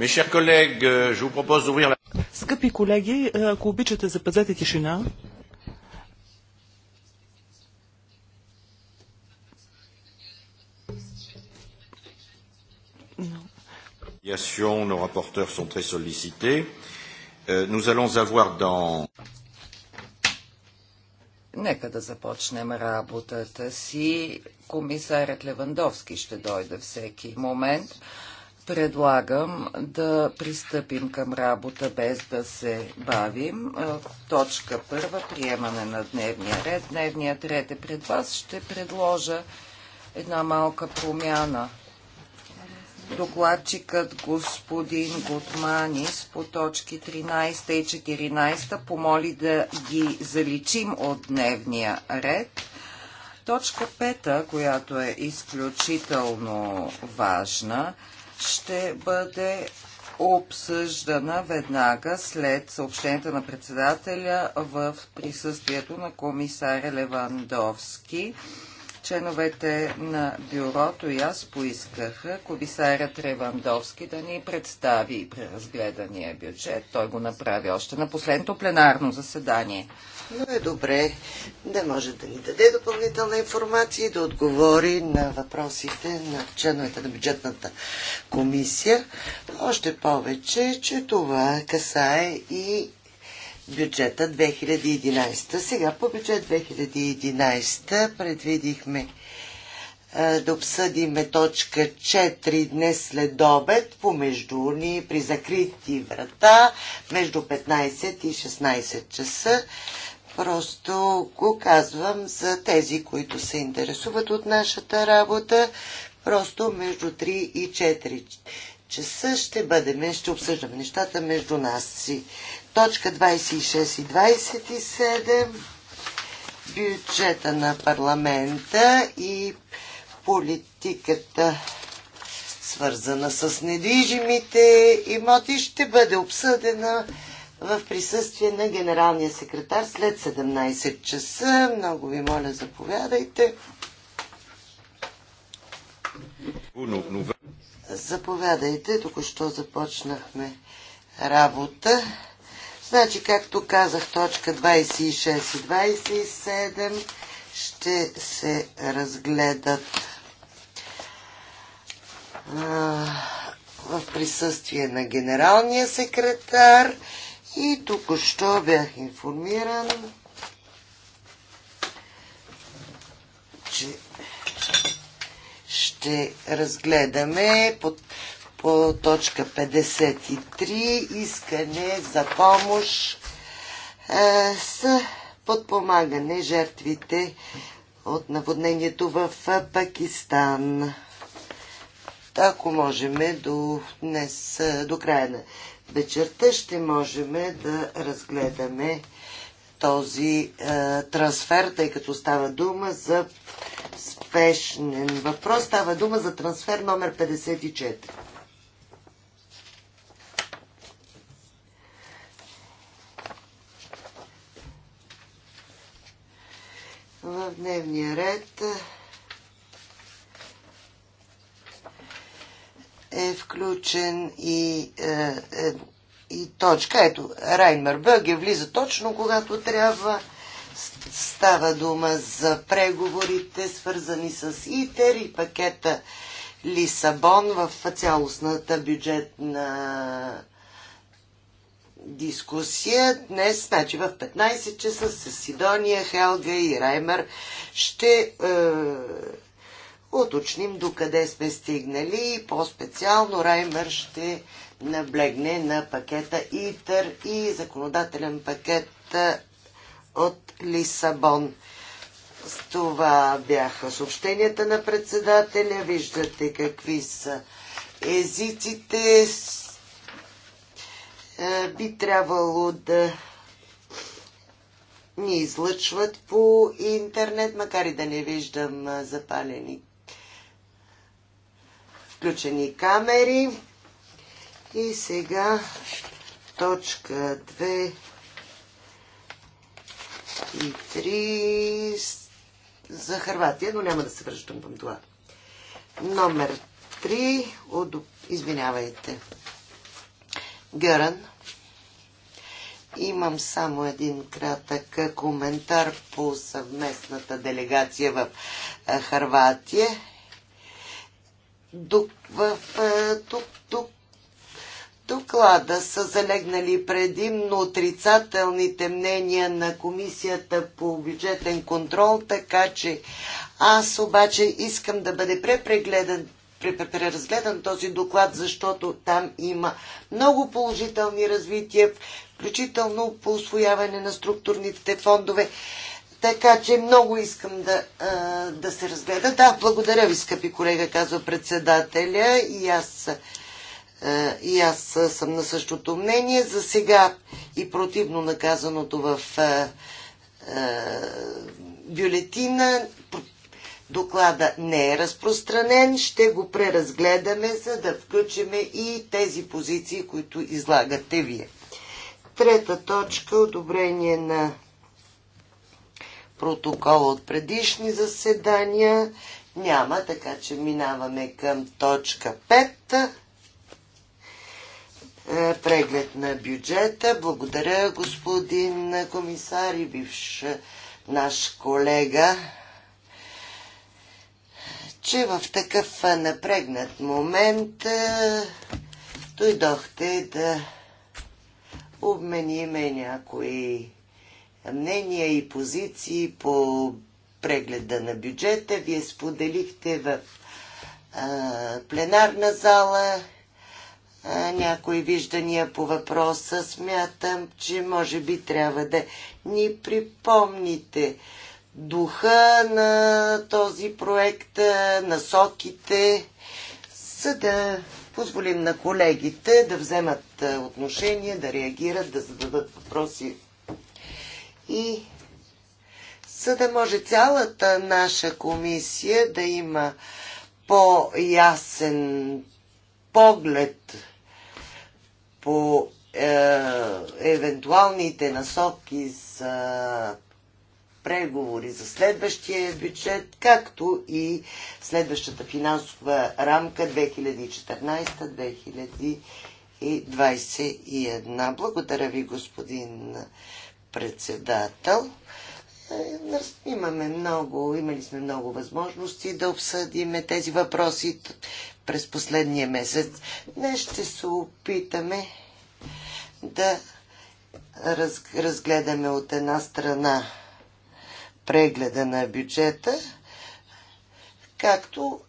Mes chers collègues, euh, je vous propose d'ouvrir la... Скъпи колеги, е, ако обичате, запазете тишина. No. Nos rapporteurs sont très sollicités. Euh, nous allons avoir dans... Нека да започнем работата си. Комисарят Левандовски ще дойде всеки момент. Предлагам да пристъпим към работа без да се бавим. Точка първа – приемане на дневния ред. Дневният ред е пред вас. Ще предложа една малка промяна. Докладчикът господин Готманис по точки 13 и 14 помоли да ги заличим от дневния ред. Точка 5, която е изключително важна – ще бъде обсъждана веднага след съобщението на председателя в присъствието на комисаря Левандовски. Членовете на бюрото и аз поискаха комисарят Левандовски да ни представи преразгледания бюджет. Той го направи още на последното пленарно заседание но е добре да може да ни даде допълнителна информация и да отговори на въпросите на членовете на бюджетната комисия. Още повече, че това касае и бюджета 2011. Сега по бюджет 2011 предвидихме да обсъдиме точка 4 днес след обед, помежду ни при закрити врата, между 15 и 16 часа. Просто го казвам за тези, които се интересуват от нашата работа. Просто между 3 и 4 часа ще бъдем, ще обсъждаме нещата между нас си. Точка 26 и 27 бюджета на парламента и политиката свързана с недвижимите имоти ще бъде обсъдена в присъствие на генералния секретар след 17 часа. Много ви моля, заповядайте. Заповядайте, току-що започнахме работа. Значи, както казах, точка 26 и 27 ще се разгледат а, в присъствие на генералния секретар. И току-що бях информиран, че ще разгледаме под, по точка 53 искане за помощ е, с подпомагане жертвите от наводнението в Пакистан. Ако можем до днес, до края на вечерта ще можем да разгледаме този е, трансфер, тъй като става дума за спешен въпрос. Става дума за трансфер номер 54. В дневния ред е включен и, е, е, и точка. Ето, Раймер Бъге влиза точно когато трябва. Става дума за преговорите, свързани с ИТЕР и пакета Лисабон в цялостната бюджетна дискусия. Днес, значи в 15 часа с Сидония, Хелга и Раймер ще е, уточним докъде сме стигнали и по-специално Раймер ще наблегне на пакета ИТър и законодателен пакет от Лисабон. С това бяха съобщенията на председателя. Виждате какви са езиците. Би трябвало да ни излъчват по интернет, макар и да не виждам запалените включени камери. И сега точка 2 и 3 за Харватия, но няма да се връщам към това. Номер 3 от... Извинявайте. Гърън. Имам само един кратък коментар по съвместната делегация в е, Харватия в е, доклада са залегнали предимно отрицателните мнения на Комисията по бюджетен контрол, така че аз обаче искам да бъде препрегледан преразгледан този доклад, защото там има много положителни развития, включително по освояване на структурните фондове. Така че много искам да, а, да се разгледа. Да, благодаря ви, скъпи колега, казва председателя. И аз, а, и аз съм на същото мнение. За сега и противно наказаното в а, а, бюлетина, доклада не е разпространен. Ще го преразгледаме, за да включиме и тези позиции, които излагате вие. Трета точка – одобрение на протокол от предишни заседания. Няма, така че минаваме към точка 5. Е, преглед на бюджета. Благодаря, господин комисар и бивш наш колега, че в такъв напрегнат момент е, дойдохте да обмениме някои мнения и позиции по прегледа на бюджета. Вие споделихте в а, пленарна зала а, някои виждания по въпроса. Смятам, че може би трябва да ни припомните духа на този проект, насоките, за да позволим на колегите да вземат отношение, да реагират, да зададат въпроси и за да може цялата наша комисия да има по-ясен поглед по е, евентуалните насоки за преговори за следващия бюджет, както и следващата финансова рамка 2014-2021. Благодаря ви, господин председател. Е, имаме много, имали сме много възможности да обсъдиме тези въпроси през последния месец. Днес ще се опитаме да разгледаме от една страна прегледа на бюджета, както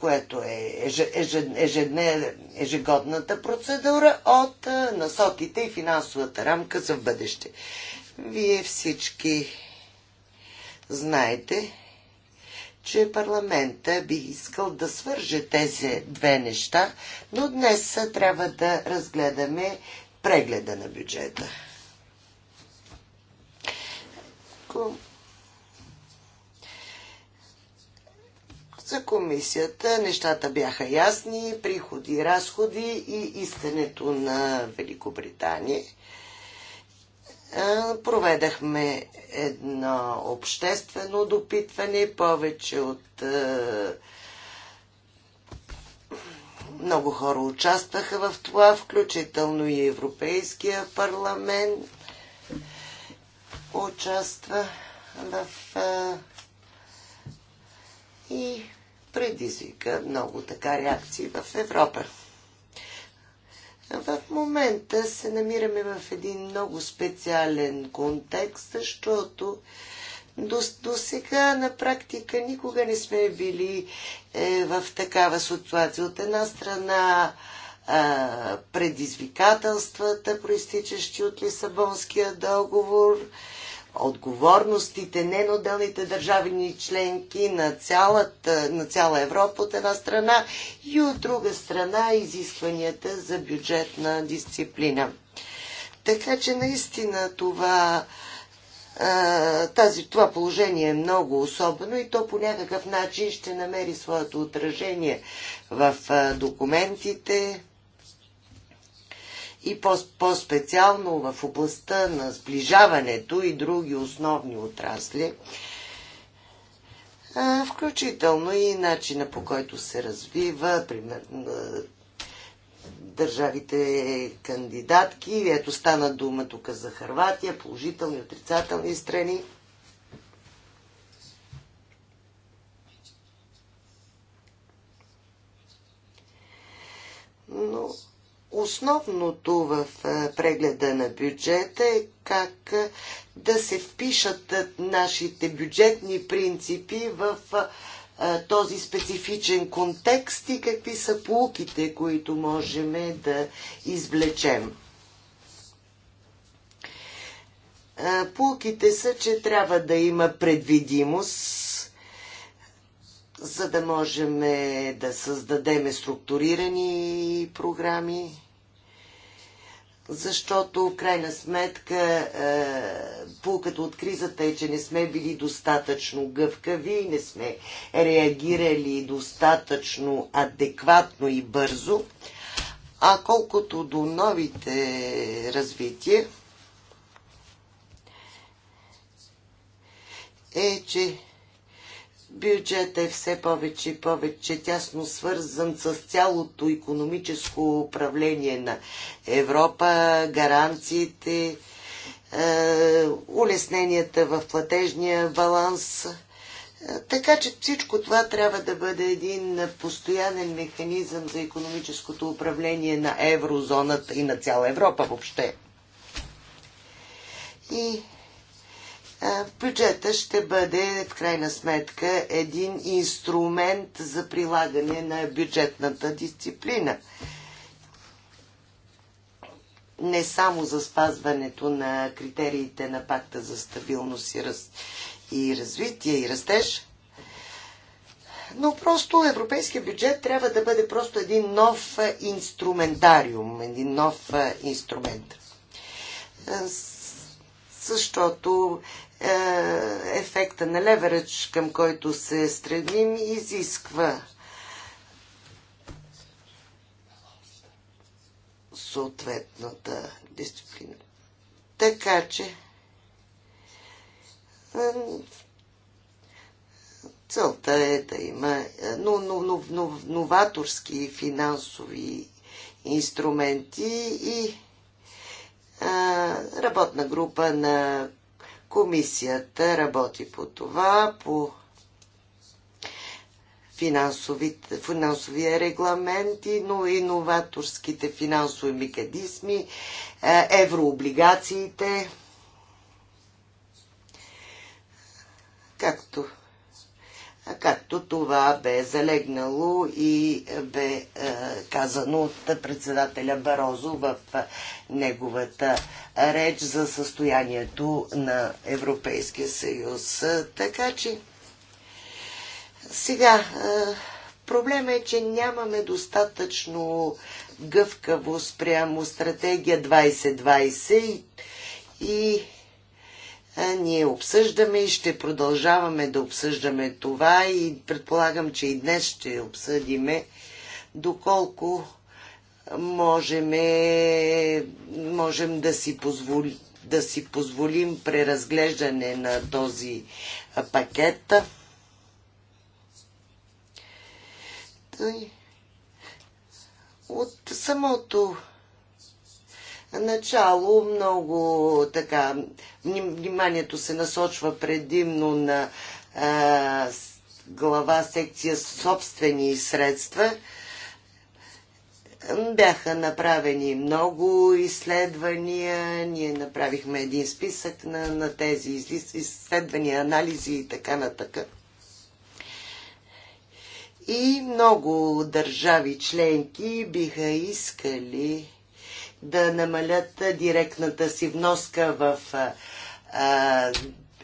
което е ежегодната процедура от насоките и финансовата рамка за бъдеще. Вие всички знаете, че парламента би искал да свърже тези две неща, но днес трябва да разгледаме прегледа на бюджета. За комисията нещата бяха ясни, приходи, разходи и искането на Великобритания. Проведахме едно обществено допитване, повече от много хора участваха в това, включително и Европейския парламент участва в и предизвика много така реакции в Европа. В момента се намираме в един много специален контекст, защото до, до сега на практика никога не сме били е, в такава ситуация. От една страна предизвикателствата, проистичащи от Лисабонския договор, отговорностите не на отделните държавни членки, на, цялата, на цяла Европа от една страна и от друга страна изискванията за бюджетна дисциплина. Така че наистина това тази, това положение е много особено и то по някакъв начин ще намери своето отражение в документите, и по-специално -по в областта на сближаването и други основни отрасли, включително и начина по който се развива, примерно държавите кандидатки. Ето стана дума тук за Харватия, положителни, отрицателни страни. Но Основното в е, прегледа на бюджета е как е, да се впишат е, нашите бюджетни принципи в този специфичен контекст и какви са полуките, които можем да извлечем. Полуките са, че трябва да има предвидимост за да можем да създадем структурирани програми, защото в крайна сметка е, пулката от кризата е, че не сме били достатъчно гъвкави, не сме реагирали достатъчно адекватно и бързо. А колкото до новите развития, е, че бюджет е все повече и повече тясно свързан с цялото економическо управление на Европа, гаранциите, е, улесненията в платежния баланс. Е, така че всичко това трябва да бъде един постоянен механизъм за економическото управление на еврозоната и на цяла Европа въобще. И Бюджета ще бъде в крайна сметка един инструмент за прилагане на бюджетната дисциплина. Не само за спазването на критериите на пакта за стабилност и, раз... и развитие и растеж, но просто европейския бюджет трябва да бъде просто един нов инструментариум, един нов инструмент. Защото ефекта на леверъч, към който се стремим, изисква съответната дисциплина. Така че целта е да има но, но, но, но, новаторски финансови инструменти и а, работна група на Комисията работи по това, по финансовия регламент и но иноваторските финансови механизми, е, еврооблигациите, както както това бе залегнало и бе е, казано от председателя Барозо в неговата реч за състоянието на Европейския съюз. Така че сега е, проблема е, че нямаме достатъчно гъвкаво спрямо стратегия 2020 и ние обсъждаме и ще продължаваме да обсъждаме това и предполагам, че и днес ще обсъдиме доколко можем, можем да, си позволи, да си позволим преразглеждане на този пакет. От самото начало много така вниманието се насочва предимно на а, глава секция собствени средства. Бяха направени много изследвания, ние направихме един списък на, на тези изследвания, анализи и така нататък. И много държави членки биха искали да намалят директната си вноска в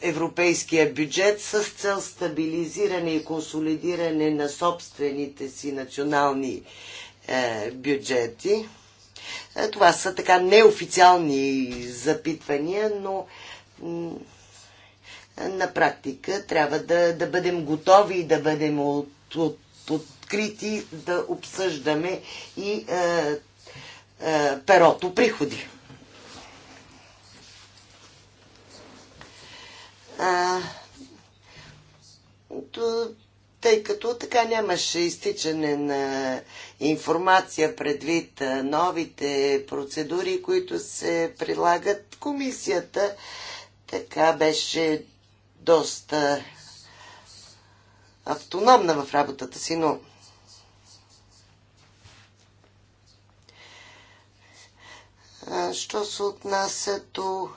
европейския бюджет с цел стабилизиране и консолидиране на собствените си национални е, бюджети. Е, това са така неофициални запитвания, но на практика трябва да, да бъдем готови и да бъдем от, от, открити да обсъждаме и е, е, перото приходи. А, тъй като така нямаше изтичане на информация предвид новите процедури, които се прилагат комисията, така беше доста автономна в работата си, но Що се отнася до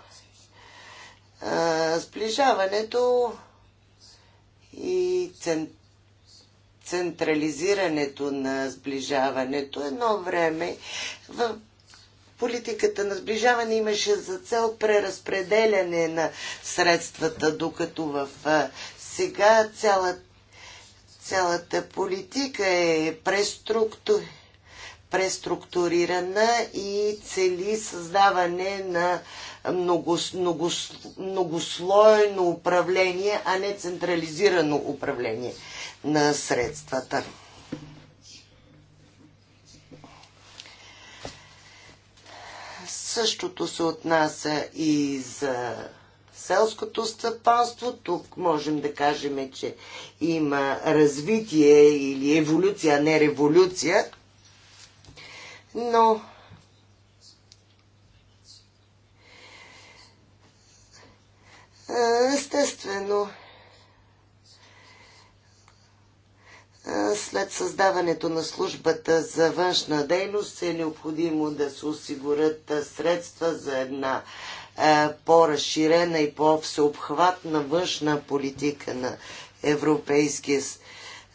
сближаването и централизирането на сближаването, едно време в политиката на сближаване имаше за цел преразпределяне на средствата, докато в сега цялата цялата политика е преструктурирана преструктурирана и цели създаване на много, много, многослойно управление, а не централизирано управление на средствата. Същото се отнася и за селското стъпанство. Тук можем да кажем, че има развитие или еволюция, а не революция но естествено след създаването на службата за външна дейност е необходимо да се осигурят средства за една по-разширена и по-всеобхватна външна политика на Европейския съюз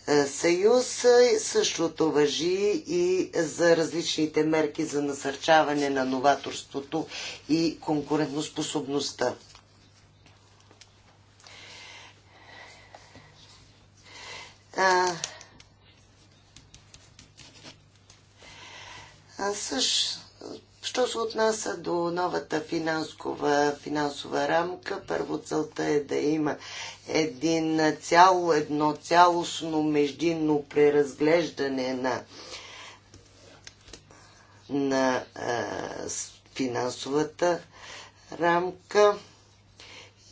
е, съюз. Същото въжи и за различните мерки за насърчаване на новаторството и конкурентоспособността. А, а също Що се отнася до новата финансова, финансова рамка, първо целта е да има един цяло, едно цялостно междинно преразглеждане на, на а, финансовата рамка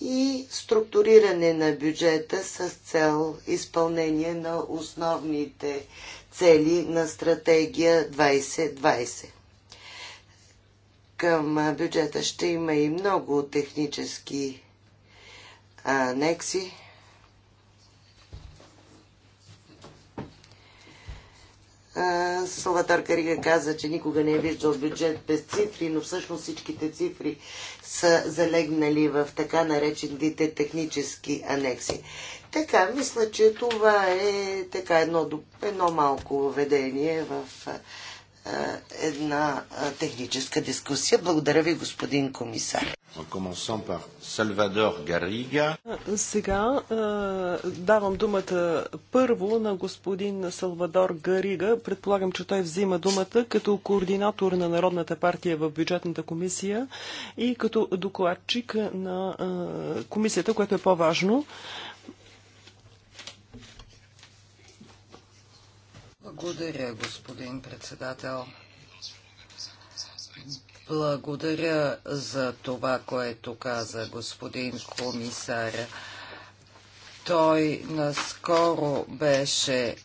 и структуриране на бюджета с цел изпълнение на основните цели на стратегия 2020 към бюджета ще има и много технически анекси. Салватар Карига каза, че никога не е виждал бюджет без цифри, но всъщност всичките цифри са залегнали в така наречените технически анекси. Така, мисля, че това е така едно, едно малко введение в е, една е, техническа дискусия. Благодаря ви, господин комисар. Сега е, давам думата първо на господин Салвадор Гарига. Предполагам, че той взима думата като координатор на Народната партия в бюджетната комисия и като докладчик на комисията, което е по-важно. Благодаря, господин председател. Благодаря за това, което каза господин комисар. Той наскоро беше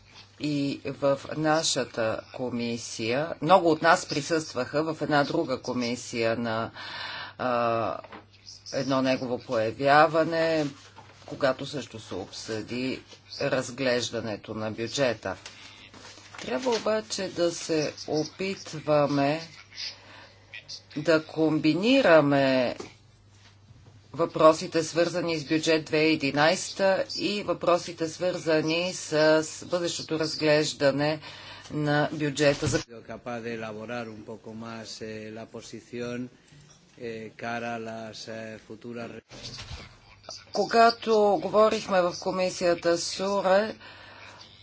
и в нашата комисия. Много от нас присъстваха в една друга комисия на а, едно негово появяване, когато също се обсъди разглеждането на бюджета. Трябва обаче да се опитваме да комбинираме въпросите свързани с бюджет 2011 и въпросите свързани с бъдещото разглеждане на бюджета за eh, eh, eh, когато говорихме в комисията СУРЕ,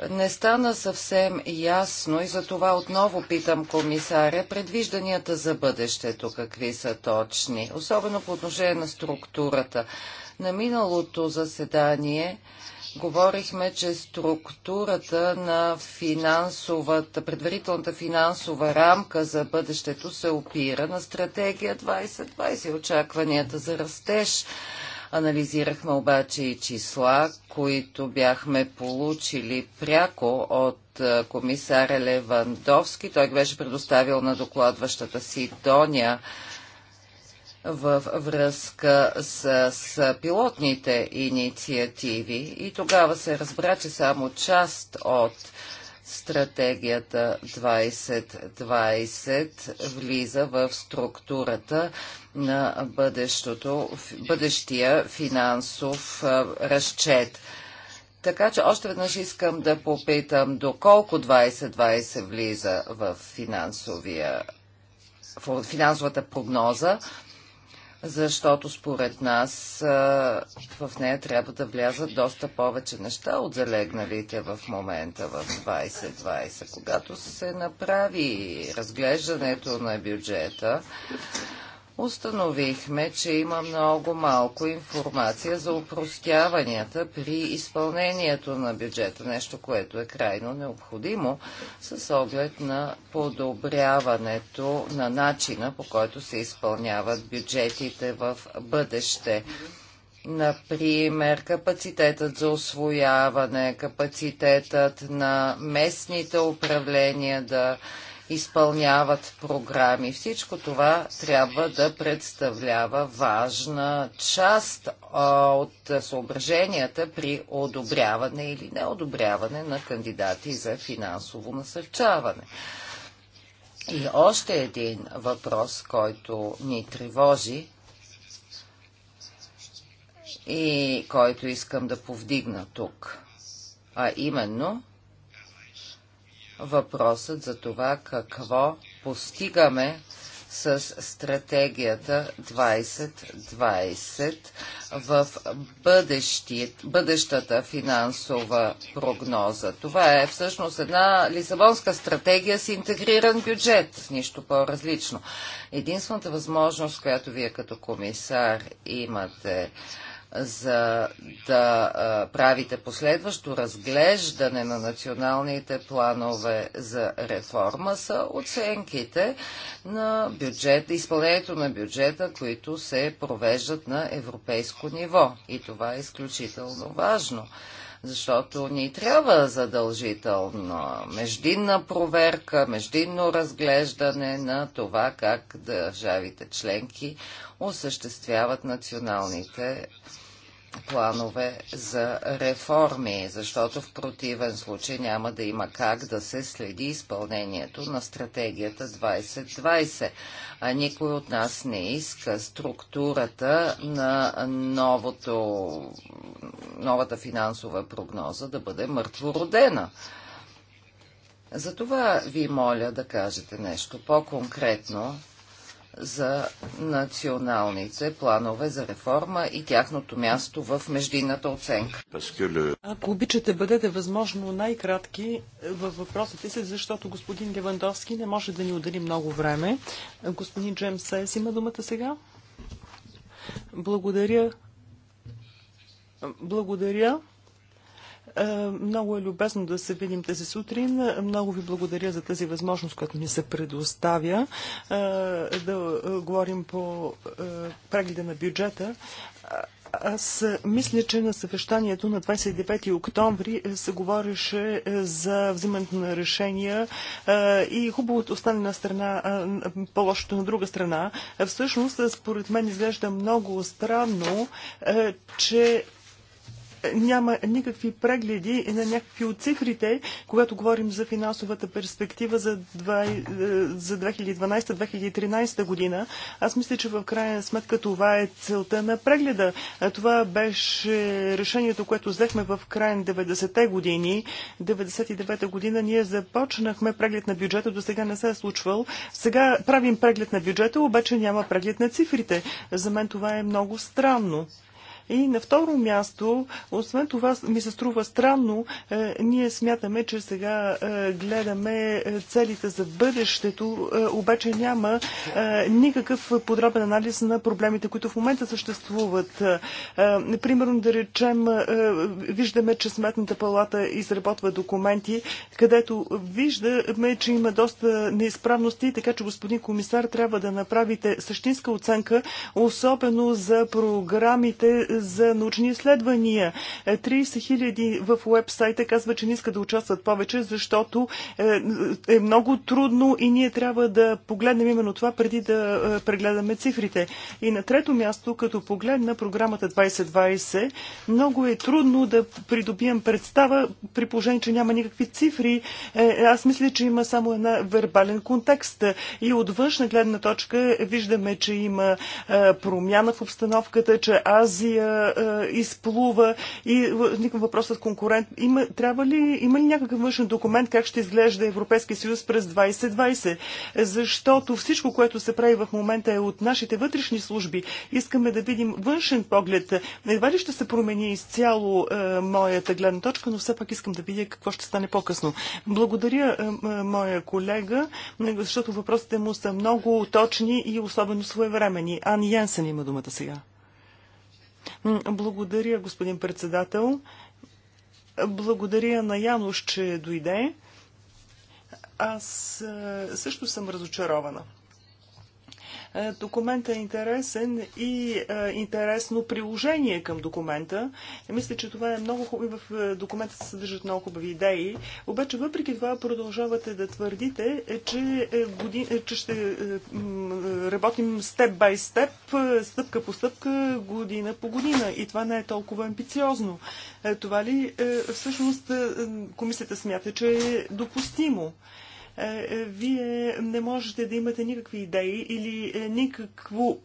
не стана съвсем ясно и за това отново питам комисаря предвижданията за бъдещето какви са точни, особено по отношение на структурата. На миналото заседание говорихме, че структурата на финансовата, предварителната финансова рамка за бъдещето се опира на стратегия 2020 и очакванията за растеж Анализирахме обаче и числа, които бяхме получили пряко от е, комисаря Левандовски. Той беше предоставил на докладващата си Доня във връзка с, с пилотните инициативи и тогава се разбра, че само част от Стратегията 2020 влиза в структурата на бъдещия финансов разчет. Така че още веднъж искам да попитам доколко 2020 влиза в финансовата прогноза защото според нас в нея трябва да влязат доста повече неща от залегналите в момента в 2020. Когато се направи разглеждането на бюджета, установихме, че има много малко информация за упростяванията при изпълнението на бюджета, нещо, което е крайно необходимо с оглед на подобряването на начина, по който се изпълняват бюджетите в бъдеще. Например, капацитетът за освояване, капацитетът на местните управления да изпълняват програми. Всичко това трябва да представлява важна част от съображенията при одобряване или неодобряване на кандидати за финансово насърчаване. И още един въпрос, който ни тревожи и който искам да повдигна тук, а именно въпросът за това какво постигаме с стратегията 2020 в бъдещата финансова прогноза. Това е всъщност една Лисабонска стратегия с интегриран бюджет, нищо по-различно. Единствената възможност, която вие като комисар имате за да правите последващо разглеждане на националните планове за реформа са оценките на бюджет, изпълнението на бюджета, които се провеждат на европейско ниво. И това е изключително важно защото ни трябва задължително междинна проверка, междинно разглеждане на това как държавите членки осъществяват националните планове за реформи, защото в противен случай няма да има как да се следи изпълнението на стратегията 2020. А никой от нас не иска структурата на новото, новата финансова прогноза да бъде мъртвородена. Затова ви моля да кажете нещо по-конкретно за националните планове за реформа и тяхното място в междинната оценка. Ако обичате, бъдете възможно най-кратки във въпросите си, защото господин Левандовски не може да ни отдели много време. Господин Джем Сайс има думата сега. Благодаря. Благодаря. Е, много е любезно да се видим тази сутрин. Много ви благодаря за тази възможност, която ни се предоставя е, да е, говорим по прегледа на бюджета. Аз мисля, че на съвещанието на 29 октомври се говореше за взимането на решения и хубавото остане на страна, по-лошото на друга страна. Всъщност, според мен изглежда много странно, че няма никакви прегледи на някакви от цифрите, когато говорим за финансовата перспектива за, е, за 2012-2013 година. Аз мисля, че в крайна сметка това е целта на прегледа. Това беше решението, което взехме в край на 90-те години. 99-та година ние започнахме преглед на бюджета, до сега не се е случвал. Сега правим преглед на бюджета, обаче няма преглед на цифрите. За мен това е много странно. И на второ място, освен това, ми се струва странно, е, ние смятаме, че сега е, гледаме е, целите за бъдещето, обаче няма никакъв подробен анализ на проблемите, които в момента съществуват. Примерно, да речем, виждаме, че Сметната палата изработва документи, където виждаме, че има доста неизправности, така че, господин комисар, трябва да направите същинска оценка, особено за програмите за научни изследвания. 30 е, хиляди в уебсайта казва, че не иска да участват повече, защото е, е много трудно и ние трябва да погледнем именно това преди да е, прегледаме цифрите. И на трето място, като погледна програмата 2020, много е трудно да придобием представа при положение, че няма никакви цифри. Аз мисля, че има само една вербален контекст. И от външна гледна точка виждаме, че има промяна в обстановката, че Азия а, изплува и никакъв въпросът конкурент. Има, трябва ли, има ли някакъв външен документ как ще изглежда Европейския съюз през 2020? Защото всичко, което се прави в момента е от нашите вътрешни служби. Искаме да видим външен поглед. Едва ли ще се промени изцяло а, моята гледна точка, но все пак искам да видя какво ще стане по-късно. Благодаря а, а, моя колега, защото въпросите му са много точни и особено своевремени. Ани Янсен има думата сега. Благодаря, господин председател. Благодаря на Янош, че дойде. Аз е, също съм разочарована. Е, Документът е интересен и е, интересно приложение към документа. Е, мисля, че това е много хубаво. В документа се съдържат много хубави идеи. Обаче, въпреки това, продължавате да твърдите, че, годин... че ще работим степ бай степ, стъпка по стъпка, година по година. И това не е толкова амбициозно. Това ли всъщност комисията смята, че е допустимо? Е, е, вие не можете да имате никакви идеи или е, никакво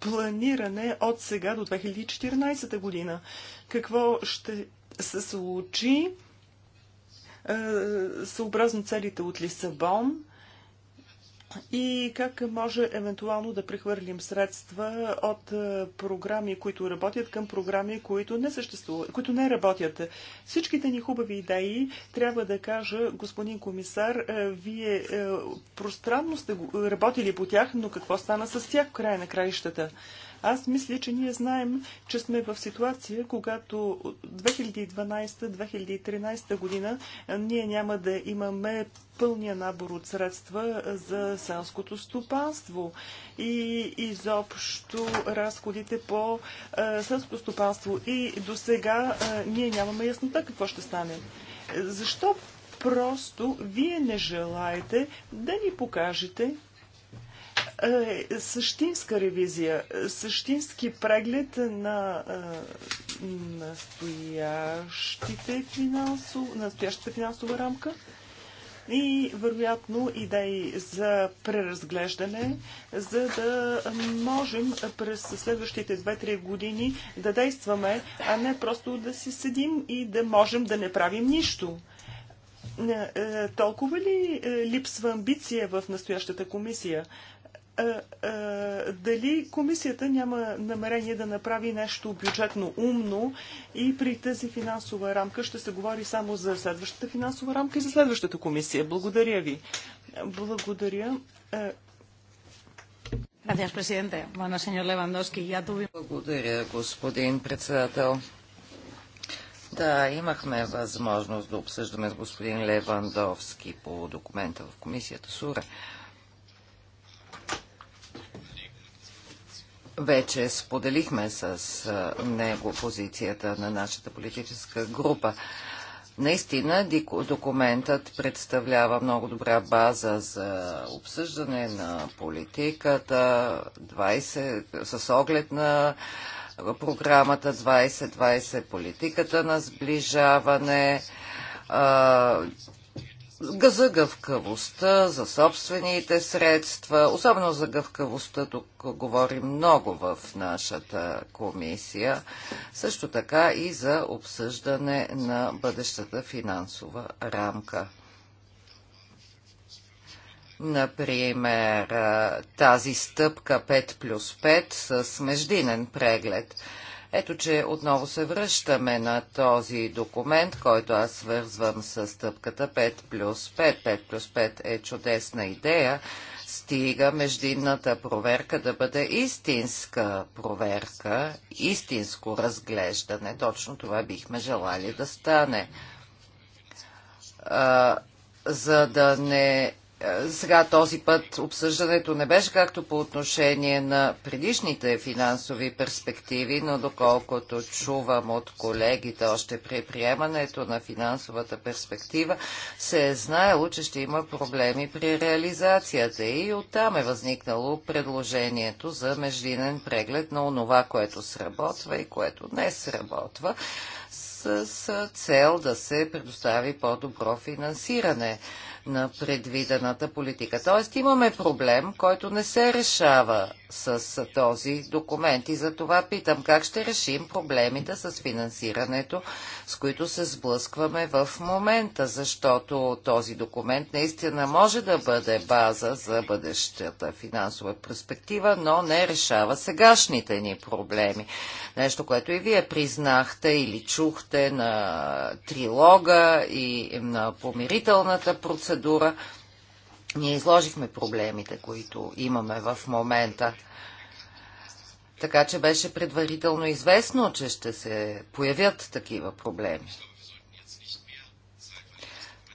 планиране от сега до 2014 година. Какво ще се случи съобразно целите от Лисабон? и как може евентуално да прехвърлим средства от е, програми, които работят, към програми, които не съществуват, които не работят. Всичките ни хубави идеи, трябва да кажа, господин комисар, е, вие е, пространно сте работили по тях, но какво стана с тях в края на краищата? Аз мисля, че ние знаем, че сме в ситуация, когато 2012-2013 година ние няма да имаме пълния набор от средства за селското стопанство и изобщо разходите по селското стопанство. И до сега ние нямаме яснота какво ще стане. Защо просто вие не желаете да ни покажете е, същинска ревизия, същински преглед на е, настоящите финансов, настоящата финансова рамка и вероятно идеи за преразглеждане, за да можем през следващите 2-3 години да действаме, а не просто да си седим и да можем да не правим нищо. Е, толкова ли липсва амбиция в настоящата комисия? дали комисията няма намерение да направи нещо бюджетно умно и при тази финансова рамка ще се говори само за следващата финансова рамка и за следващата комисия. Благодаря ви. Благодаря. Благодаря, господин председател. Да, имахме възможност да обсъждаме с господин Левандовски по документа в комисията СУРА. Вече споделихме с него позицията на нашата политическа група. Наистина документът представлява много добра база за обсъждане на политиката 20, с оглед на програмата 2020, политиката на сближаване, за гъвкавостта, за собствените средства, особено за гъвкавостта, тук говорим много в нашата комисия, също така и за обсъждане на бъдещата финансова рамка. Например, тази стъпка 5 плюс 5 с междинен преглед – ето, че отново се връщаме на този документ, който аз свързвам с стъпката 5 плюс 5. 5 плюс 5 е чудесна идея. Стига междинната проверка да бъде истинска проверка, истинско разглеждане. Точно това бихме желали да стане. А, за да не е, сега този път обсъждането не беше както по отношение на предишните финансови перспективи, но доколкото чувам от колегите още при приемането на финансовата перспектива, се е знаело, че ще има проблеми при реализацията и оттам е възникнало предложението за междинен преглед на онова, което сработва и което не сработва с цел да се предостави по-добро финансиране на предвидената политика. Тоест имаме проблем, който не се решава с този документ и за това питам как ще решим проблемите с финансирането, с които се сблъскваме в момента, защото този документ наистина може да бъде база за бъдещата финансова перспектива, но не решава сегашните ни проблеми. Нещо, което и вие признахте или чухте на трилога и на помирителната процедура процедура ние изложихме проблемите, които имаме в момента. Така че беше предварително известно, че ще се появят такива проблеми.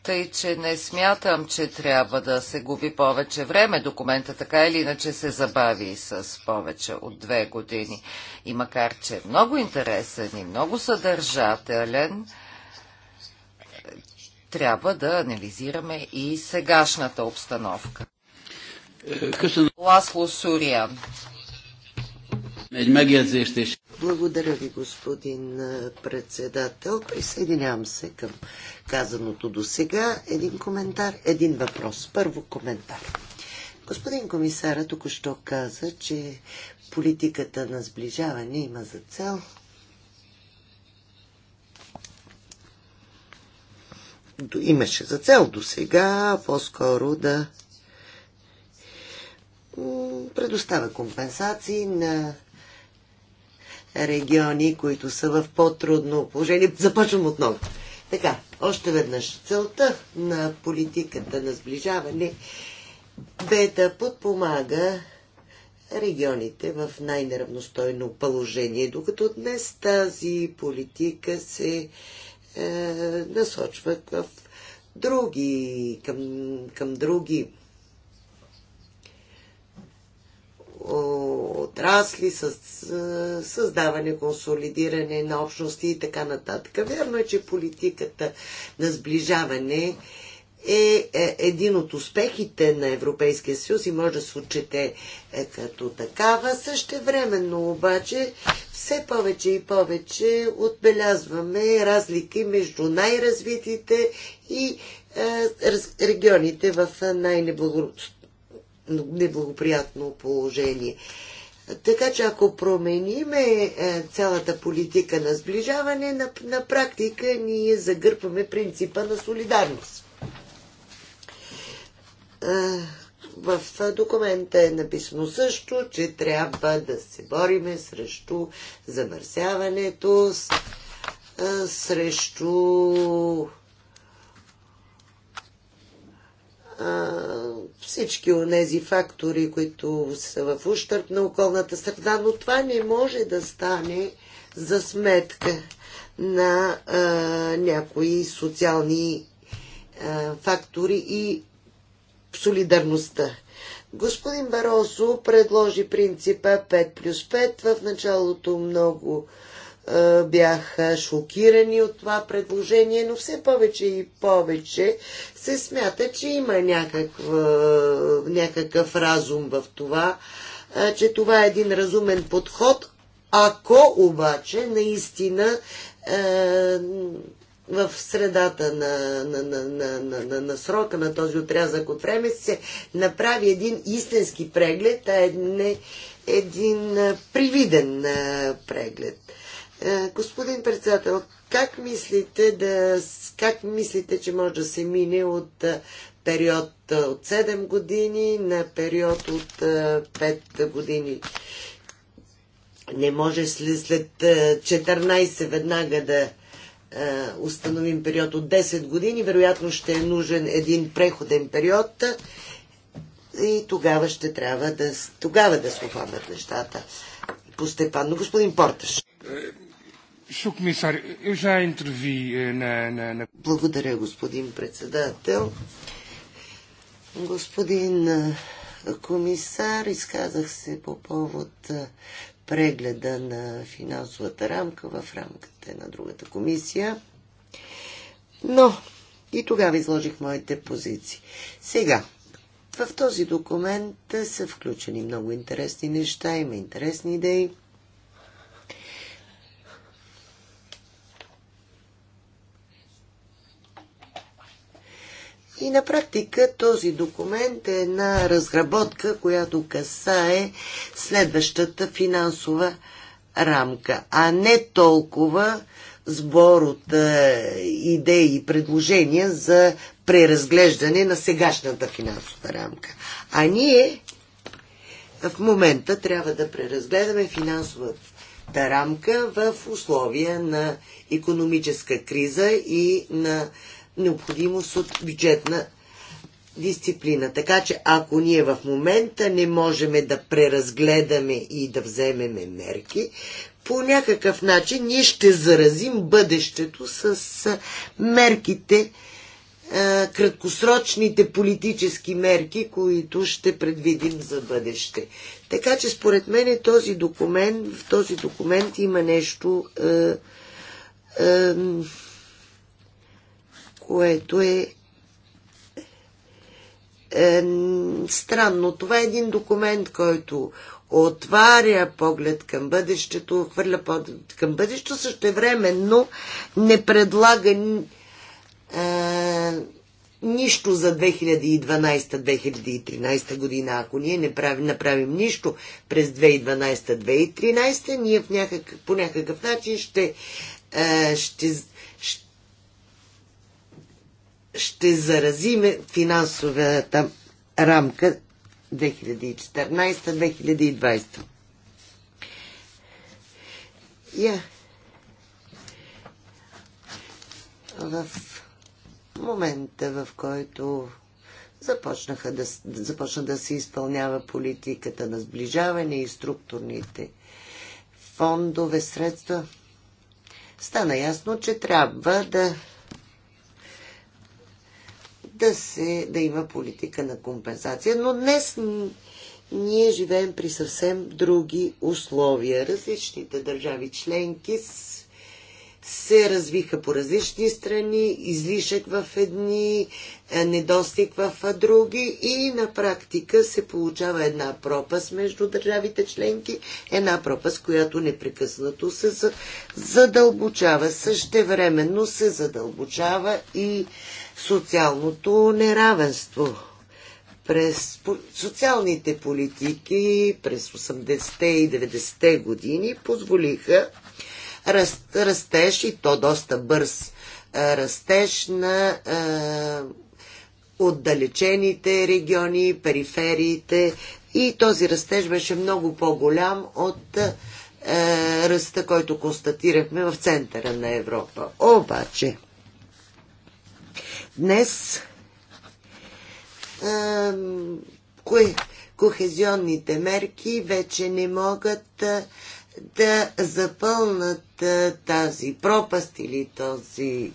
Тъй, че не смятам, че трябва да се губи повече време. Документа така или иначе се забави с повече от две години. И макар, че е много интересен и много съдържателен, трябва да анализираме и сегашната обстановка. Ласло Суриан. Е. Благодаря ви, господин председател. Присъединявам се към казаното до сега. Един коментар, един въпрос. Първо коментар. Господин комисар, току-що каза, че политиката на сближаване има за цел имаше за цел до сега по-скоро да предоставя компенсации на региони, които са в по-трудно положение. Започвам отново. Така, още веднъж. Целта на политиката на сближаване бе да подпомага регионите в най-неравностойно положение, докато днес тази политика се е, Насочва към други, към, към други отрасли, с създаване, консолидиране на общности и така нататък. Вярно е, че политиката на сближаване е, е, един от успехите на Европейския съюз и може да се отчете е, като такава. Същевременно обаче все повече и повече отбелязваме разлики между най-развитите и е, регионите в най-неблагоприятно положение. Така че ако промениме е, цялата политика на сближаване, на, на практика ние загърпваме принципа на солидарност. Е, в документа е написано също, че трябва да се бориме срещу замърсяването, е, срещу е, всички тези фактори, които са в ущърп на околната среда, но това не може да стане за сметка на а, някои социални а, фактори и солидарността. Господин Баросо предложи принципа 5 плюс 5. В началото много е, бяха шокирани от това предложение, но все повече и повече се смята, че има някаква, някакъв разум в това, е, че това е един разумен подход, ако обаче наистина е, в средата на, на, на, на, на, на, на срока на този отрязък от време се направи един истински преглед, а не един привиден преглед. Господин председател, как мислите, да, как мислите, че може да се мине от период от 7 години на период от 5 години? Не може след 14 веднага да е, установим период от 10 години, вероятно ще е нужен един преходен период и тогава ще трябва да, тогава да се оформят нещата постепенно. Господин Порташ. Е, Благодаря, господин председател. Господин е, комисар, изказах се по повод прегледа на финансовата рамка в рамките на другата комисия. Но и тогава изложих моите позиции. Сега, в този документ са включени много интересни неща, има интересни идеи. И на практика този документ е една разработка, която касае следващата финансова рамка, а не толкова сбор от е, идеи и предложения за преразглеждане на сегашната финансова рамка. А ние в момента трябва да преразгледаме финансовата рамка в условия на економическа криза и на необходимост от бюджетна дисциплина. Така че ако ние в момента не можем да преразгледаме и да вземеме мерки, по някакъв начин ние ще заразим бъдещето с мерките, краткосрочните политически мерки, които ще предвидим за бъдеще. Така че според мен този документ, в този документ има нещо е, е, което е е, странно. Това е един документ, който отваря поглед към бъдещето, хвърля поглед към бъдещето, същевременно не предлага е, нищо за 2012-2013 година. Ако ние не правим, направим нищо през 2012-2013, ние в някакъв, по някакъв начин ще, е, ще ще заразиме финансовата рамка 2014-2020. Я. В момента, в който започнаха да, започна да се изпълнява политиката на сближаване и структурните фондове, средства, стана ясно, че трябва да да, се, да има политика на компенсация. Но днес ние живеем при съвсем други условия. Различните държави членки с се развиха по различни страни, излишък в едни, недостиг в други и на практика се получава една пропаст между държавите членки, една пропаст, която непрекъснато се задълбочава. Същевременно се задълбочава и социалното неравенство. През социалните политики през 80-те и 90-те години позволиха растеж и то доста бърз растеж на отдалечените региони, перифериите и този растеж беше много по-голям от е, ръста, който констатирахме в центъра на Европа. Обаче, Днес кохезионните мерки вече не могат да запълнат тази пропаст или този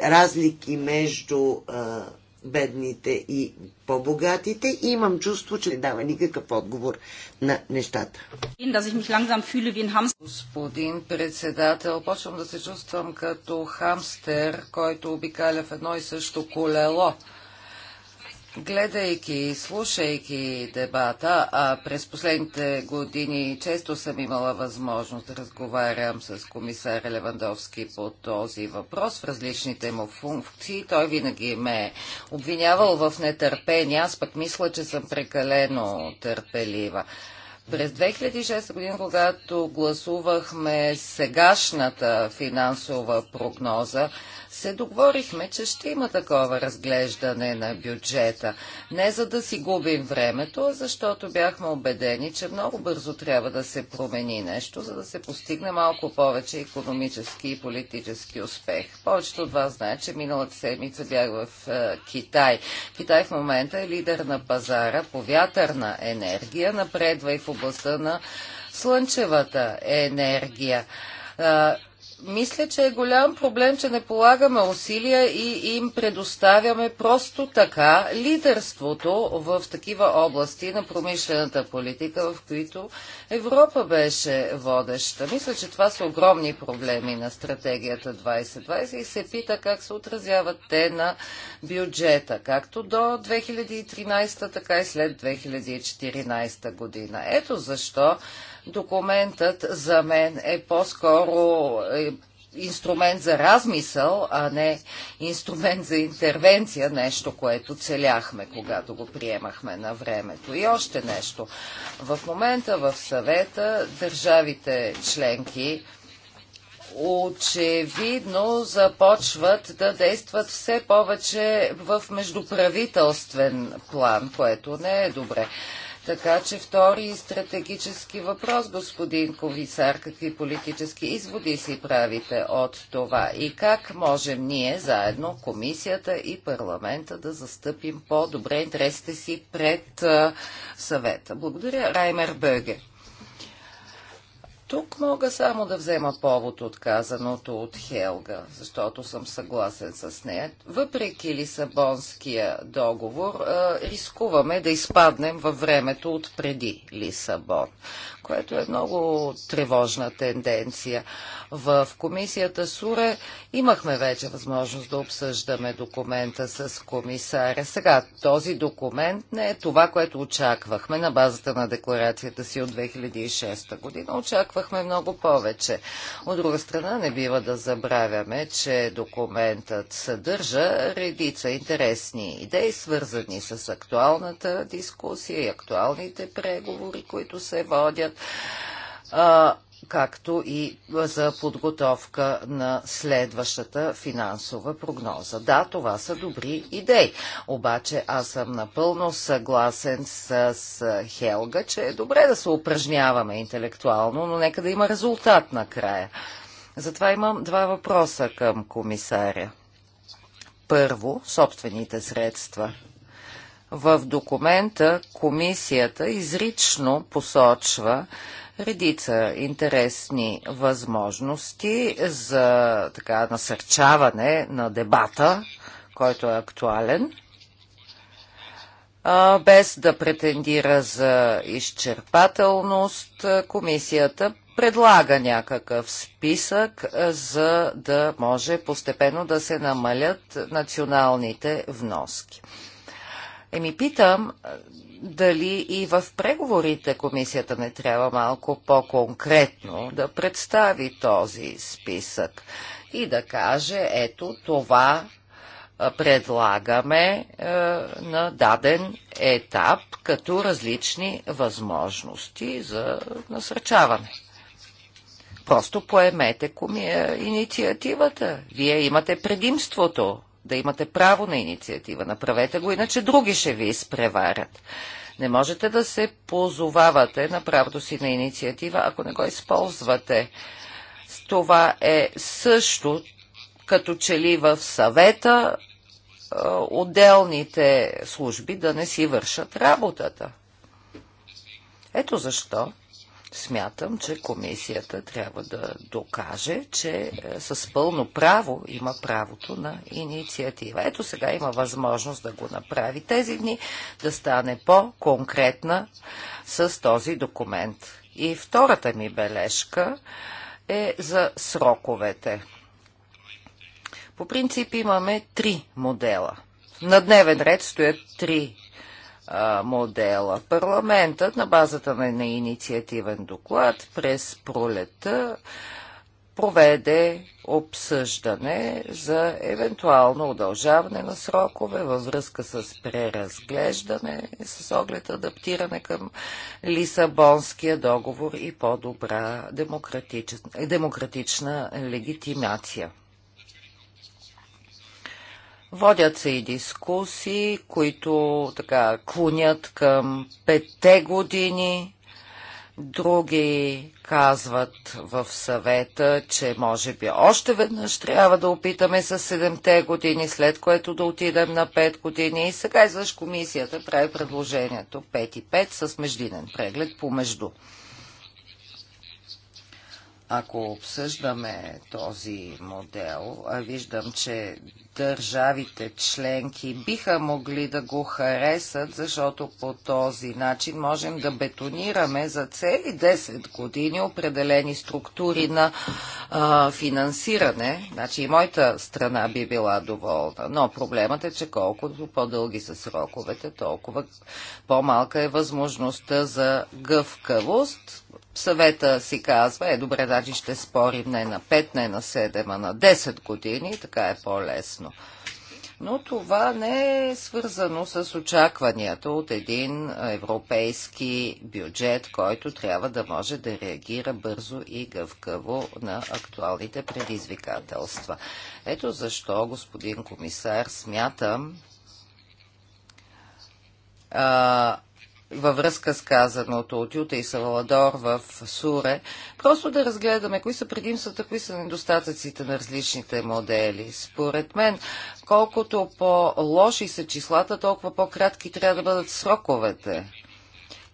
разлики между а, бедните и по-богатите. И имам чувство, че не дава никакъв отговор на нещата. Е Господин председател, почвам да се чувствам като хамстер, който обикаля в едно и също колело гледайки и слушайки дебата, а през последните години често съм имала възможност да разговарям с комисар Левандовски по този въпрос в различните му функции. Той винаги ме е обвинявал в нетърпение. Аз пък мисля, че съм прекалено търпелива. През 2006 година, когато гласувахме сегашната финансова прогноза, се договорихме, че ще има такова разглеждане на бюджета. Не за да си губим времето, а защото бяхме убедени, че много бързо трябва да се промени нещо, за да се постигне малко повече економически и политически успех. Повечето от вас знаят, че миналата седмица бях в е, Китай. Китай в момента е лидер на пазара по вятърна енергия, напредва и в областта на слънчевата енергия е, мисля, че е голям проблем, че не полагаме усилия и им предоставяме просто така лидерството в такива области на промишлената политика, в които Европа беше водеща. Мисля, че това са огромни проблеми на стратегията 2020 и се пита как се отразяват те на бюджета, както до 2013, така и след 2014 година. Ето защо Документът за мен е по-скоро е, инструмент за размисъл, а не инструмент за интервенция, нещо, което целяхме, когато го приемахме на времето. И още нещо. В момента в съвета държавите членки очевидно започват да действат все повече в междуправителствен план, което не е добре. Така че втори стратегически въпрос, господин комисар, какви политически изводи си правите от това и как можем ние заедно, комисията и парламента, да застъпим по-добре интересите си пред съвета. Благодаря, Раймер Бърге. Тук мога само да взема повод от казаното от Хелга, защото съм съгласен с нея. Въпреки Лисабонския договор, рискуваме да изпаднем във времето от преди Лисабон което е много тревожна тенденция. В комисията Суре имахме вече възможност да обсъждаме документа с комисаря. Сега този документ не е това, което очаквахме на базата на декларацията си от 2006 година. Очаквахме много повече. От друга страна не бива да забравяме, че документът съдържа редица интересни идеи, свързани с актуалната дискусия и актуалните преговори, които се водят бюджет, а, както и за подготовка на следващата финансова прогноза. Да, това са добри идеи. Обаче аз съм напълно съгласен с Хелга, че е добре да се упражняваме интелектуално, но нека да има резултат накрая. Затова имам два въпроса към комисаря. Първо, собствените средства. В документа комисията изрично посочва редица интересни възможности за така насърчаване на дебата, който е актуален без да претендира за изчерпателност, комисията предлага някакъв списък, за да може постепенно да се намалят националните вноски. Еми питам дали и в преговорите комисията не трябва малко по-конкретно да представи този списък и да каже, ето това предлагаме е, на даден етап като различни възможности за насърчаване. Просто поемете коми... инициативата. Вие имате предимството да имате право на инициатива. Направете го, иначе други ще ви изпреварят. Не можете да се позовавате на правото си на инициатива, ако не го използвате. Това е също като че ли в съвета е, отделните служби да не си вършат работата. Ето защо Смятам, че комисията трябва да докаже, че е, с пълно право има правото на инициатива. Ето сега има възможност да го направи тези дни, да стане по-конкретна с този документ. И втората ми бележка е за сроковете. По принцип имаме три модела. На дневен ред стоят три модела. Парламентът на базата на, на инициативен доклад през пролета проведе обсъждане за евентуално удължаване на срокове във връзка с преразглеждане, с оглед адаптиране към Лисабонския договор и по-добра демократична легитимация. Водят се и дискусии, които така клонят към петте години. Други казват в съвета, че може би още веднъж трябва да опитаме с 7-те години, след което да отидем на 5 години. И сега извъж комисията прави предложението 5 и 5 с междинен преглед помежду. Ако обсъждаме този модел, а виждам, че държавите членки биха могли да го харесат, защото по този начин можем да бетонираме за цели 10 години определени структури на а, финансиране. Значи и моята страна би била доволна. Но проблемът е, че колкото по-дълги са сроковете, толкова по-малка е възможността за гъвкавост съвета си казва, е добре, даже значи ще спорим не на 5, не на 7, а на 10 години, така е по-лесно. Но това не е свързано с очакванията от един европейски бюджет, който трябва да може да реагира бързо и гъвкаво на актуалните предизвикателства. Ето защо, господин комисар, смятам, а, във връзка с казаното от Юта и Салвадор в Суре, просто да разгледаме кои са предимствата, кои са недостатъците на различните модели. Според мен, колкото по-лоши са числата, толкова по-кратки трябва да бъдат сроковете.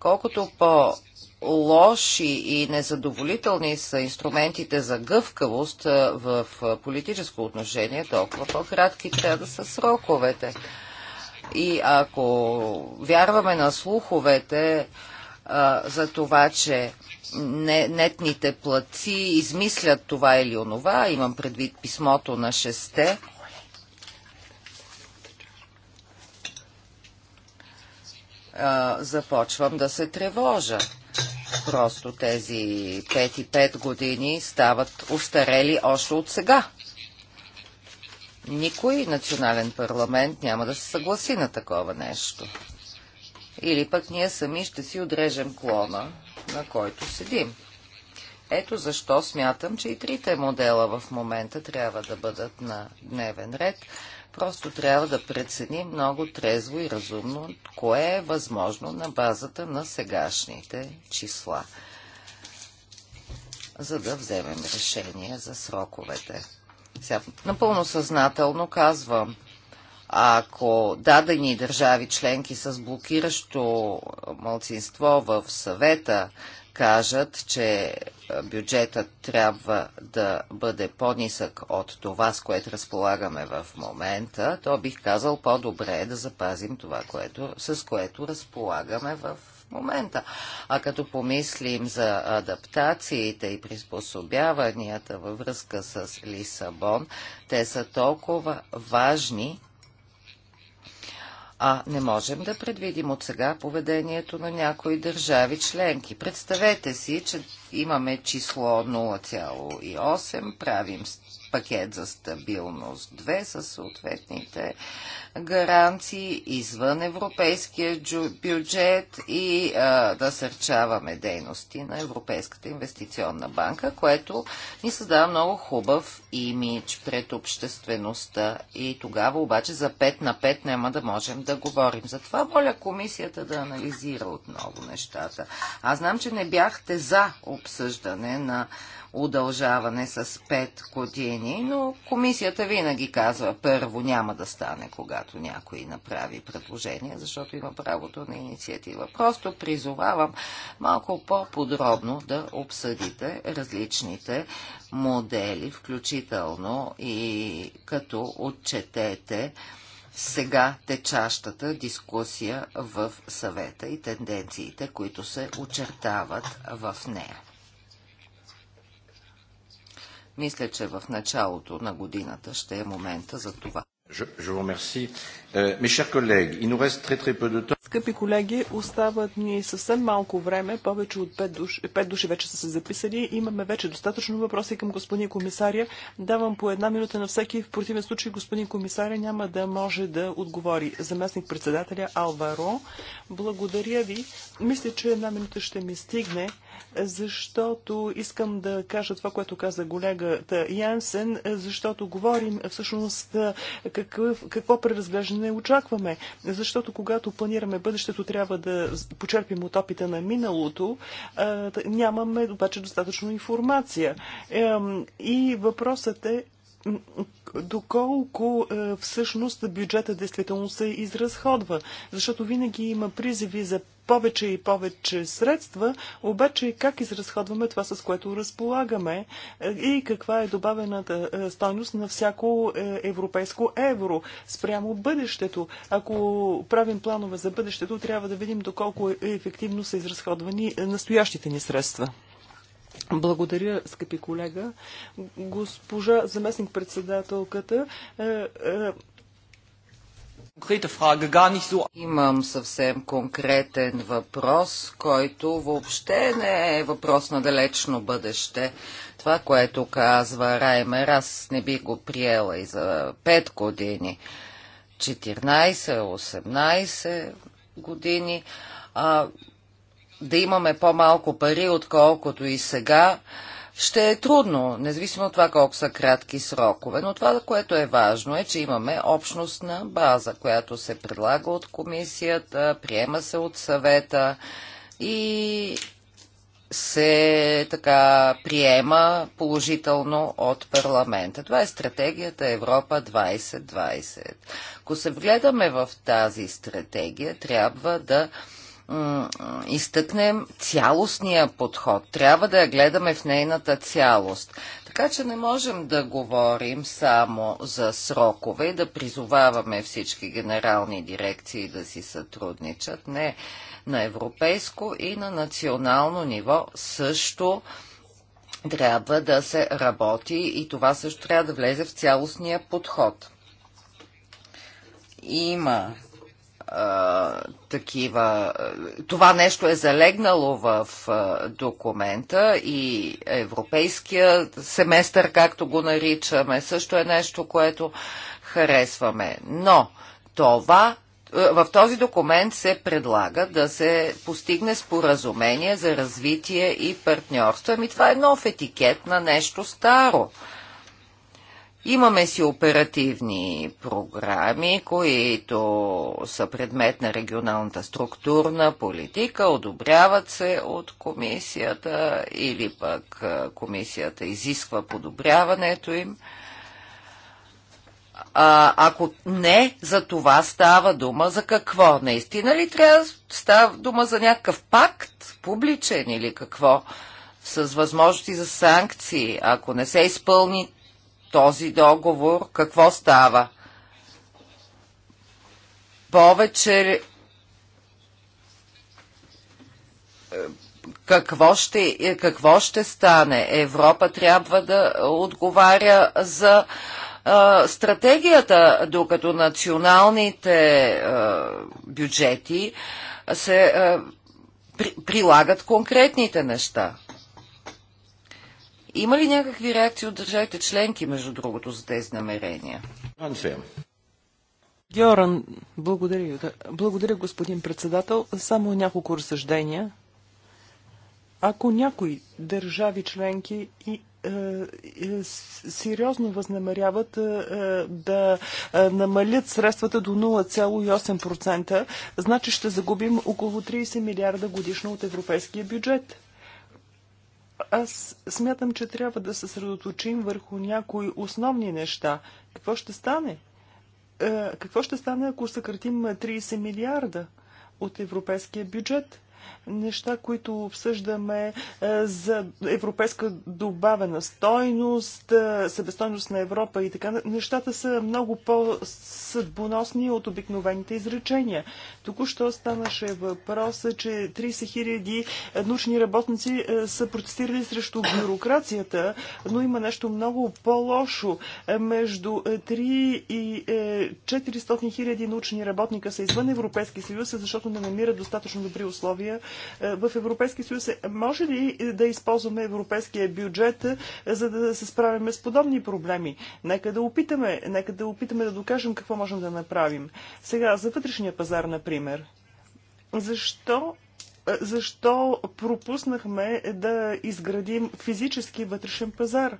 Колкото по лоши и незадоволителни са инструментите за гъвкавост в политическо отношение, толкова по-кратки трябва да са сроковете. И ако вярваме на слуховете а, за това, че не, нетните плаци измислят това или онова, имам предвид писмото на шесте, а, започвам да се тревожа. Просто тези 5 и 5 години стават устарели още от сега. Никой национален парламент няма да се съгласи на такова нещо. Или пък ние сами ще си отрежем клона, на който седим. Ето защо смятам, че и трите модела в момента трябва да бъдат на дневен ред. Просто трябва да преценим много трезво и разумно, кое е възможно на базата на сегашните числа, за да вземем решение за сроковете. Сега, напълно съзнателно казвам, ако дадени държави членки с блокиращо мълцинство в съвета кажат, че е, бюджетът трябва да бъде по-нисък от това, с което разполагаме в момента, то бих казал по-добре е да запазим това, което, с което разполагаме в момента. А като помислим за адаптациите и приспособяванията във връзка с Лисабон, те са толкова важни, а не можем да предвидим от сега поведението на някои държави членки. Представете си, че имаме число 0,8, правим пакет за стабилност 2 със съответните гаранции извън европейския бюджет и а, да сърчаваме дейности на Европейската инвестиционна банка, което ни създава много хубав имидж пред обществеността. И тогава обаче за 5 на 5 няма да можем да говорим. Затова моля комисията да анализира отново нещата. Аз знам, че не бяхте за обсъждане на удължаване с 5 години, но комисията винаги казва първо няма да стане, когато някой направи предложение, защото има правото на инициатива. Просто призовавам малко по-подробно да обсъдите различните модели, включително и като отчетете сега течащата дискусия в съвета и тенденциите, които се очертават в нея. Мисля, че в началото на годината ще е момента за това. Е, Скъпи колеги, остават ни съвсем малко време. Повече от 5 души, 5 души вече са се записали. Имаме вече достатъчно въпроси към господин комисаря. Давам по една минута на всеки. В противен случай господин комисаря няма да може да отговори. Заместник председателя Алваро, благодаря ви. Мисля, че една минута ще ми стигне защото искам да кажа това, което каза колегата Янсен, защото говорим всъщност какъв, какво преразглеждане очакваме. Защото когато планираме бъдещето, трябва да почерпим от опита на миналото. Нямаме обаче достатъчно информация. И въпросът е доколко е, всъщност бюджета действително се изразходва. Защото винаги има призиви за повече и повече средства, обаче как изразходваме това, с което разполагаме е, и каква е добавената е, стойност на всяко европейско евро спрямо бъдещето. Ако правим планове за бъдещето, трябва да видим доколко ефективно са изразходвани настоящите ни средства. Благодаря, скъпи колега. Госпожа заместник-председателката. Е, е, Имам съвсем конкретен въпрос, който въобще не е въпрос на далечно бъдеще. Това, което казва Раймер, аз не би го приела и за 5 години, 14, 18 години. А, да имаме по-малко пари, отколкото и сега, ще е трудно, независимо от това колко са кратки срокове. Но това, което е важно, е, че имаме общностна база, която се предлага от комисията, приема се от съвета и се така приема положително от парламента. Това е стратегията Европа 2020. Ако се вгледаме в тази стратегия, трябва да изтъкнем цялостния подход. Трябва да я гледаме в нейната цялост. Така че не можем да говорим само за срокове и да призоваваме всички генерални дирекции да си сътрудничат. Не, на европейско и на национално ниво също трябва да се работи и това също трябва да влезе в цялостния подход. Има такива. Това нещо е залегнало в документа и европейския семестър, както го наричаме, също е нещо, което харесваме. Но това в този документ се предлага да се постигне споразумение за развитие и партньорство. Ами това е нов етикет на нещо старо. Имаме си оперативни програми, които са предмет на регионалната структурна политика, одобряват се от комисията или пък комисията изисква подобряването им. А, ако не, за това става дума за какво? Наистина ли трябва става дума за някакъв пакт, публичен или какво, с възможности за санкции, ако не се изпълни този договор, какво става? Повече какво ще, какво ще стане? Европа трябва да отговаря за а, стратегията, докато националните а, бюджети се а, при, прилагат конкретните неща. Има ли някакви реакции от държавите членки, между другото, за тези намерения? Георан, благодаря. Благодаря, господин председател. Само няколко разсъждения. Ако някои държави членки и е, е, сериозно възнамеряват е, да намалят средствата до 0,8%, значи ще загубим около 30 милиарда годишно от европейския бюджет. Аз смятам, че трябва да се съсредоточим върху някои основни неща. Какво ще стане? Е, какво ще стане, ако съкратим 30 милиарда от европейския бюджет? неща, които обсъждаме е, за европейска добавена стойност, е, себестойност на Европа и така. Нещата са много по-съдбоносни от обикновените изречения. Току-що станаше въпроса, че 30 хиляди е, научни работници са протестирали срещу бюрокрацията, но има нещо много по-лошо. Между 3 и 400 хиляди научни работника са извън Европейски съюз, защото не намират достатъчно добри условия е, в Европейския съюз. Може ли да използваме европейския бюджет, е, за да се справяме с подобни проблеми? Нека да опитаме, нека да опитаме да докажем какво можем да направим. Сега, за вътрешния пазар, например. Защо е, защо пропуснахме да изградим физически вътрешен пазар?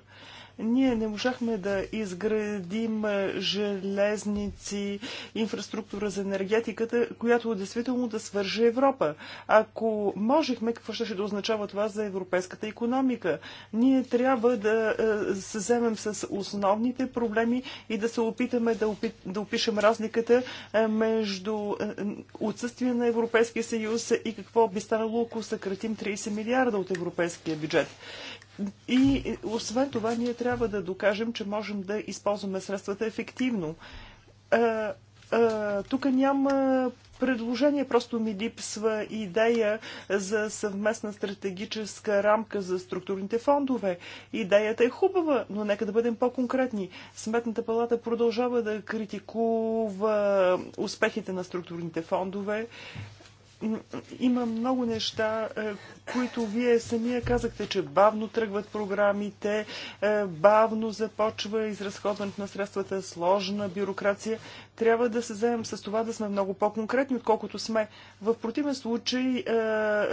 Ние не можахме да изградим железници, инфраструктура за енергетиката, която действително да свърже Европа. Ако можехме, какво ще, ще да означава това за европейската економика? Ние трябва да се вземем с основните проблеми и да се опитаме да, опит, да опишем разликата между отсъствие на Европейския съюз и какво би станало, ако съкратим 30 милиарда от европейския бюджет. И е, освен това, ние трябва да докажем, че можем да използваме средствата ефективно. Е, е, тук няма предложение, просто ми липсва идея за съвместна стратегическа рамка за структурните фондове. Идеята е хубава, но нека да бъдем по-конкретни. Сметната палата продължава да критикува успехите на структурните фондове има много неща, е, които вие самия казахте, че бавно тръгват програмите, е, бавно започва изразходването на средствата, сложна бюрокрация. Трябва да се вземем с това да сме много по-конкретни, отколкото сме. В противен случай е,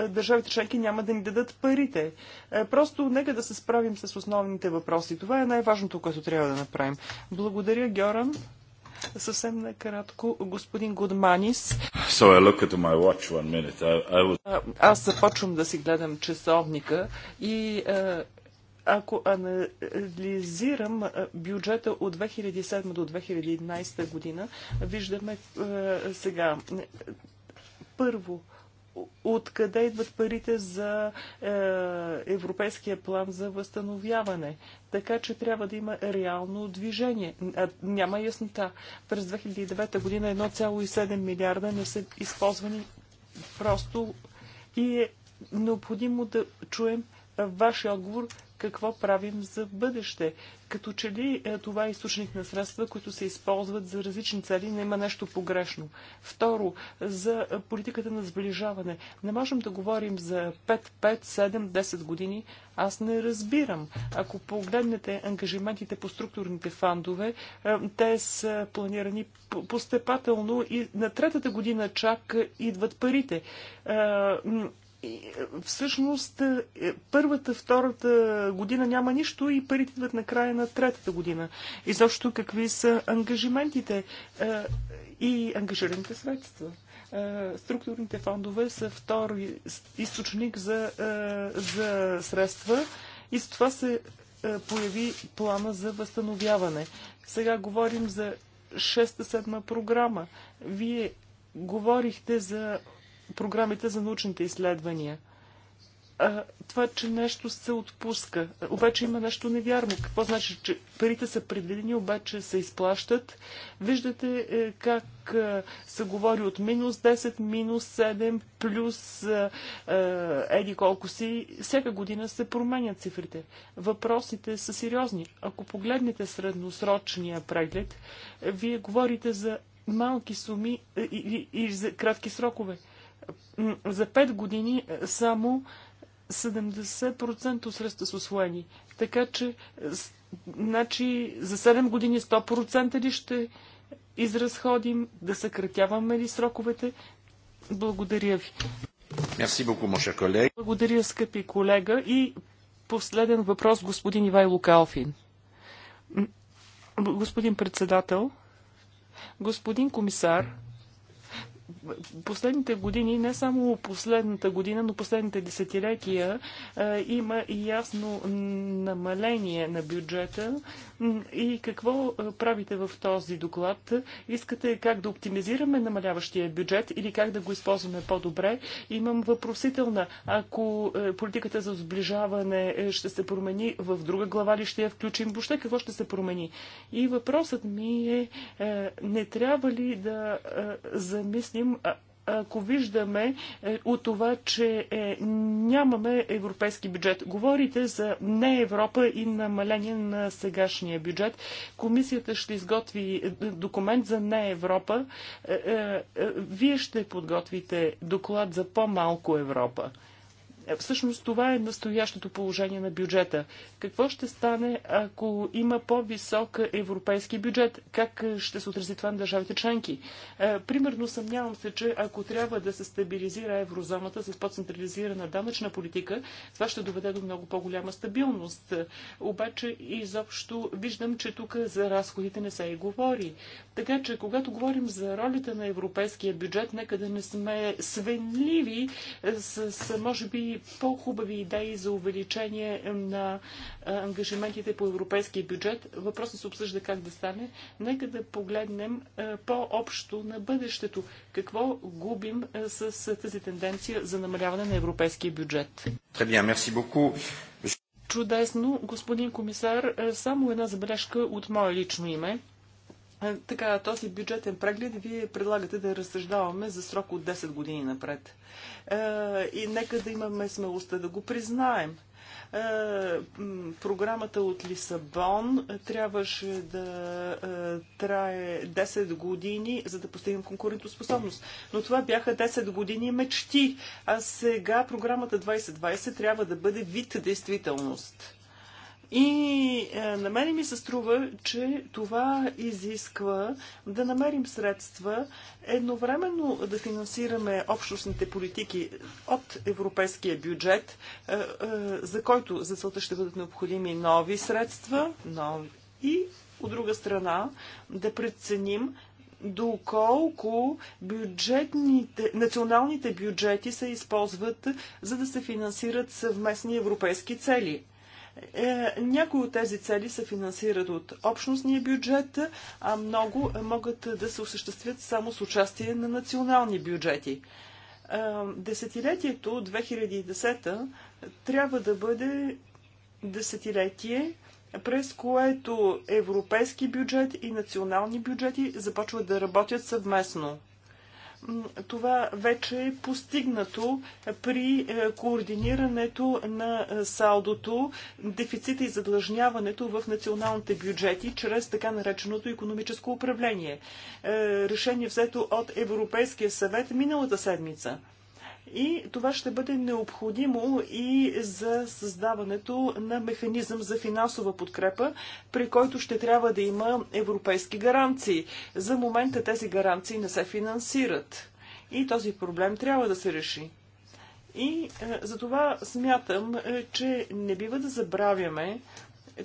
държавите членки няма да ни дадат парите. Просто нека да се справим с основните въпроси. Това е най-важното, което трябва да направим. Благодаря, Георан. Съвсем накратко, господин Гудманис. So I look at my watch one minute. I, I was... Аз започвам да си гледам часовника и ако анализирам бюджета от 2007 до 2011 година, виждаме сега. Първо, откъде идват парите за е, Европейския план за възстановяване. Така че трябва да има реално движение. А, няма яснота. През 2009 година 1,7 милиарда не са използвани просто и е необходимо да чуем вашия отговор какво правим за бъдеще. Като че ли е, това е източник на средства, които се използват за различни цели, не има нещо погрешно. Второ, за е, политиката на сближаване. Не можем да говорим за 5, 5, 7, 10 години. Аз не разбирам. Ако погледнете ангажиментите по структурните фандове, е, те са планирани постепателно и на третата година чак идват парите е, всъщност е, е, първата, втората година няма нищо и парите идват на края на третата година. И защо какви са ангажиментите и ангажираните средства? Структурните фондове са втори източник за, за средства и с това се появи плана за възстановяване. Сега говорим за шеста 7 програма. Вие говорихте за програмите за научните изследвания. А, това, че нещо се отпуска. Обаче има нещо невярно. Какво значи, че парите са предвидени, обаче се изплащат? Виждате е, как е, се говори от минус 10, минус 7, плюс е, е, еди колко си. Всяка година се променят цифрите. Въпросите са сериозни. Ако погледнете средносрочния преглед, е, вие говорите за малки суми или е, за кратки срокове. За 5 години е, само 70% от средства са освоени. Така че е, значи, за 7 години 100% ли ще изразходим, да съкратяваме ли сроковете? Благодаря ви. Благодаря, скъпи колега. И последен въпрос, господин Ивайло Калфин. Господин председател, господин комисар, последните години, не само последната година, но последните десетилетия има и ясно намаление на бюджета. И какво правите в този доклад? Искате как да оптимизираме намаляващия бюджет или как да го използваме по-добре? Имам въпросителна. Ако е, политиката за сближаване е, ще се промени, в друга глава ли ще я включим? Въобще какво ще се промени? И въпросът ми е, е не трябва ли да замислим обясним, ако виждаме е, от това, че е, нямаме европейски бюджет. Говорите за не Европа и намаление на сегашния бюджет. Комисията ще изготви е, документ за не Европа. Вие ще подготвите доклад за по-малко Европа. Е, всъщност това е настоящото положение на бюджета. Какво ще стане, ако има по-висок европейски бюджет? Как е, ще се отрази това на държавите членки? Е, примерно съмнявам се, че ако трябва да се стабилизира еврозоната с по-централизирана данъчна политика, това ще доведе до много по-голяма стабилност. Обаче изобщо виждам, че тук за разходите не се и говори. Така че, когато говорим за ролята на европейския бюджет, нека да не сме свенливи с, с може би, и по-хубави идеи за увеличение на ангажиментите по европейския бюджет. Въпросът се обсъжда как да стане. Нека да погледнем по-общо на бъдещето. Какво губим с тази тенденция за намаляване на европейския бюджет? Чудесно, господин комисар. Само една забележка от мое лично име. Така, този бюджетен преглед вие предлагате да разсъждаваме за срок от 10 години напред. И нека да имаме смелостта да го признаем програмата от Лисабон трябваше да трае 10 години, за да постигнем конкурентоспособност. Но това бяха 10 години мечти, а сега програмата 2020 трябва да бъде вид действителност. И е, на мен ми се струва, че това изисква да намерим средства едновременно да финансираме общностните политики от европейския бюджет, е, е, за който за целта ще бъдат необходими нови средства, нови. И от друга страна да преценим доколко бюджетните, националните бюджети се използват за да се финансират съвместни европейски цели – е, някои от тези цели се финансират от общностния бюджет, а много могат да се осъществят само с участие на национални бюджети. Е, десетилетието 2010 трябва да бъде десетилетие, през което европейски бюджет и национални бюджети започват да работят съвместно това вече е постигнато при е, координирането на е, салдото, дефицита и задлъжняването в националните бюджети чрез така нареченото економическо управление. Е, решение взето от Европейския съвет миналата седмица. И това ще бъде необходимо и за създаването на механизъм за финансова подкрепа, при който ще трябва да има европейски гаранции. За момента тези гаранции не се финансират. И този проблем трябва да се реши. И е, за това смятам, е, че не бива да забравяме,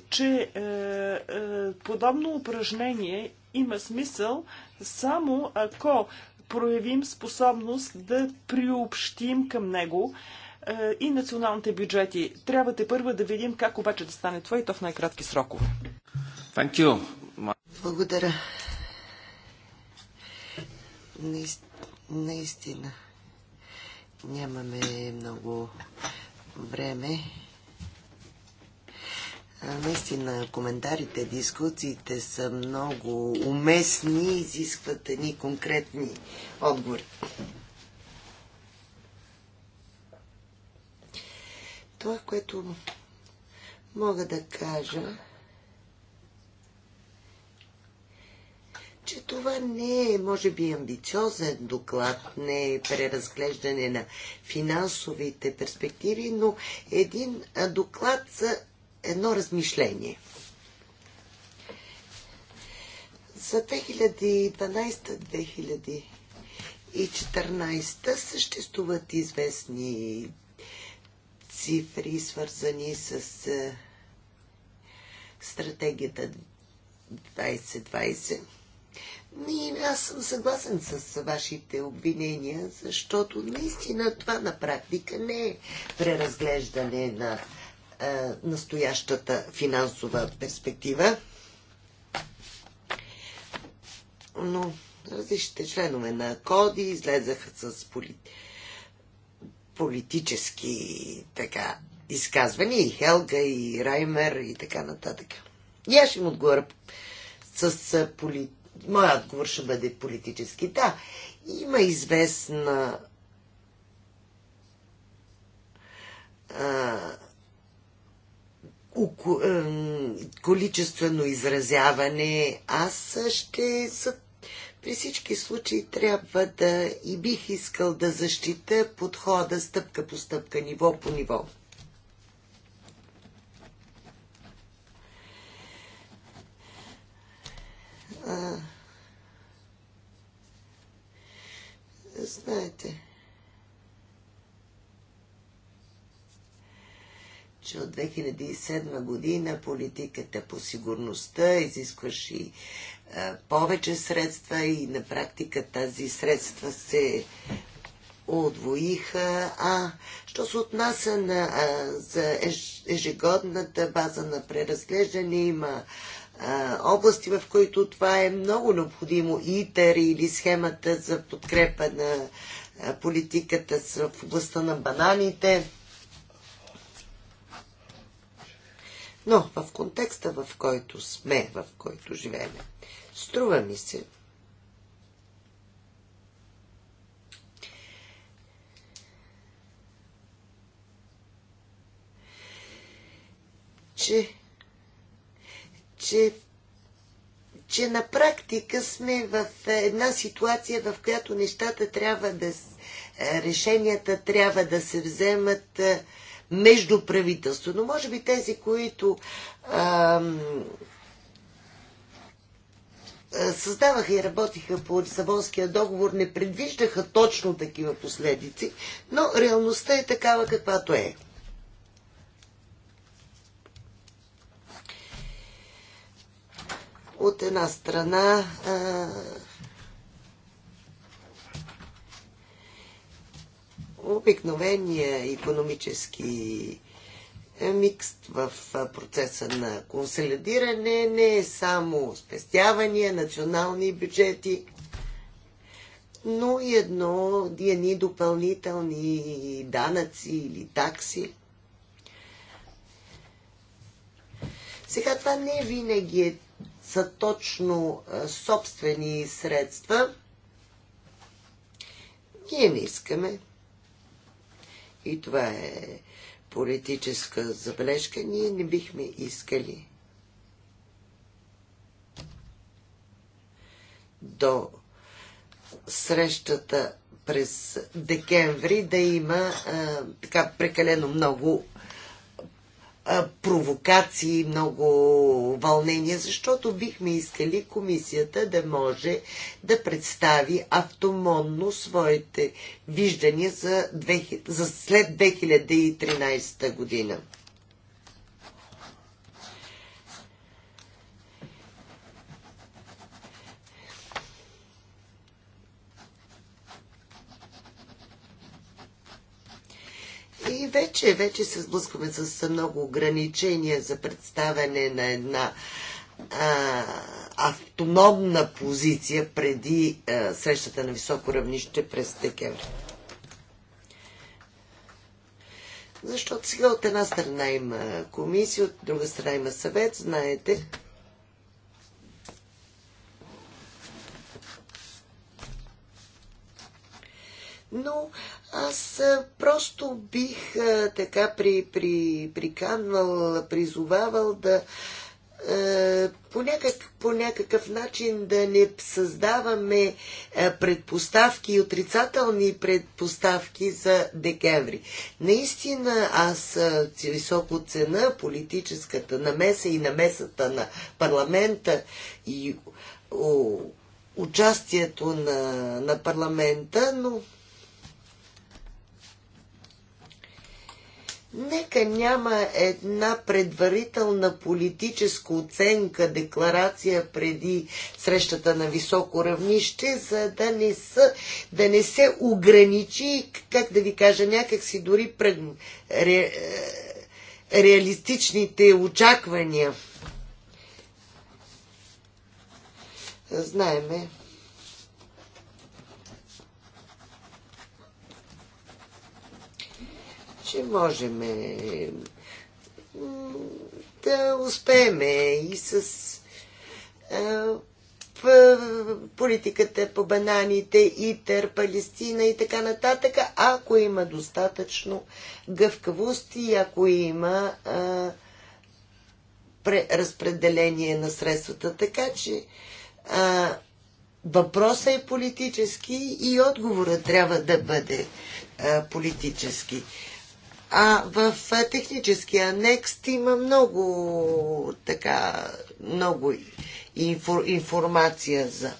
че е, е, подобно упражнение има смисъл само ако проявим способност да приобщим към него е, и националните бюджети. Трябва те първа да видим как обаче да стане това и то в най-кратки срокове. Благодаря. Наистина. Нямаме много време. Наистина коментарите, дискуциите са много уместни и изискват едни конкретни отговори. Това, което мога да кажа, че това не е, може би, амбициозен доклад, не е преразглеждане на финансовите перспективи, но един доклад за едно размишление. За 2012-2014 съществуват известни цифри, свързани с е, стратегията 2020. И аз съм съгласен с вашите обвинения, защото наистина това на практика не е преразглеждане на е, настоящата финансова перспектива. Но различните членове на Коди излезаха с полит... политически така, изказвания и Хелга, и Раймер, и така нататък. И аз ще им отговоря с поли... Моят отговор ще бъде политически. Да, има известна а, количествено изразяване. Аз ще при всички случаи трябва да и бих искал да защита подхода стъпка по стъпка, ниво по ниво. А, знаете, че от 2007 година политиката по сигурността изискваше и е, повече средства и на практика тази средства се отвоиха. А що се отнася на, а, за ежегодната база на преразглеждане, има а, области, в които това е много необходимо. ИТЕР или схемата за подкрепа на политиката в областта на бананите. Но в контекста, в който сме, в който живеем, струва ми се, че, че, че на практика сме в една ситуация, в която нещата трябва да решенията трябва да се вземат междуправителствено. Може би тези, които а, създаваха и работиха по Лисабонския договор, не предвиждаха точно такива последици, но реалността е такава каквато е. От една страна а, обикновения економически е, микс в процеса на консолидиране не е само спестявания, национални бюджети, но и едно, едни допълнителни данъци или такси. Сега това не винаги е, са точно собствени средства. Ние не искаме и това е политическа забележка, ние не бихме искали до срещата през декември да има а, така прекалено много провокации, много вълнения, защото бихме искали комисията да може да представи автомонно своите виждания за, за след 2013 година. И вече, вече се сблъскваме с много ограничения за представяне на една а, автономна позиция преди а, срещата на високо равнище през декември. Защото сега от една страна има комисия, от друга страна има съвет, знаете, но аз просто бих така при, при, приканвал, призовавал да по, някакъв, по някакъв начин да не създаваме предпоставки и отрицателни предпоставки за декември. Наистина аз високо цена политическата намеса и намесата на парламента и о, участието на, на парламента, но Нека няма една предварителна политическа оценка, декларация преди срещата на високо равнище, за да не, са, да не се ограничи, как да ви кажа, някакси дори пред ре, е, реалистичните очаквания. Знаеме, че можем да успееме и с политиката по бананите, ИТер, Палестина и така нататък, ако има достатъчно гъвкавост и ако има а, разпределение на средствата. Така че а, въпросът е политически и отговорът трябва да бъде а, политически. А в техническия анекс има много така, много инфор, информация за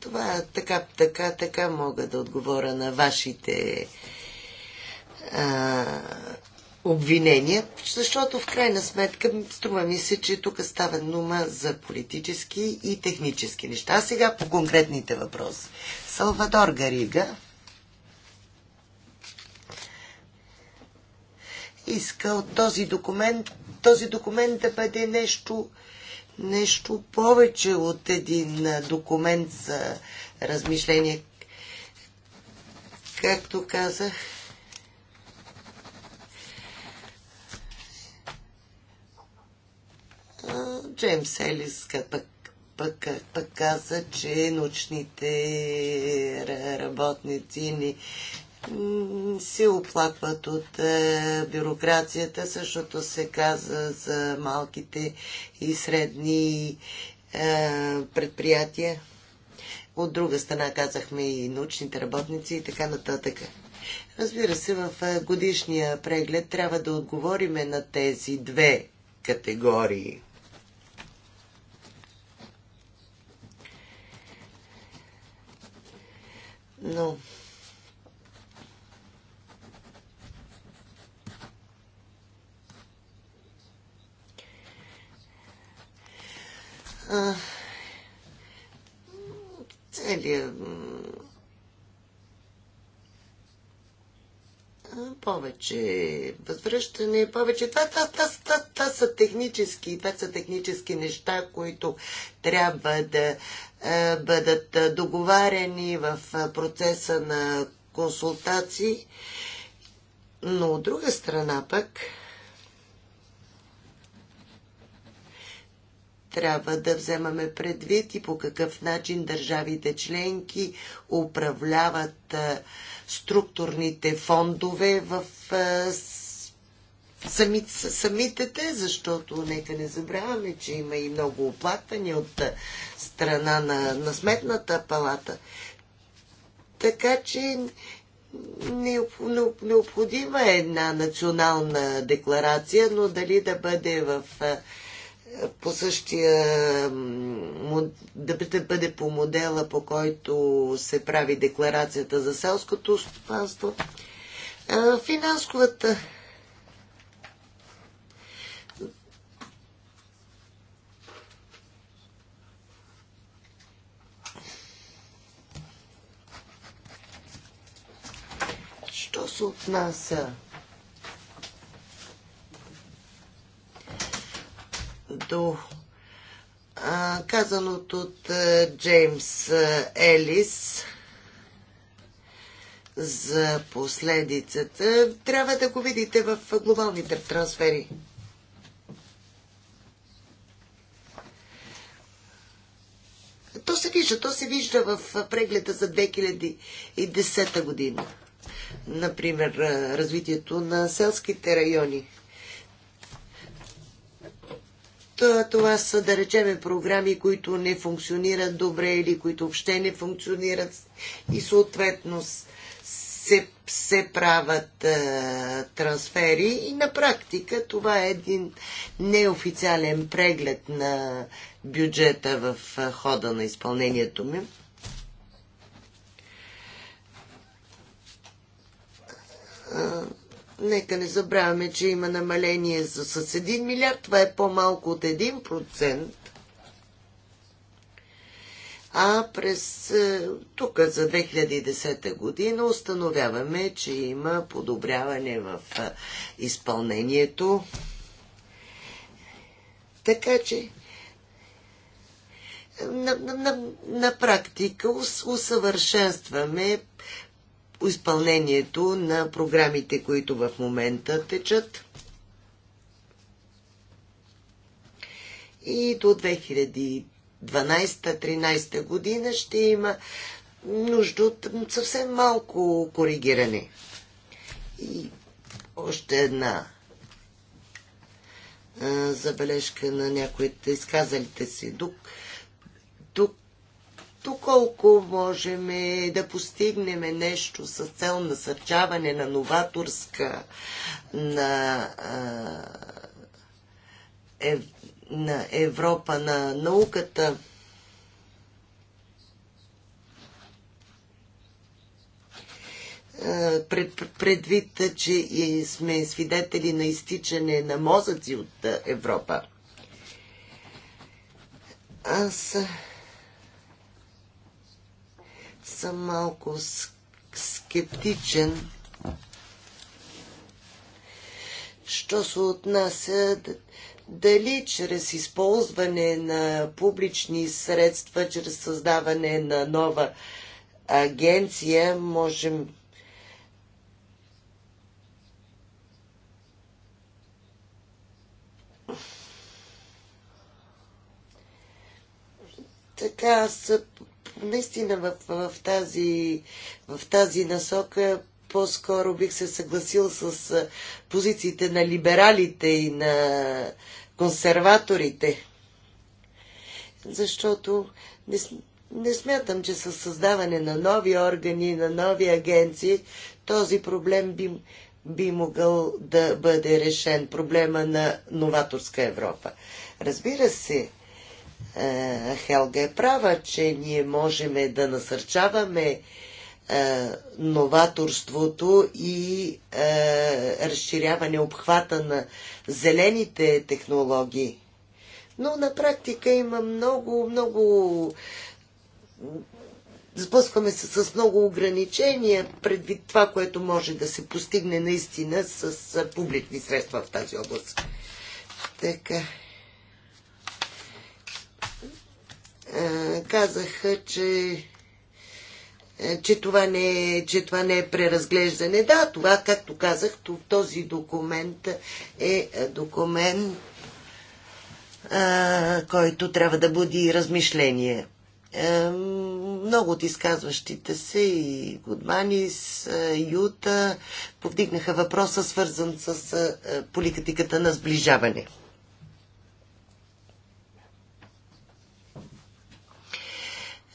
Това така, така, така мога да отговоря на вашите а, обвинения, защото в крайна сметка струва ми се, че тук става дума за политически и технически неща. А сега по конкретните въпроси. Салвадор Гарига иска от този документ, този документ да бъде нещо, нещо повече от един документ за размишление. Както казах, Джеймс Елис пък, пък, пък каза, че научните работници ни се оплакват от е, бюрокрацията. Същото се каза за малките и средни е, предприятия. От друга страна казахме и научните работници и така нататък. Разбира се, в е, годишния преглед трябва да отговориме на тези две категории. но целият повече възвръщане, повече. Това, това, това, това, това са технически, това са технически неща, които трябва да е, бъдат е, договарени в е, процеса на консултации. Но от друга страна пък трябва да вземаме предвид и по какъв начин държавите членки управляват структурните фондове в сами, самите те, защото нека не забравяме, че има и много оплаквания от страна на, на сметната палата. Така че необходима е една национална декларация, но дали да бъде в по същия да бъде по модела, по който се прави декларацията за селското стопанство. Финансовата Що се отнася до а, казаното от а, е, Джеймс а, е, Елис за последицата, трябва да го видите в глобалните трансфери. То се вижда, то се вижда в прегледа за 2010 година например, развитието на селските райони. Това са, да речеме, програми, които не функционират добре или които въобще не функционират и съответно се, се правят е, трансфери и на практика това е един неофициален преглед на бюджета в хода на изпълнението ми. нека не забравяме, че има намаление с 1 милиард. Това е по-малко от 1%. А през е, тук за 2010 година установяваме, че има подобряване в е, изпълнението. Така че е, на, на, на, на практика усъвършенстваме изпълнението на програмите, които в момента течат. И до 2012 2013 година ще има нужда от съвсем малко коригиране. И още една забележка на някои изказалите си. Дук доколко можем да постигнем нещо с цел насърчаване на новаторска, на, е, на Европа, на науката. Пред, предвид, че и сме свидетели на изтичане на мозъци от Европа. Аз съм малко скептичен. Що се отнася дали чрез използване на публични средства, чрез създаване на нова агенция можем така аз наистина в, в, тази, в тази насока по-скоро бих се съгласил с позициите на либералите и на консерваторите. Защото не, не смятам, че с създаване на нови органи, на нови агенции, този проблем би, би могъл да бъде решен. Проблема на новаторска Европа. Разбира се, е, Хелга е права, че ние можем да насърчаваме е, новаторството и е, разширяване обхвата на зелените технологии. Но на практика има много, много. Сблъскваме се с много ограничения предвид това, което може да се постигне наистина с публични средства в тази област. Така. Е, казаха, че е, че това, не е, че това не е преразглеждане. Да, това, както казах, този документ е, е документ, който трябва да буди размишление. много от изказващите се и Гудманис, Юта повдигнаха въпроса, свързан с политиката на сближаване.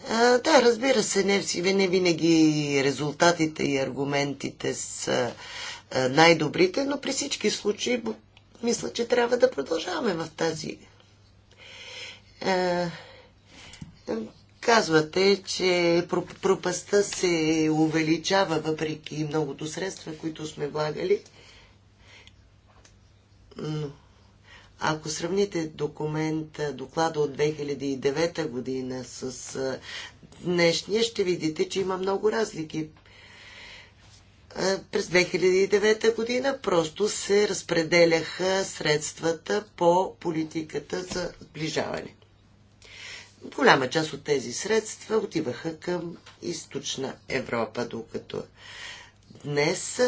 А, да, разбира се, не, не винаги резултатите и аргументите са най-добрите, но при всички случаи мисля, че трябва да продължаваме в тази. А, Казвате, че пропаста се увеличава въпреки многото средства, които сме влагали. Но ако сравните документ, доклада от 2009 година с днешния, ще видите, че има много разлики. През 2009 година просто се разпределяха средствата по политиката за сближаване. Голяма част от тези средства отиваха към източна Европа, докато днес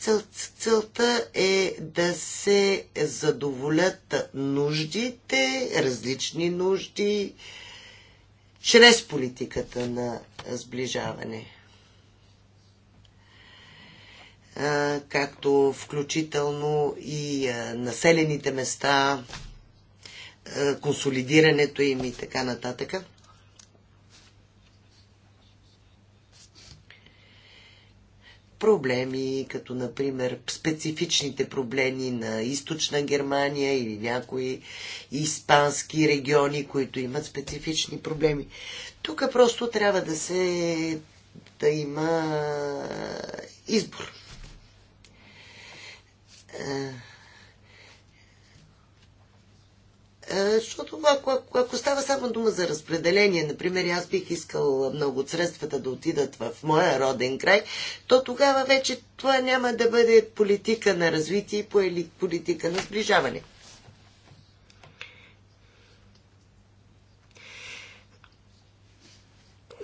Цел, целта е да се задоволят нуждите, различни нужди, чрез политиката на сближаване. Както включително и населените места, консолидирането им и така нататък. проблеми, като например специфичните проблеми на източна Германия или някои испански региони, които имат специфични проблеми. Тук просто трябва да се да има избор. Е, Е, защото ако, ако, ако става само дума за разпределение, например, аз бих искал много от средствата да отидат в моя роден край, то тогава вече това няма да бъде политика на развитие и политика на сближаване.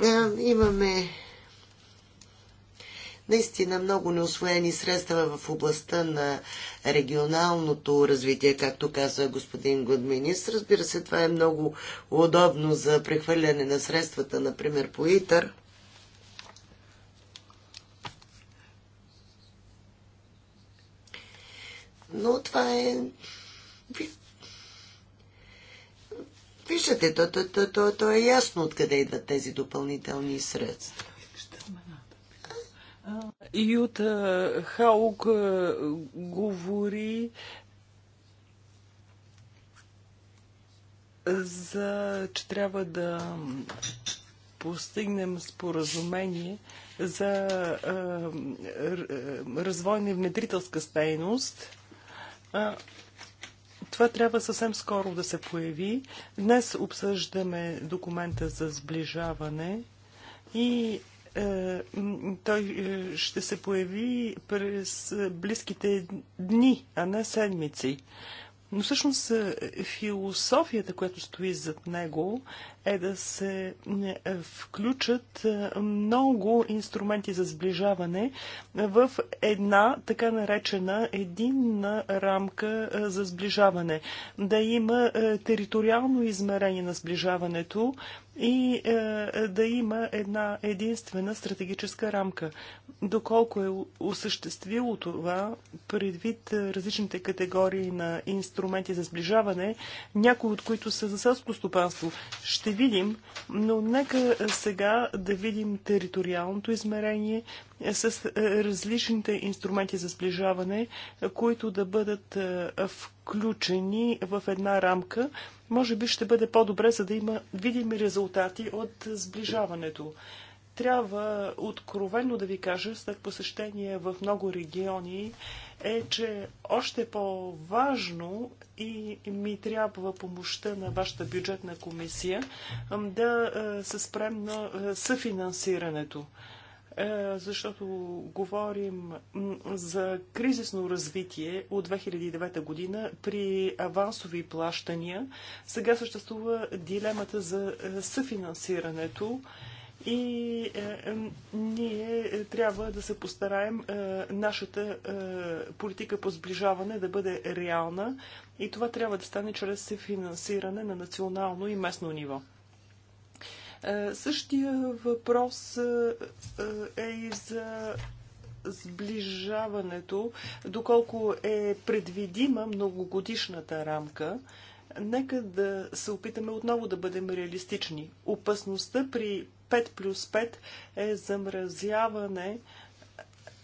Е, имаме наистина много неосвоени средства в областта на регионалното развитие, както каза господин Годминис. Разбира се, това е много удобно за прехвърляне на средствата, например по ИТАР. Но това е Виждате, то, то, то, то, то е ясно откъде идват тези допълнителни средства. Юта Хаук говори за, че трябва да постигнем споразумение за а, развойна и внедрителска стейност. А, това трябва съвсем скоро да се появи. Днес обсъждаме документа за сближаване и е, той е, ще се появи през близките дни, а не седмици. Но всъщност е, философията, която стои зад него, е да се включат много инструменти за сближаване в една така наречена единна рамка за сближаване. Да има териториално измерение на сближаването, и е, да има една единствена стратегическа рамка. Доколко е осъществило това, предвид е, различните категории на инструменти за сближаване, някои от които са за селско стопанство, ще видим, но нека е, сега да видим териториалното измерение, е, с е, различните инструменти за сближаване, е, които да бъдат включени в една рамка, може би ще бъде по-добре, за да има видими резултати от сближаването. Трябва откровенно да ви кажа, след посещение в много региони, е, че още по-важно и ми трябва помощта на вашата бюджетна комисия да се спрем на съфинансирането. Е, защото говорим за кризисно развитие от 2009 година при авансови плащания. Сега съществува дилемата за е, съфинансирането и е, ние трябва да се постараем нашата политика по сближаване да бъде реална и това трябва да стане чрез съфинансиране на национално и местно ниво. Е, същия въпрос е, е и за сближаването, доколко е предвидима многогодишната рамка. Нека да се опитаме отново да бъдем реалистични. Опасността при 5 плюс 5 е замразяване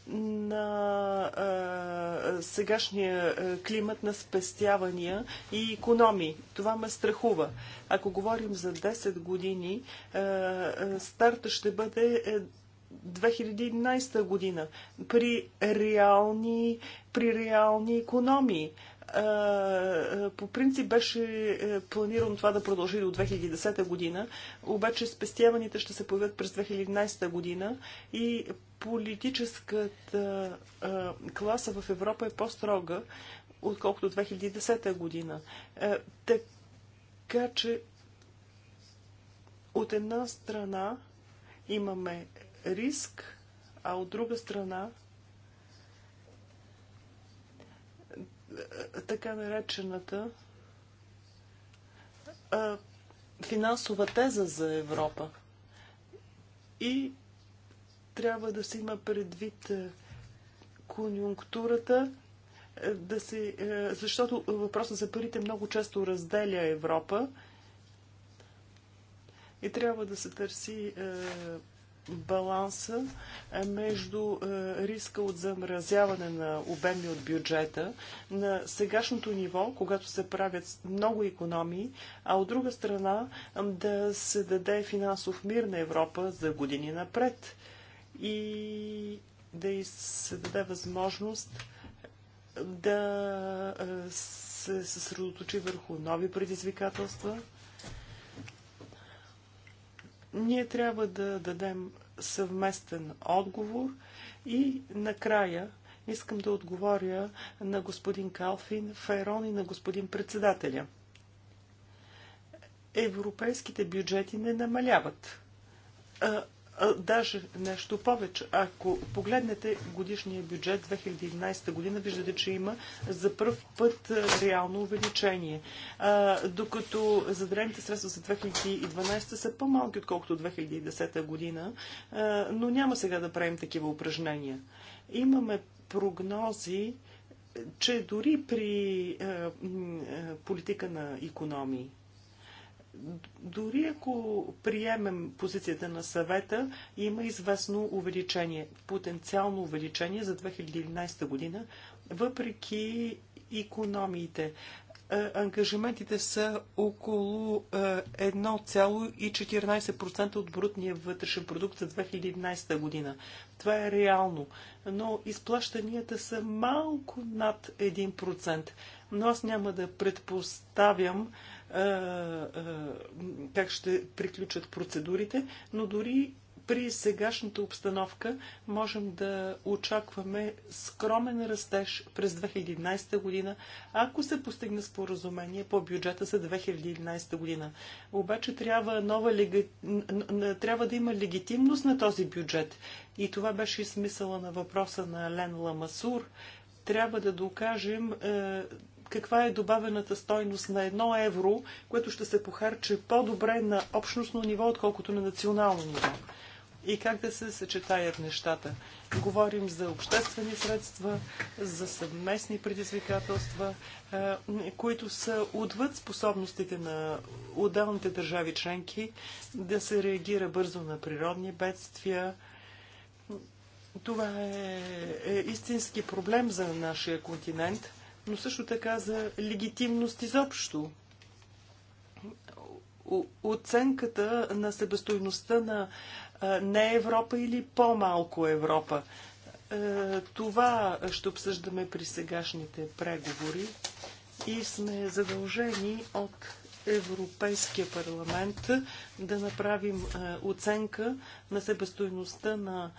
на а, сегашния климат на спестявания и економии. Това ме страхува. Ако говорим за 10 години, а, старта ще бъде 2011 е, година при реални, при реални економии. По принцип беше е, планирано това да продължи до 2010 година, обаче спестяваните ще се появят през 2011 година и политическата класа в Европа е по-строга, отколкото 2010 година. Е, така че от една страна имаме риск, а от друга страна така наречената финансова теза за Европа. И трябва да се има предвид конюнктурата, да се, защото въпросът за парите много често разделя Европа и трябва да се търси баланса между риска от замразяване на обеми от бюджета на сегашното ниво, когато се правят много економии, а от друга страна да се даде финансов мир на Европа за години напред и да се даде възможност да се съсредоточи върху нови предизвикателства, ние трябва да дадем съвместен отговор и накрая искам да отговоря на господин Калфин, Файрон и на господин председателя. Европейските бюджети не намаляват. Даже нещо повече. Ако погледнете годишния бюджет 2011 година, виждате, че има за първ път реално увеличение. Докато задрените средства за 2012 са по-малки, отколкото 2010 година, но няма сега да правим такива упражнения. Имаме прогнози, че дори при политика на економии, дори ако приемем позицията на съвета, има известно увеличение, потенциално увеличение за 2011 година, въпреки економиите. Ангажиментите са около 1,14% от брутния вътрешен продукт за 2011 година. Това е реално, но изплащанията са малко над 1%. Но аз няма да предпоставям, как ще приключат процедурите, но дори при сегашната обстановка можем да очакваме скромен растеж през 2011 година, ако се постигне споразумение по бюджета за 2011 година. Обаче трябва, нова, трябва да има легитимност на този бюджет. И това беше и смисъла на въпроса на Лен Ламасур. Трябва да докажем е, каква е добавената стойност на едно евро, което ще се похарче по-добре на общностно ниво, отколкото на национално ниво. И как да се съчетаят нещата. Говорим за обществени средства, за съвместни предизвикателства, които са отвъд способностите на отделните държави членки да се реагира бързо на природни бедствия, това е, е истински проблем за нашия континент но също така за легитимност изобщо. Оценката на себестойността на не Европа или по-малко Европа. Това ще обсъждаме при сегашните преговори и сме задължени от Европейския парламент да направим оценка на себестойността на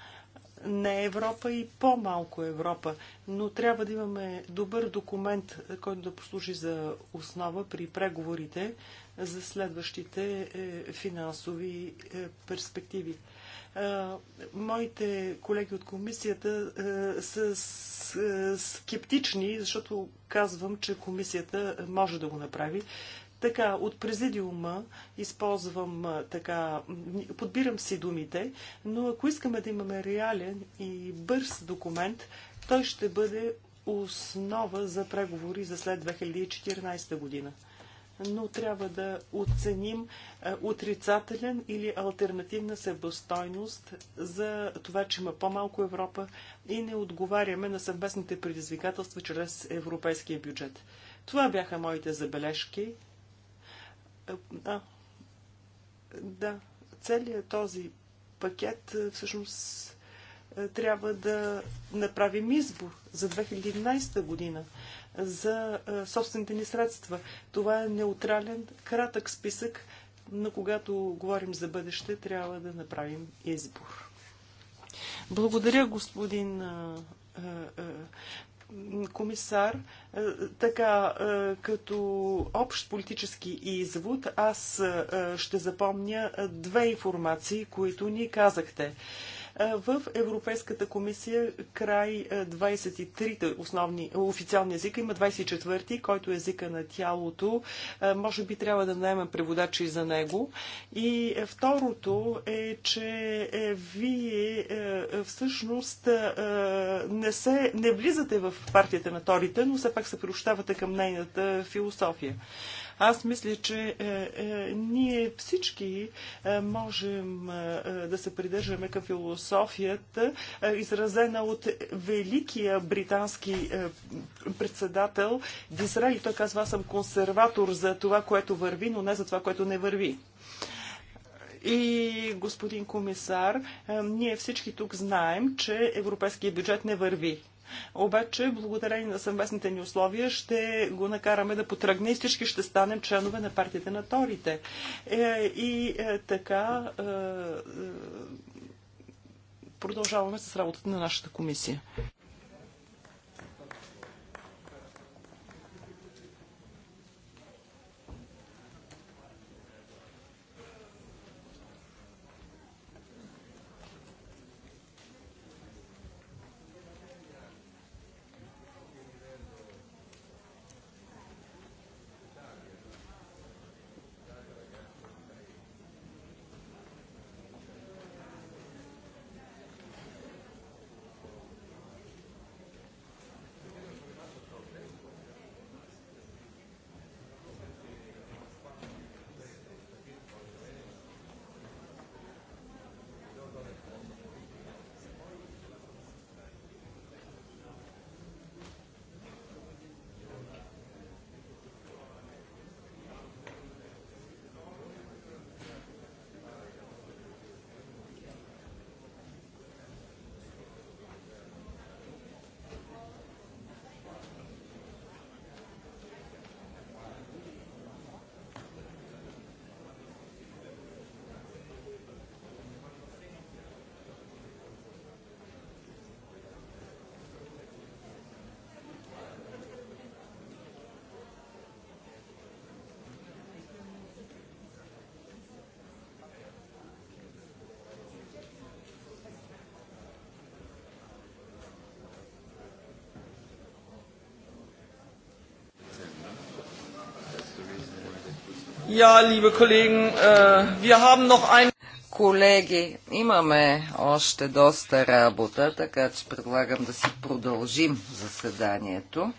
не Европа и по-малко Европа, но трябва да имаме добър документ, който да послужи за основа при преговорите за следващите е, финансови е, перспективи. Моите колеги от комисията е, са скептични, защото казвам, че комисията може да го направи. Така, от президиума използвам така, подбирам си думите, но ако искаме да имаме реален и бърз документ, той ще бъде основа за преговори за след 2014 година. Но трябва да оценим отрицателен или альтернативна себестойност за това, че има по-малко Европа и не отговаряме на съвместните предизвикателства чрез европейския бюджет. Това бяха моите забележки. Е, да. Да. Целият този пакет е, всъщност е, трябва да направим избор за 2011 година за собствените ни средства. Това е неутрален, кратък списък, но когато говорим за бъдеще, трябва да направим избор. Благодаря, господин комисар, е, така е, като общ политически извод, аз е, ще запомня две информации, които ни казахте. В Европейската комисия край 23-те основни официални езика има 24-ти, който е езика на тялото. Може би трябва да наемем преводачи за него. И второто е, че е, вие е, всъщност не, се, не влизате в партията на Торите, но все пак се приобщавате към нейната философия. Аз мисля, че е, е, ние всички е, можем да се придържаме към философията, изразена от великия британски председател и Той казва, аз съм консерватор за това, което върви, но не за това, което не върви. И господин комисар, ние всички тук знаем, че европейския бюджет не върви. Обаче, благодарение на съвместните ни условия, ще го накараме да потръгне и всички ще станем членове на партията на Торите. Е, и е, така е, продължаваме с работата на нашата комисия. Ja, liebe Kollegen, äh, wir haben noch ein... Колеги, имаме още доста работа, така че предлагам да си продължим заседанието.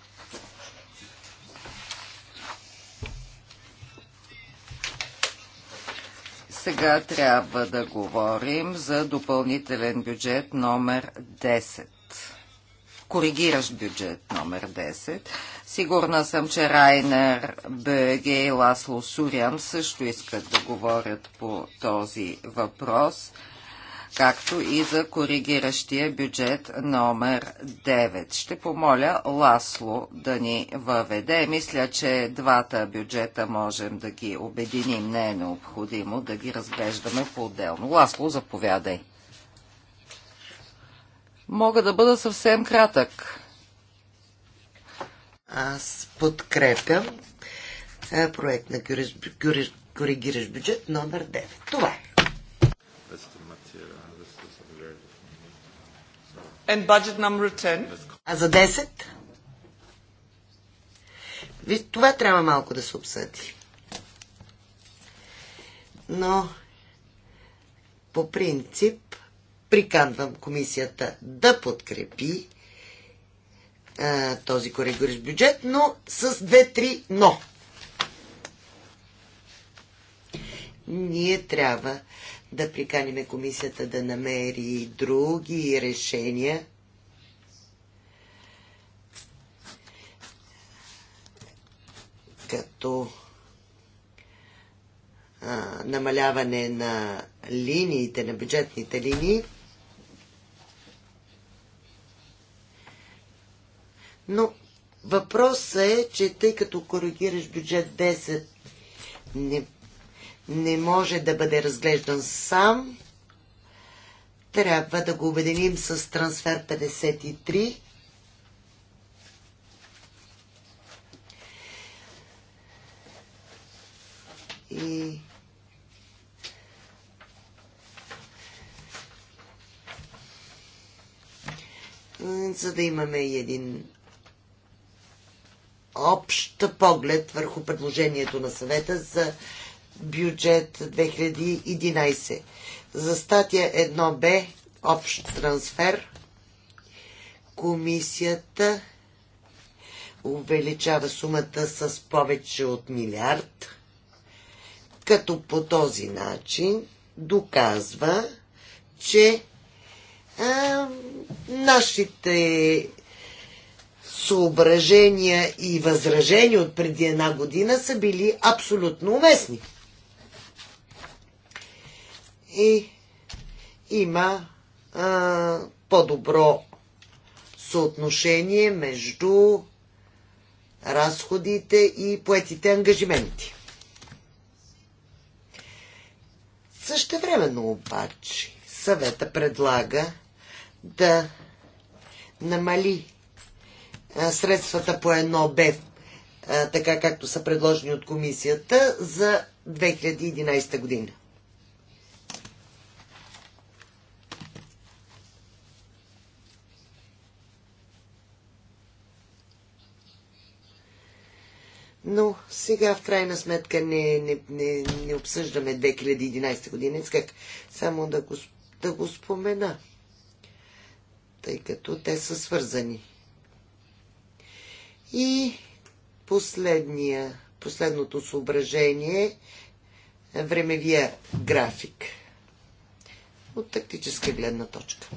Сега трябва да говорим за допълнителен бюджет номер 10 коригиращ бюджет номер 10. Сигурна съм, че Райнер, БГ и Ласло Сурян също искат да говорят по този въпрос както и за коригиращия бюджет номер 9. Ще помоля Ласло да ни въведе. Мисля, че двата бюджета можем да ги обединим. Не е необходимо да ги разглеждаме по-отделно. Ласло, заповядай. Мога да бъда съвсем кратък. Аз подкрепям е, проект на коригираш бюджет номер 9. Това е. And budget number 10. А за 10? Ви, това трябва малко да се обсъди. Но по принцип приканвам комисията да подкрепи а, този коригориш бюджет, но с две-три но. Ние трябва да приканиме комисията да намери други решения, като намаляване на линиите, на бюджетните линии. Но въпросът е, че тъй като коригираш бюджет 10 не, не може да бъде разглеждан сам, трябва да го обединим с трансфер 53. И за да имаме и един общ поглед върху предложението на съвета за бюджет 2011. За статия 1б общ трансфер комисията увеличава сумата с повече от милиард, като по този начин доказва, че а, нашите съображения и възражения от преди една година са били абсолютно уместни. И има по-добро съотношение между разходите и поетите ангажименти. времено обаче съвета предлага да намали средствата по едно Б, така както са предложени от комисията за 2011 година. Но сега в крайна сметка не, не, не, не обсъждаме 2011 година. Исках само да го, да го спомена, тъй като те са свързани. И последния, последното съображение е времевия график от тактическа гледна точка.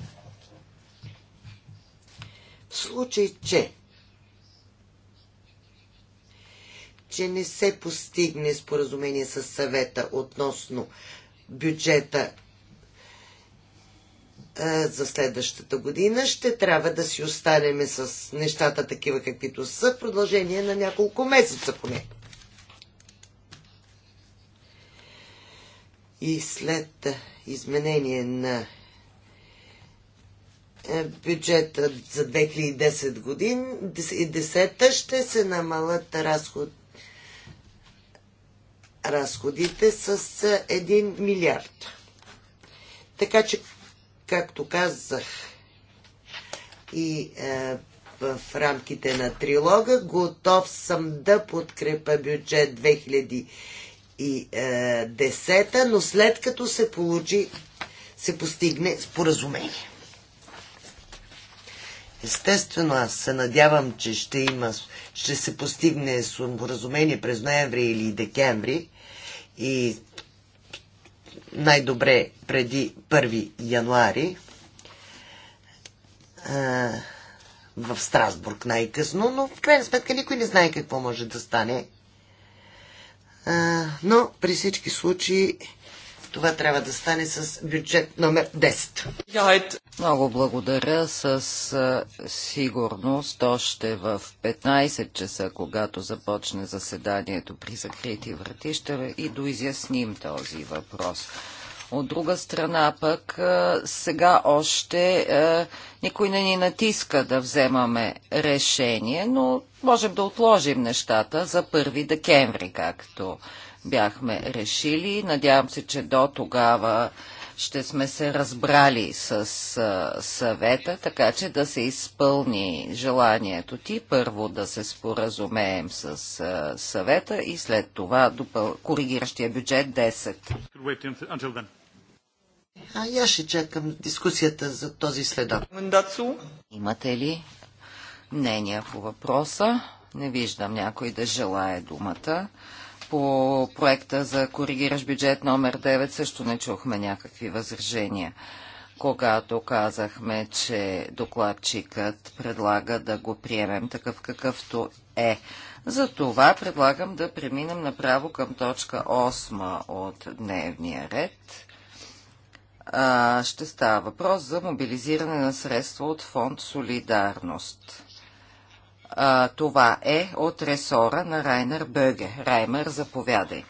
В случай, че че не се постигне споразумение с съвета относно бюджета е, за следващата година. Ще трябва да си останеме с нещата такива каквито са в продължение на няколко месеца поне. И след изменение на е, бюджета за 2010 годин, и 10 ще се намалят разход, разходите с 1 е, милиард. Така че Както казах и е, в рамките на трилога, готов съм да подкрепа бюджет 2010, е, но след като се получи, се постигне споразумение. Естествено, аз се надявам, че ще, има, ще се постигне споразумение през ноември или декември и най-добре преди 1 януари в Страсбург най-късно, но в крайна сметка никой не знае какво може да стане. Но при всички случаи това трябва да стане с бюджет номер 10. Много благодаря. С сигурност още в 15 часа, когато започне заседанието при закрити врати, ще и доизясним този въпрос. От друга страна пък сега още никой не ни натиска да вземаме решение, но можем да отложим нещата за 1 декември, както бяхме решили. Надявам се, че до тогава ще сме се разбрали с съвета, така че да се изпълни желанието ти. Първо да се споразумеем с съвета и след това допъл... коригиращия бюджет 10. А я ще чакам дискусията за този следа. Имате ли мнения по въпроса? Не виждам някой да желая думата по проекта за коригираш бюджет номер 9 също не чухме някакви възражения. Когато казахме, че докладчикът предлага да го приемем такъв какъвто е. Затова предлагам да преминем направо към точка 8 от дневния ред. ще става въпрос за мобилизиране на средства от фонд Солидарност. А, това е от ресора на Райнер Бъге. Раймер, заповядай.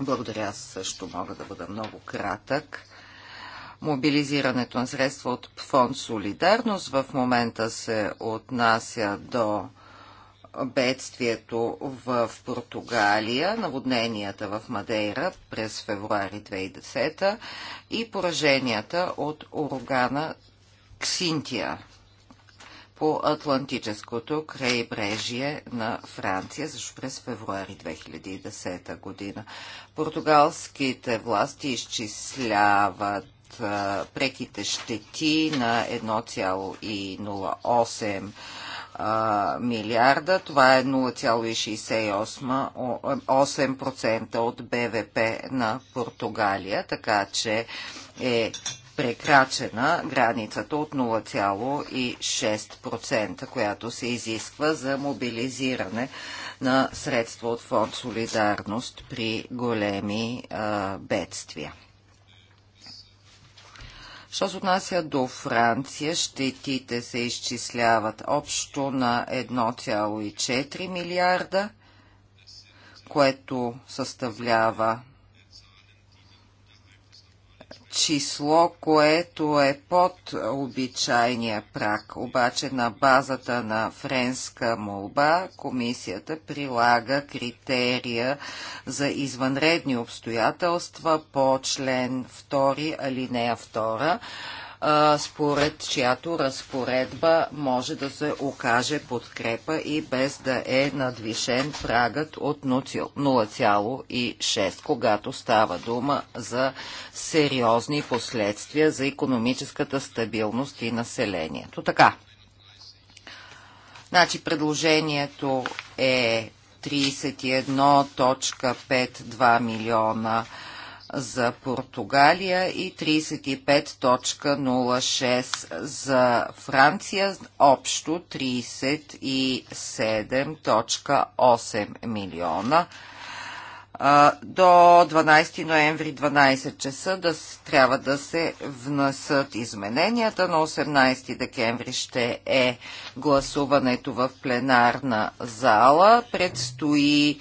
Благодаря, аз също мога да бъда много кратък. Мобилизирането на средства от фонд Солидарност в момента се отнася до бедствието в Португалия, наводненията в Мадейра през февруари 2010 и пораженията от урагана Ксинтия по Атлантическото крайбрежие на Франция, защото през февруари 2010 година. Португалските власти изчисляват преките щети на 1,08 милиарда. Това е 0,68% от БВП на Португалия, така че е прекрачена границата от 0,6%, която се изисква за мобилизиране на средства от фонд Солидарност при големи а, бедствия. Що се отнася до Франция, щетите се изчисляват общо на 1,4 милиарда, което съставлява число, което е под обичайния прак. Обаче на базата на френска молба комисията прилага критерия за извънредни обстоятелства по член 2 алинея 2 според чиято разпоредба може да се окаже подкрепа и без да е надвишен прагът от 0,6, когато става дума за сериозни последствия за економическата стабилност и населението. Така. Значи предложението е 31.52 милиона евро за Португалия и 35.06 за Франция, общо 37.8 милиона. До 12 ноември 12 часа да, трябва да се внесат измененията. На 18 декември ще е гласуването в пленарна зала. Предстои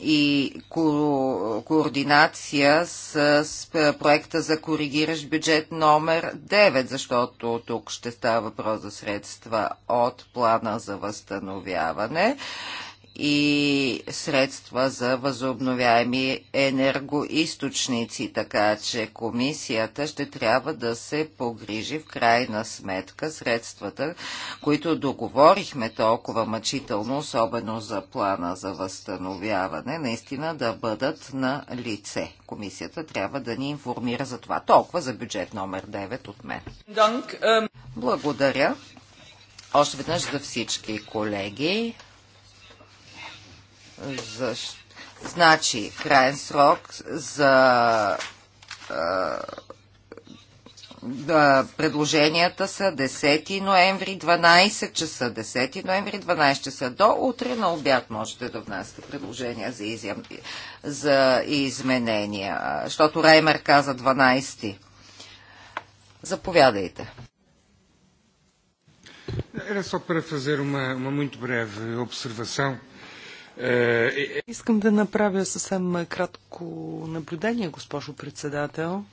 и ко- координация с, с проекта за коригиращ бюджет номер 9, защото тук ще става въпрос за средства от плана за възстановяване и средства за възобновяеми енергоисточници, така че комисията ще трябва да се погрижи в крайна сметка средствата, които договорихме толкова мъчително, особено за плана за възстановяване, наистина да бъдат на лице. Комисията трябва да ни информира за това. Толкова за бюджет номер 9 от мен. Благодаря. Още веднъж за всички колеги. Значи, крайен срок за предложенията са 10 ноември, 12 часа. 10 ноември, 12 часа. До утре на обяд можете да внасяте предложения за, изям, за изменения. Защото Раймер каза 12. Заповядайте. Era só para fazer uma, uma muito breve observação. Искам да направя съвсем кратко наблюдение, госпожо председател.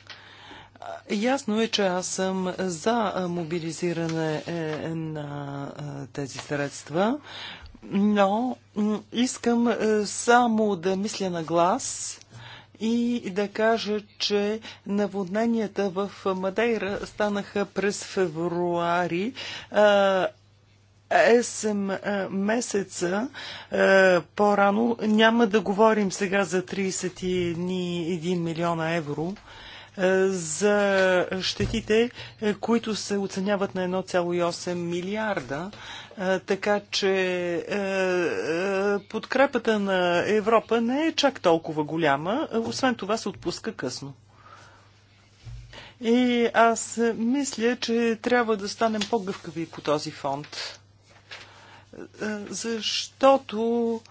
Ясно е, че аз съм за мобилизиране е, на е, тези средства, но искам е, само да мисля на глас и да кажа, че наводненията в Мадейра станаха през февруари, 8 месеца по-рано. Няма да говорим сега за 31 милиона евро за щетите, които се оценяват на 1,8 милиарда. Така че подкрепата на Европа не е чак толкова голяма. Освен това се отпуска късно. И аз мисля, че трябва да станем по-гъвкави по този фонд. Е, защото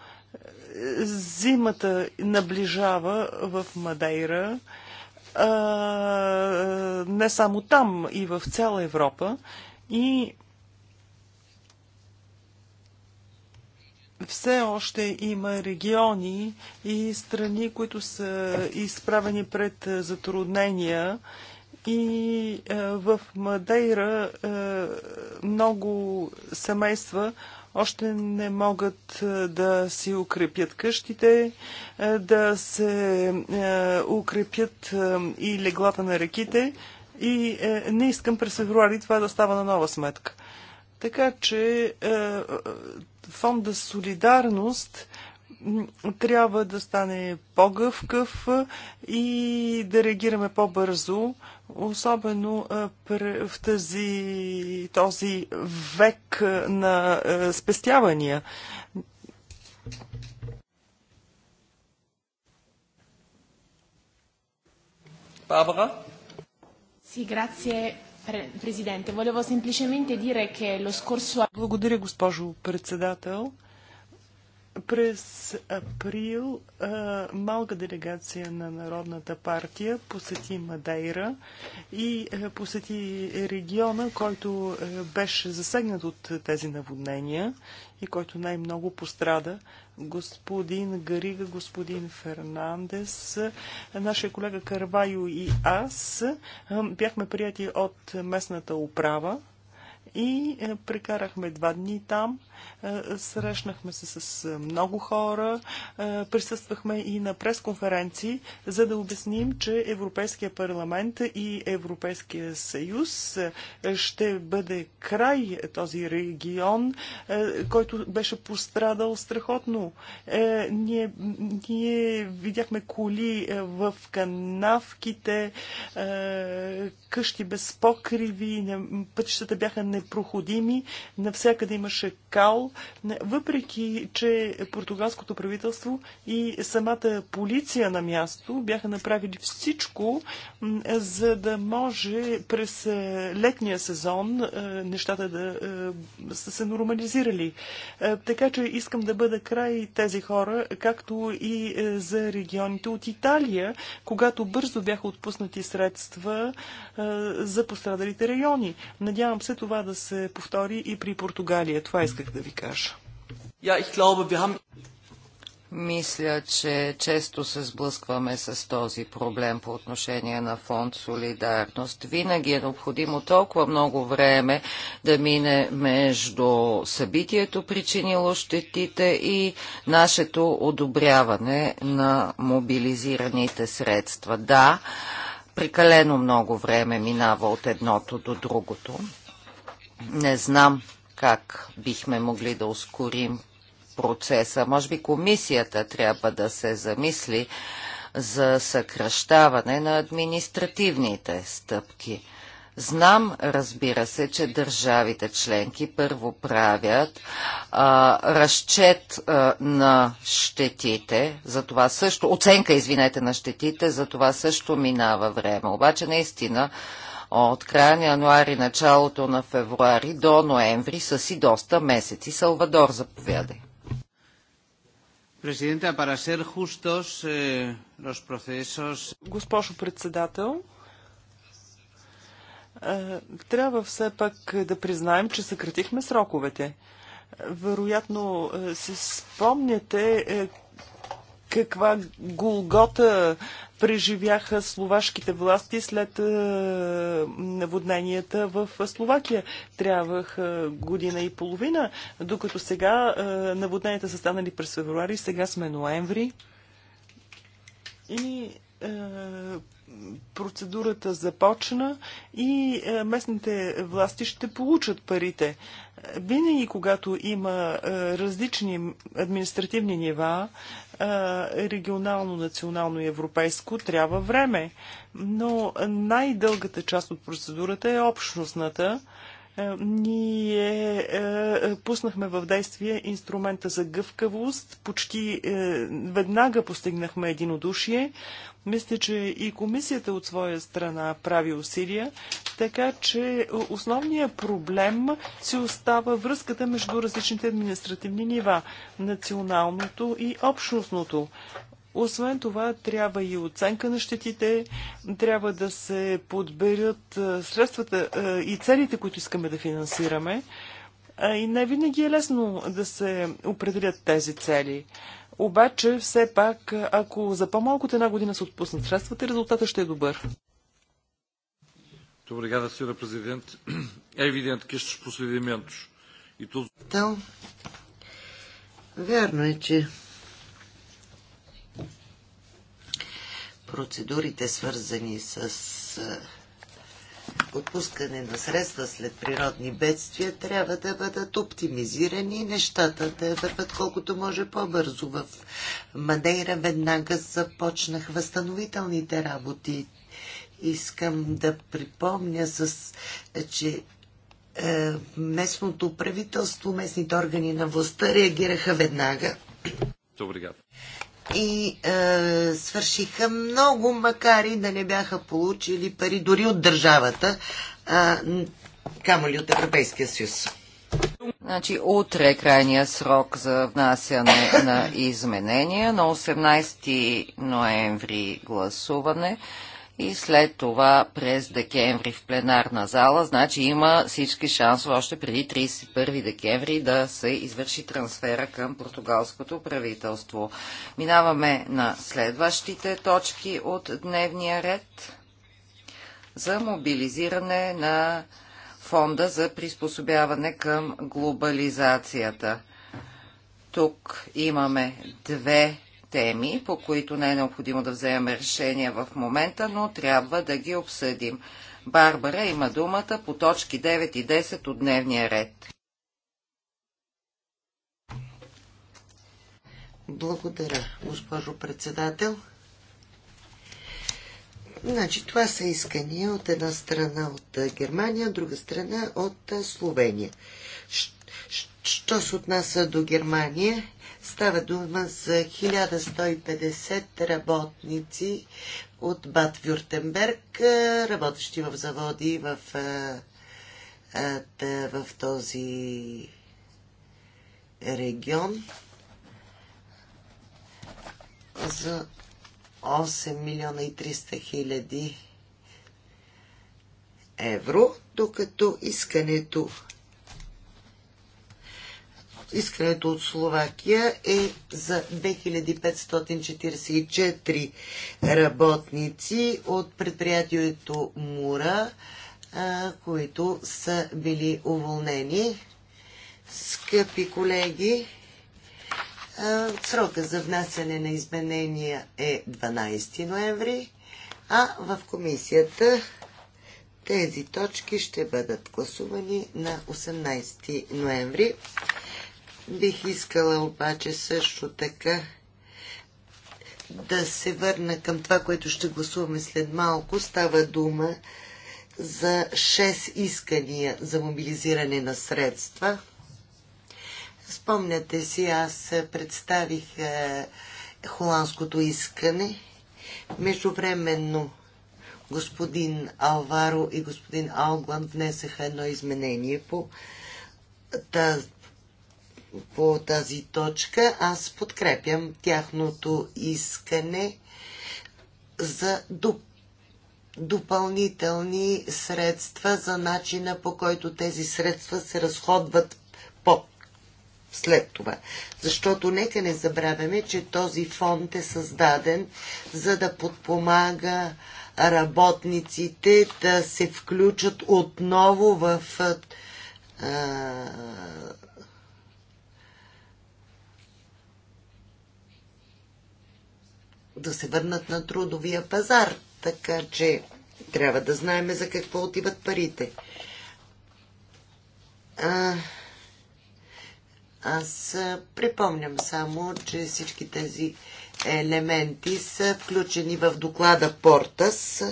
е, зимата наближава в Мадейра, е, не само там, и в цяла Европа. И все още има региони и страни, които са изправени пред затруднения. И в Мадейра много семейства още не могат е, да си укрепят къщите, е, да се е, укрепят и леглата на реките и не искам през февруари това да става на нова сметка. Така че фонда Солидарност трябва да стане по-гъвкъв и да реагираме по-бързо особено в тази, този век на спестявания. Barbara? Sì, grazie Presidente. Volevo semplicemente dire che lo scorso... Благодаря, госпожо председател. През април малка делегация на Народната партия посети Мадейра и посети региона, който беше засегнат от тези наводнения и който най-много пострада. Господин Гарига, господин Фернандес, нашия колега Карвайо и аз бяхме прияти от местната управа и е, прекарахме два дни там. Е, срещнахме се с е, много хора. Присъствахме и на пресконференции, за да обясним, че Европейския парламент и Европейския съюз ще бъде край този регион, който беше пострадал страхотно. Ние, ние видяхме коли в канавките, къщи без покриви, пътищата бяха не непроходими, навсякъде имаше кал, въпреки че португалското правителство и самата полиция на място бяха направили всичко, за да може през е, летния сезон е, нещата да е, са се нормализирали. Така че искам да бъда край тези хора, както и за регионите от Италия, когато бързо бяха отпуснати средства за пострадалите райони. Надявам се това да да се повтори и при Португалия. Това исках да ви кажа. Мисля, че често се сблъскваме с този проблем по отношение на фонд Солидарност. Винаги е необходимо толкова много време да мине между събитието, причинило щетите и нашето одобряване на мобилизираните средства. Да, прекалено много време минава от едното до другото. Не знам как бихме могли да ускорим процеса. Може би комисията трябва да се замисли за съкръщаване на административните стъпки. Знам, разбира се, че държавите членки първо правят а, разчет а, на щетите, за това също, оценка, извинете, на щетите, за това също минава време. Обаче, наистина, от края на януари, началото на февруари до ноември са си доста месеци. Салвадор, заповядай. Президента, para ser justos, eh, los procesos... Госпожо председател, е, трябва все пак да признаем, че съкратихме сроковете. Вероятно е, се спомняте е, каква голгота преживяха словашките власти след е, наводненията в Словакия. Трябвах е, година и половина, докато сега е, наводненията са станали през февруари, сега сме ноември. И е, процедурата започна и е, местните власти ще получат парите. Винаги, когато има е, различни административни нива, регионално, национално и европейско, трябва време. Но най-дългата част от процедурата е общностната. Е, ние е, пуснахме в действие инструмента за гъвкавост. Почти е, веднага постигнахме единодушие. Мисля, че и комисията от своя страна прави усилия, така че основният проблем си остава връзката между различните административни нива националното и общностното. Освен това, трябва и оценка на щетите, трябва да се подберат средствата и целите, които искаме да финансираме. И не винаги е лесно да се определят тези цели. Обаче, все пак, ако за по-малко от една година се отпуснат средствата, резултатът ще е добър. Obrigado, Sra. Presidente. É evidente que estes procedimentos e tudo. Então, Вярно е, че процедурите свързани с отпускане на средства след природни бедствия трябва да бъдат оптимизирани и нещата да върват колкото може по-бързо. В Мадейра веднага започнах възстановителните работи. Искам да припомня, с, че е, местното правителство, местните органи на властта реагираха веднага. Добре и е, свършиха много, макар и да не бяха получили пари дори от държавата, е, камо ли от Европейския съюз. Значи утре е крайния срок за внасяне на изменения. На 18 ноември гласуване и след това през декември в пленарна зала. Значи има всички шансове още преди 31 декември да се извърши трансфера към португалското правителство. Минаваме на следващите точки от дневния ред за мобилизиране на фонда за приспособяване към глобализацията. Тук имаме две теми, по които не е необходимо да вземем решение в момента, но трябва да ги обсъдим. Барбара има думата по точки 9 и 10 от дневния ред. Благодаря, госпожо председател. Значи, това са искания от една страна от Германия, от друга страна от Словения. Що се отнася до Германия, Става дума за 1150 работници от Бад Вюртенберг, работещи в заводи в, в този регион за 8 милиона и 300 хиляди евро, докато искането искането от Словакия е за 2544 работници от предприятието Мура, които са били уволнени. Скъпи колеги, срока за внасяне на изменения е 12 ноември, а в комисията тези точки ще бъдат гласувани на 18 ноември. Бих искала обаче също така да се върна към това, което ще гласуваме след малко. Става дума за 6 искания за мобилизиране на средства. Спомняте си, аз представих е, холандското искане. Междувременно господин Алваро и господин Алгланд внесаха едно изменение по, по тази точка. Аз подкрепям тяхното искане за допълнение допълнителни средства за начина по който тези средства се разходват по след това. Защото нека не забравяме, че този фонд е създаден за да подпомага работниците да се включат отново в а, да се върнат на трудовия пазар. Така че трябва да знаем за какво отиват парите. А, аз припомням само, че всички тези елементи са включени в доклада Портас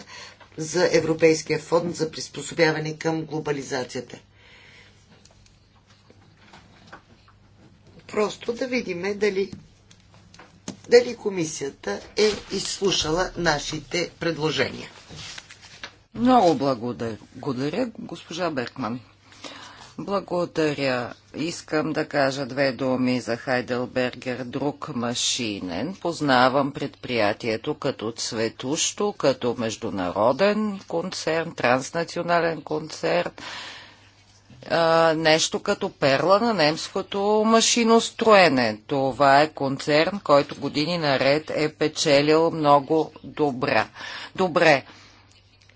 за Европейския фонд за приспособяване към глобализацията. Просто да видим дали дали комисията е изслушала нашите предложения. Много благодаря, госпожа Беркман. Благодаря. Искам да кажа две думи за Хайделбергер, друг машинен. Познавам предприятието като цветущо, като международен концерн, транснационален концерн а, нещо като перла на немското машиностроене. Това е концерн, който години наред е печелил много добра. добре.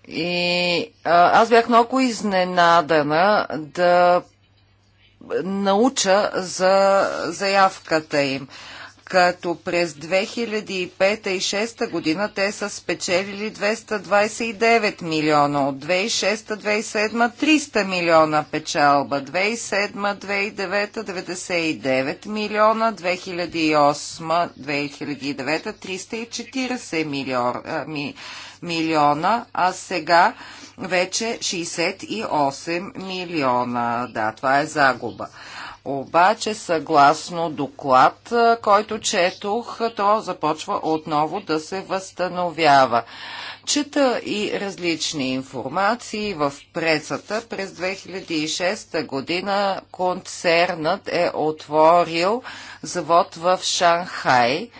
И а, аз бях много изненадана да науча за заявката им. А, като през 2005 и 2006 година те са спечелили 229 милиона, от 2006-2007 300 милиона печалба, 2007-2009 99 милиона, 2008-2009 340 милиона, ми, милиона, а сега вече 68 милиона. Да, това е загуба. Обаче, съгласно доклад, който четох, то започва отново да се възстановява. Чета и различни информации в пресата. През 2006 година концернът е отворил завод в Шанхай,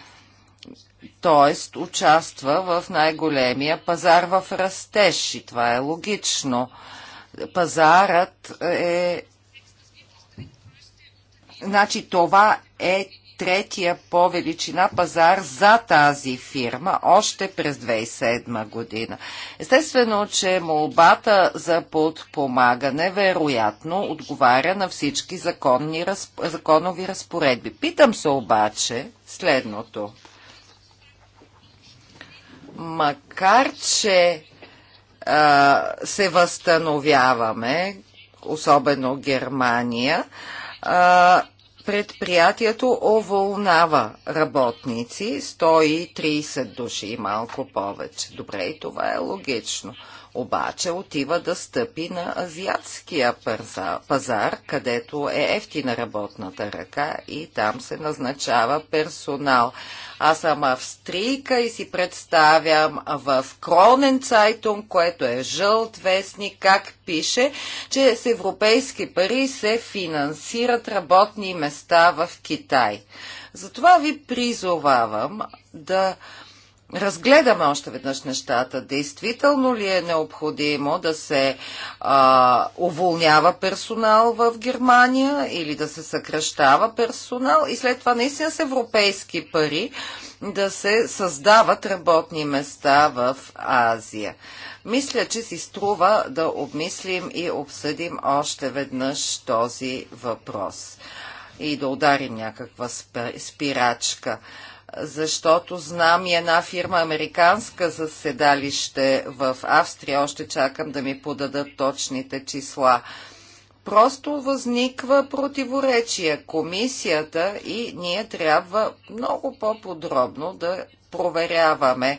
т.е. участва в най-големия пазар в растеж и това е логично. Пазарът е Значи това е третия по величина пазар за тази фирма още през 2007 година. Естествено, че молбата за подпомагане вероятно отговаря на всички законни, законови разпоредби. Питам се обаче следното. Макар, че а, се възстановяваме, особено Германия, а, Предприятието оволнава работници, 130 души и малко повече. Добре, и това е логично. Обаче отива да стъпи на азиатския пазар, където е ефтина работната ръка и там се назначава персонал. Аз съм австрийка и си представям в Кронен Цайтун, което е жълт вестник, как пише, че с европейски пари се финансират работни места в Китай. Затова ви призовавам да разгледаме още веднъж нещата. Действително ли е необходимо да се а, уволнява персонал в Германия или да се съкръщава персонал и след това наистина с европейски пари да се създават работни места в Азия. Мисля, че си струва да обмислим и обсъдим още веднъж този въпрос и да ударим някаква спирачка защото знам и една фирма американска за седалище в Австрия. Още чакам да ми подадат точните числа. Просто възниква противоречие. Комисията и ние трябва много по-подробно да проверяваме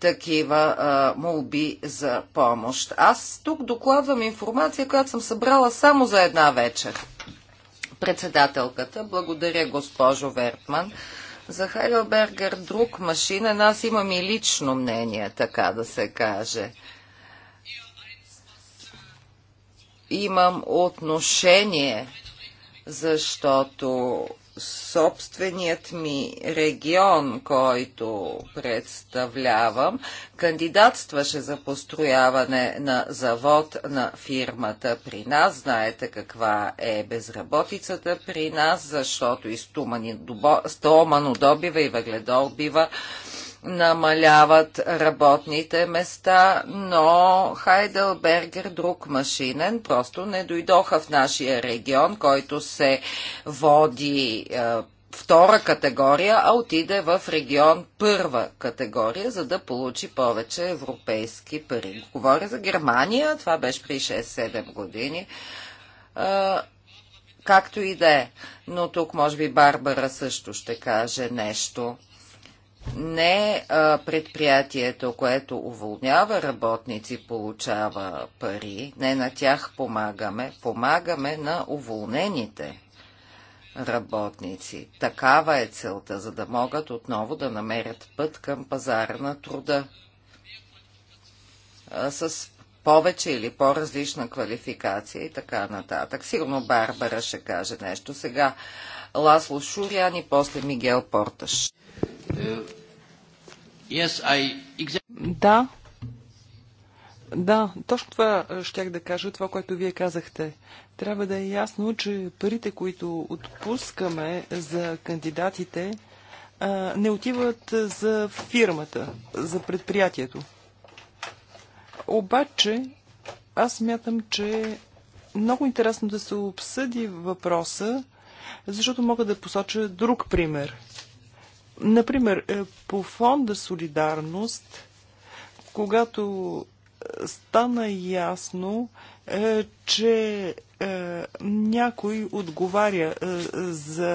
такива а, молби за помощ. Аз тук докладвам информация, която съм събрала само за една вечер. Председателката, благодаря госпожо Вертман. За Хайлбергер друг машинен, аз имам и лично мнение, така да се каже. Имам отношение, защото собственият ми регион, който представлявам, кандидатстваше за построяване на завод на фирмата при нас. Знаете каква е безработицата при нас, защото и стоманодобива и въгледобива намаляват работните места, но Хайделбергер, друг машинен, просто не дойдоха в нашия регион, който се води е, втора категория, а отиде в регион първа категория, за да получи повече европейски пари. Говоря за Германия, това беше при 6-7 години. Е, както и да е. Но тук, може би, Барбара също ще каже нещо не а, предприятието, което уволнява работници, получава пари, не на тях помагаме, помагаме на уволнените работници. Такава е целта, за да могат отново да намерят път към пазара на труда а, с повече или по-различна квалификация и така нататък. Сигурно Барбара ще каже нещо сега. Ласло Шурян и после Мигел Порташ. Е, да. Да, точно това щях да кажа, това, което вие казахте. Трябва да е ясно, че парите, които отпускаме за кандидатите, не отиват за фирмата, за предприятието. Обаче, аз мятам, че е много интересно да се обсъди въпроса, защото мога да посоча друг пример – Например, е, по фонда Солидарност, когато е, стана ясно, е, че някой отговаря за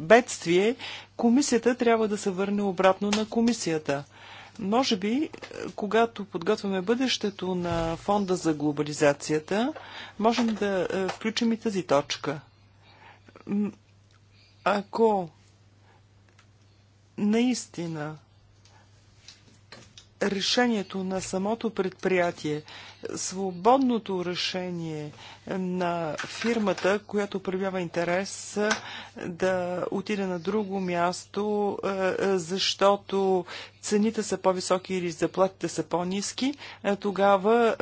бедствие, комисията трябва да се върне обратно на комисията. Може би, когато подготвяме бъдещето на фонда за глобализацията, можем да включим и тази точка. Ако наистина решението на самото предприятие, свободното решение на фирмата, която проявява интерес да отиде на друго място, е, е, защото цените са по-високи или заплатите са по-низки, е, тогава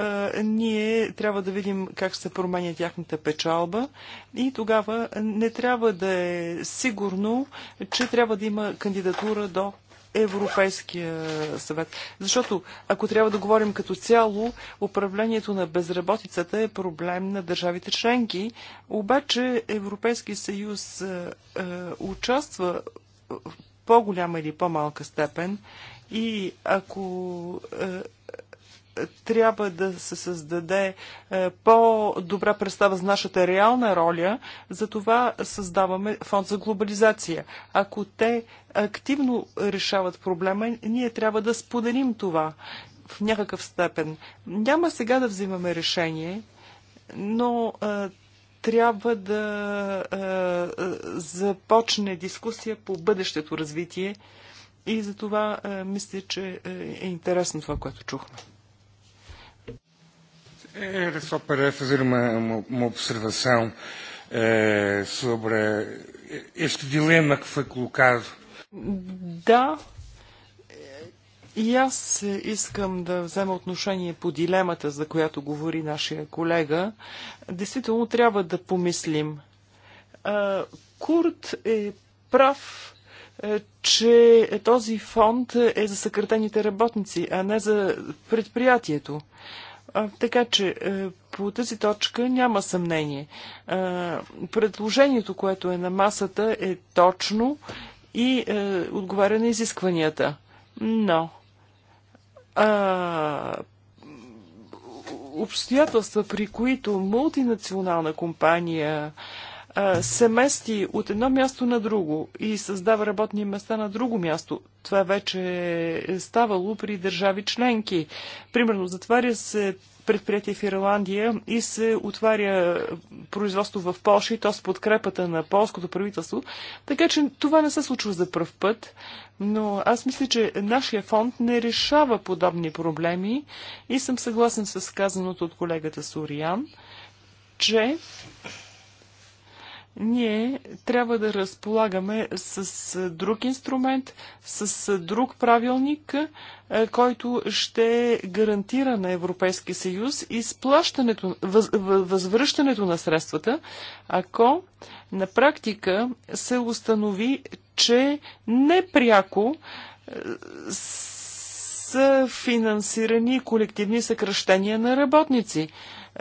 ние трябва да видим как се променя тяхната печалба и тогава не трябва да е сигурно, че трябва да има кандидатура до Европейския съвет. Защото, ако трябва да говорим като цяло, управлението на безработицата е проблем на държавите членки, обаче Европейски съюз а, е, а, е, участва в по-голяма или по-малка степен и ако е, трябва да се създаде е, по-добра представа за нашата реална роля, за това създаваме фонд за глобализация. Ако те активно решават проблема, ние трябва да споделим това в някакъв степен. Няма сега да взимаме решение, но е, трябва да е, започне дискусия по бъдещето развитие и за това мисля, че е интересно това, което чухме. Era só para fazer uma, uma, uma observação uh, sobre eh, este dilema que foi colocado. Да, и аз искам да взема отношение по дилемата, за която говори нашия колега. Действително трябва да помислим. Курт е прав, е, че този фонд е за съкратените работници, а не за предприятието. Така че е, по тази точка няма съмнение. Е, предложението, което е на масата, е точно и е, отговаря на изискванията. Но обстоятелства, при които мултинационална компания се мести от едно място на друго и създава работни места на друго място. Това вече е ставало при държави членки. Примерно затваря се предприятие в Ирландия и се отваря производство в Польша и то с подкрепата на полското правителство. Така че това не се случва за пръв път, но аз мисля, че нашия фонд не решава подобни проблеми и съм съгласен с казаното от колегата Сориан, че ние трябва да разполагаме с друг инструмент, с друг правилник, който ще гарантира на Европейския съюз изплащането, въз, възвръщането на средствата, ако на практика се установи, че непряко са финансирани колективни съкръщения на работници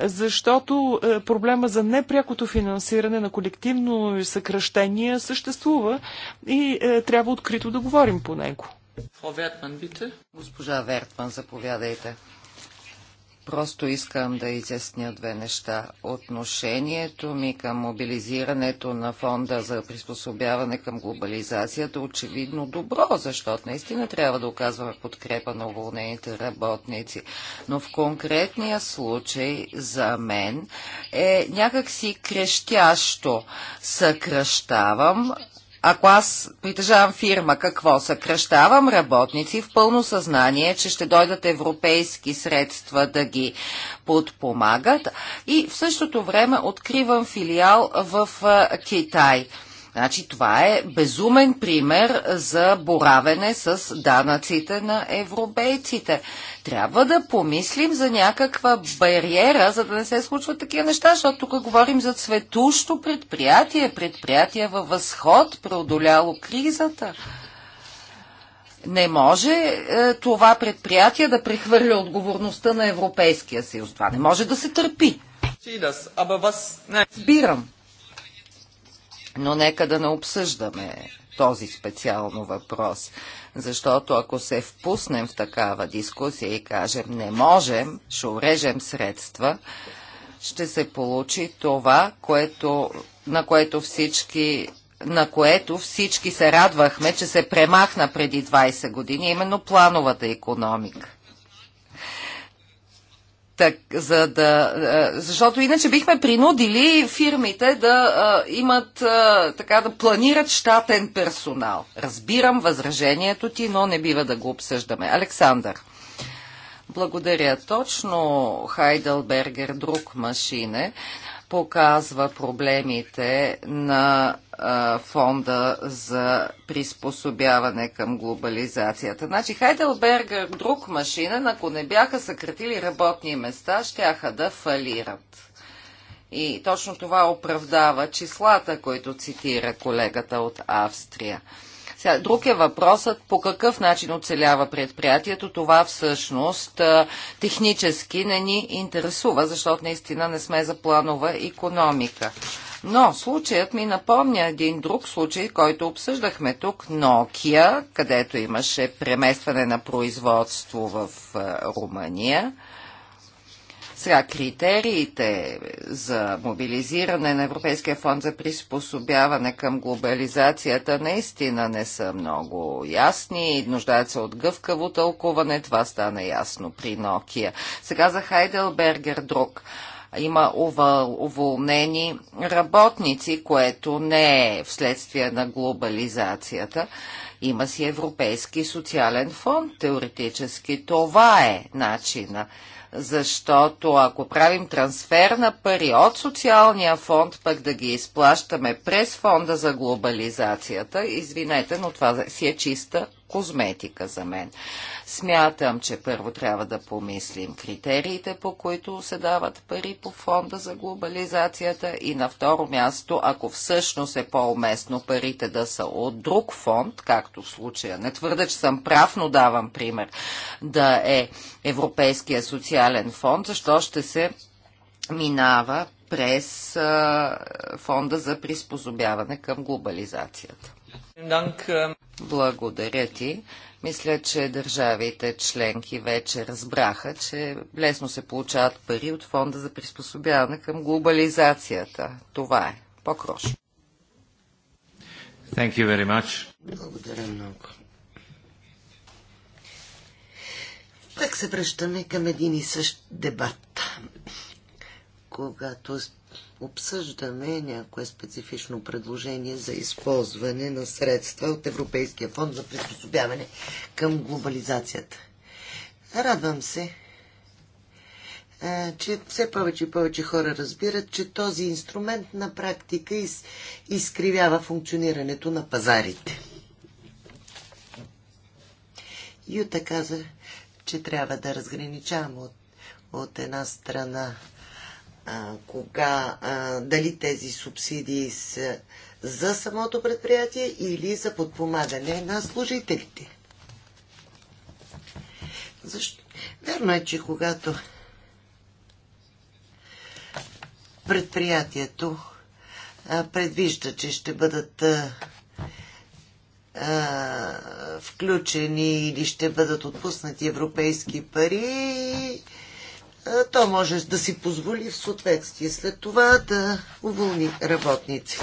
защото е, проблема за непрякото финансиране на колективно съкръщение съществува и е, трябва открито да говорим по него. Госпожа Вертман, заповядайте. Просто искам да изясня две неща. Отношението ми към мобилизирането на фонда за приспособяване към глобализацията е очевидно добро, защото наистина трябва да оказваме подкрепа на уволнените работници. Но в конкретния случай за мен е някакси крещящо. Съкръщавам ако аз притежавам фирма, какво съкръщавам работници в пълно съзнание, че ще дойдат европейски средства да ги подпомагат и в същото време откривам филиал в Китай – Значи това е безумен пример за боравене с данъците на европейците. Трябва да помислим за някаква бариера, за да не се случват такива неща, защото тук говорим за цветущо предприятие, предприятие във възход, преодоляло кризата. Не може е, това предприятие да прехвърля отговорността на Европейския съюз. Това не може да се търпи. Разбирам. Но нека да не обсъждаме този специално въпрос, защото ако се впуснем в такава дискусия и кажем не можем, ще урежем средства, ще се получи това, което, на което всички на което всички се радвахме, че се премахна преди 20 години, именно плановата економика. Так, за да, защото иначе бихме принудили фирмите да а, имат а, така да планират щатен персонал. Разбирам възражението ти, но не бива да го обсъждаме. Александър. Благодаря. Точно Хайделбергер друг машине показва проблемите на а, фонда за приспособяване към глобализацията. Значи Хайделбергер друг машина, ако не бяха съкратили работни места, щяха да фалират. И точно това оправдава числата, които цитира колегата от Австрия. Сега, друг е въпросът по какъв начин оцелява предприятието. Това всъщност технически не ни интересува, защото наистина не сме за планова економика. Но случаят ми напомня един друг случай, който обсъждахме тук, Nokia, където имаше преместване на производство в Румъния. Сега критериите за мобилизиране на Европейския фонд за приспособяване към глобализацията наистина не са много ясни и нуждаят се от гъвкаво тълкуване. Това стана ясно при Nokia. Сега за Хайделбергер друг има уволнени работници, което не е вследствие на глобализацията. Има си Европейски социален фонд, теоретически. Това е начина. Защото ако правим трансфер на пари от социалния фонд, пък да ги изплащаме през фонда за глобализацията, извинете, но това си е чиста козметика за мен. Смятам, че първо трябва да помислим критериите, по които се дават пари по фонда за глобализацията и на второ място, ако всъщност е по-уместно парите да са от друг фонд, както в случая, не твърда, че съм прав, но давам пример, да е Европейския социален фонд, защо ще се минава през а, фонда за приспособяване към глобализацията. Ehm. Благодаря ти. Мисля, че държавите членки вече разбраха, че лесно се получават пари от фонда за приспособяване към глобализацията. Това е. Покрош. Thank you very much. Благодаря много. Так се връщаме към един и същ дебат. Когато обсъждаме някое специфично предложение за използване на средства от Европейския фонд за приспособяване към глобализацията. Радвам се, че все повече и повече хора разбират, че този инструмент на практика из, изкривява функционирането на пазарите. Юта каза, че трябва да разграничаваме от, от една страна а, кога, а, дали тези субсидии са за самото предприятие или за подпомагане на служителите. Защо? Верно е, че когато предприятието а, предвижда, че ще бъдат а, а, включени или ще бъдат отпуснати европейски пари, то може да си позволи в съответствие след това да уволни работници.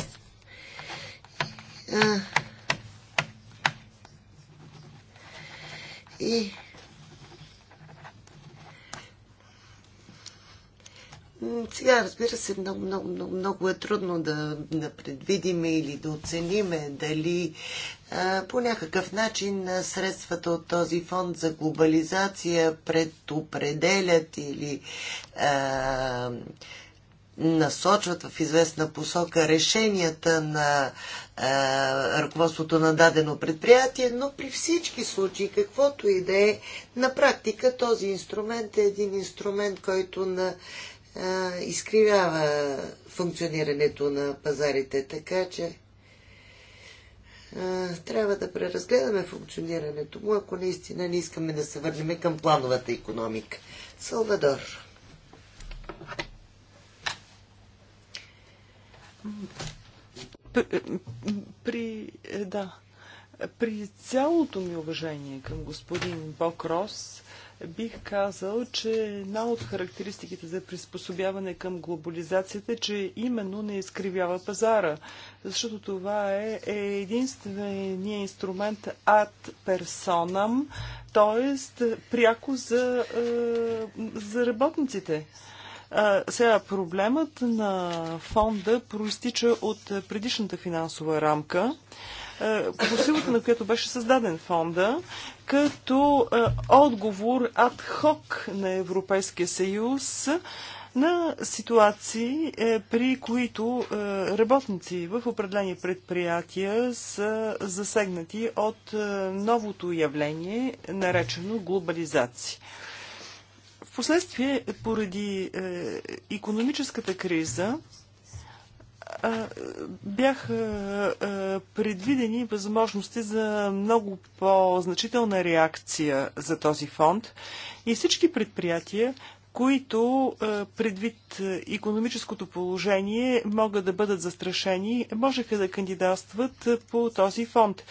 И Сега, разбира се, много, много, много, много е трудно да, да предвидиме или да оцениме дали по някакъв начин средствата от този фонд за глобализация предопределят или а, насочват в известна посока решенията на а, ръководството на дадено предприятие, но при всички случаи, каквото и да е, на практика този инструмент е един инструмент, който на, а, изкривява функционирането на пазарите. Така че трябва да преразгледаме функционирането му, ако наистина не искаме да се върнем към плановата економика. Салвадор. При, е, да, при цялото ми уважение към господин Бокрос, бих казал, че една от характеристиките за приспособяване към глобализацията е, че именно не изкривява пазара, защото това е, е единствения инструмент ад персонам, т.е. пряко за, е, за работниците. Е, сега проблемът на фонда проистича от предишната финансова рамка по силата на която беше създаден фонда като е, отговор адхок на Европейския съюз на ситуации, е, при които е, работници в определени предприятия са засегнати от новото явление, наречено глобализация. Впоследствие, поради економическата криза, бяха предвидени възможности за много по-значителна реакция за този фонд и всички предприятия, които предвид економическото положение могат да бъдат застрашени, можеха да кандидатстват по този фонд.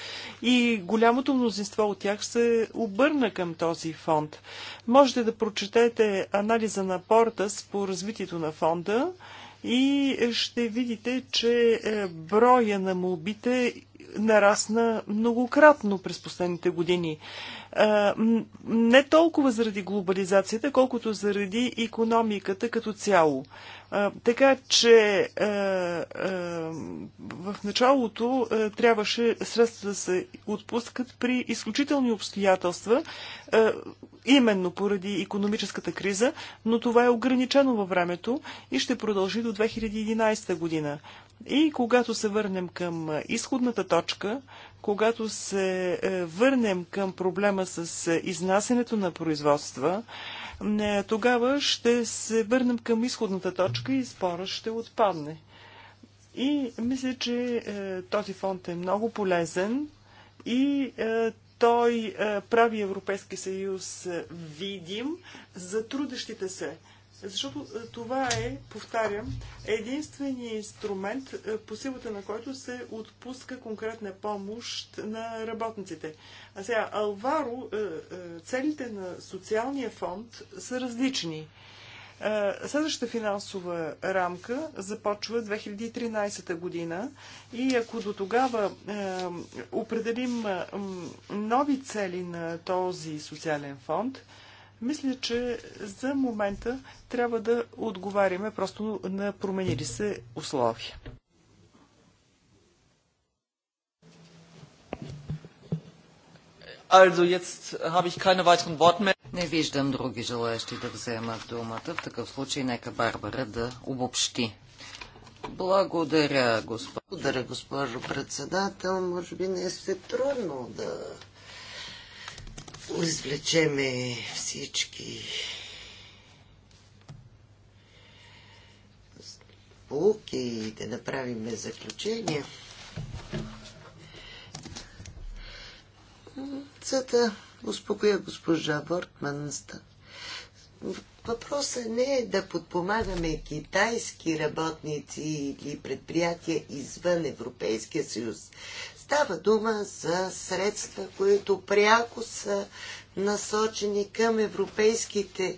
И голямото мнозинство от тях се обърна към този фонд. Можете да прочетете анализа на Портас по развитието на фонда и ще видите, че е, броя на молбите нарасна многократно през последните години. Е, не толкова заради глобализацията, колкото заради економиката като цяло. Така че в началото трябваше средства да се отпускат при изключителни обстоятелства, именно поради економическата криза, но това е ограничено във времето и ще продължи до 2011 година. И когато се върнем към изходната точка, когато се върнем към проблема с изнасянето на производства, тогава ще се върнем към изходната точка и спора ще отпадне. И мисля, че е, този фонд е много полезен и е, той е, прави Европейски съюз е, видим за трудещите се. Защото е, това е, повтарям, единствения инструмент, е, по силата на който се отпуска конкретна помощ на работниците. А сега, Алваро, е, целите на социалния фонд са различни. Следващата финансова рамка започва 2013 година и ако до тогава определим нови цели на този социален фонд, мисля, че за момента трябва да отговаряме просто на променили се условия. Also jetzt habe ich keine weiteren Worte mehr. Не виждам други желаящи да вземат думата. В такъв случай нека Барбара да обобщи. Благодаря, госпожо. Благодаря, госпожо председател. Може би не е трудно да извлечеме всички полуки и да направим заключения, за да успокоя госпожа Бортманстън. Въпросът не е да подпомагаме китайски работници или предприятия извън Европейския съюз. Става дума за средства, които пряко са насочени към европейските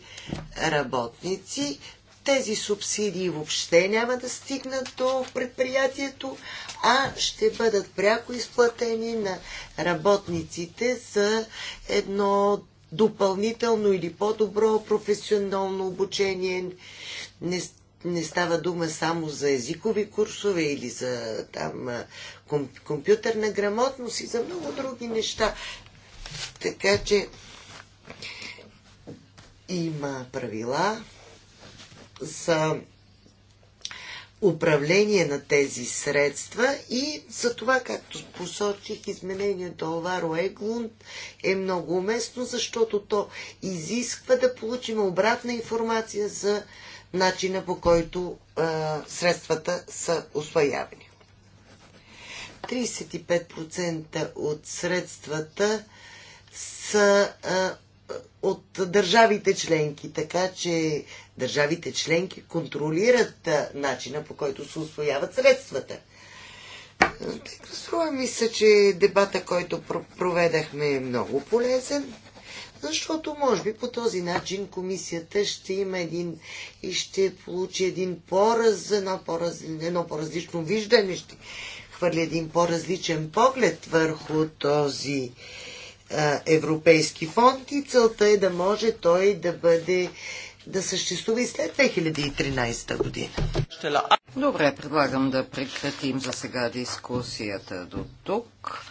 работници. Тези субсидии въобще няма да стигнат до предприятието, а ще бъдат пряко изплатени на работниците за едно допълнително или по-добро професионално обучение. Не, не става дума само за езикови курсове или за там компютърна грамотност и за много други неща. Така че има правила за управление на тези средства и за това, както посочих, изменението Оваро Еглунд е много уместно, защото то изисква да получим обратна информация за начина по който а, средствата са освоявани. 35% от средствата са а, от държавите членки, така че държавите членки контролират а, начина по който се освояват средствата. Струва ми се, че дебата, който проведахме е много полезен защото може би по този начин комисията ще има един и ще получи един по-раз, едно, пораз, едно по-различно виждане, ще хвърли един по-различен поглед върху този а, европейски фонд и целта е да може той да бъде да съществува и след 2013 година. Добре, предлагам да прекратим за сега дискусията до тук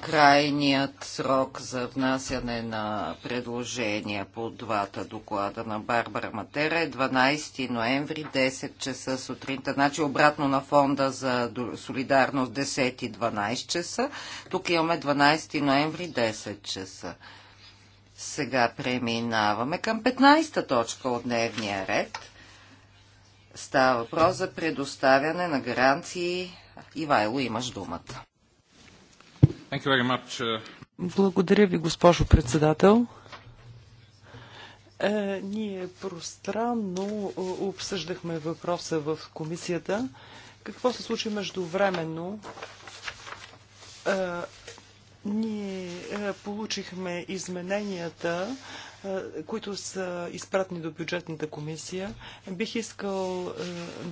крайният срок за внасяне на предложения по двата доклада на Барбара Матера е 12 ноември 10 часа сутринта. Значи обратно на фонда за солидарност 10 и 12 часа. Тук имаме 12 ноември 10 часа. Сега преминаваме към 15-та точка от дневния ред. Става въпрос за предоставяне на гаранции. Ивайло, имаш думата. Uh, Благодаря ви, госпожо председател. Е, ние пространно е, обсъждахме въпроса в комисията. Какво се случи междувременно? Е, ние получихме измененията които са изпратени до бюджетната комисия. Бих искал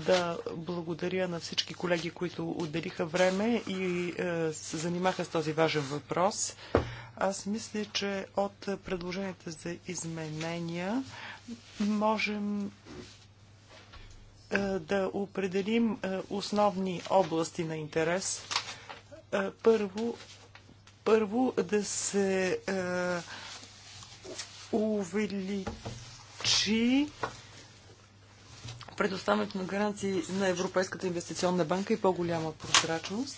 да благодаря на всички колеги, които отделиха време и се занимаха с този важен въпрос. Аз мисля, че от предложенията за изменения можем да определим основни области на интерес. Първо, първо да се е, увеличи предоставянето на гаранции на Европейската инвестиционна банка и по-голяма прозрачност.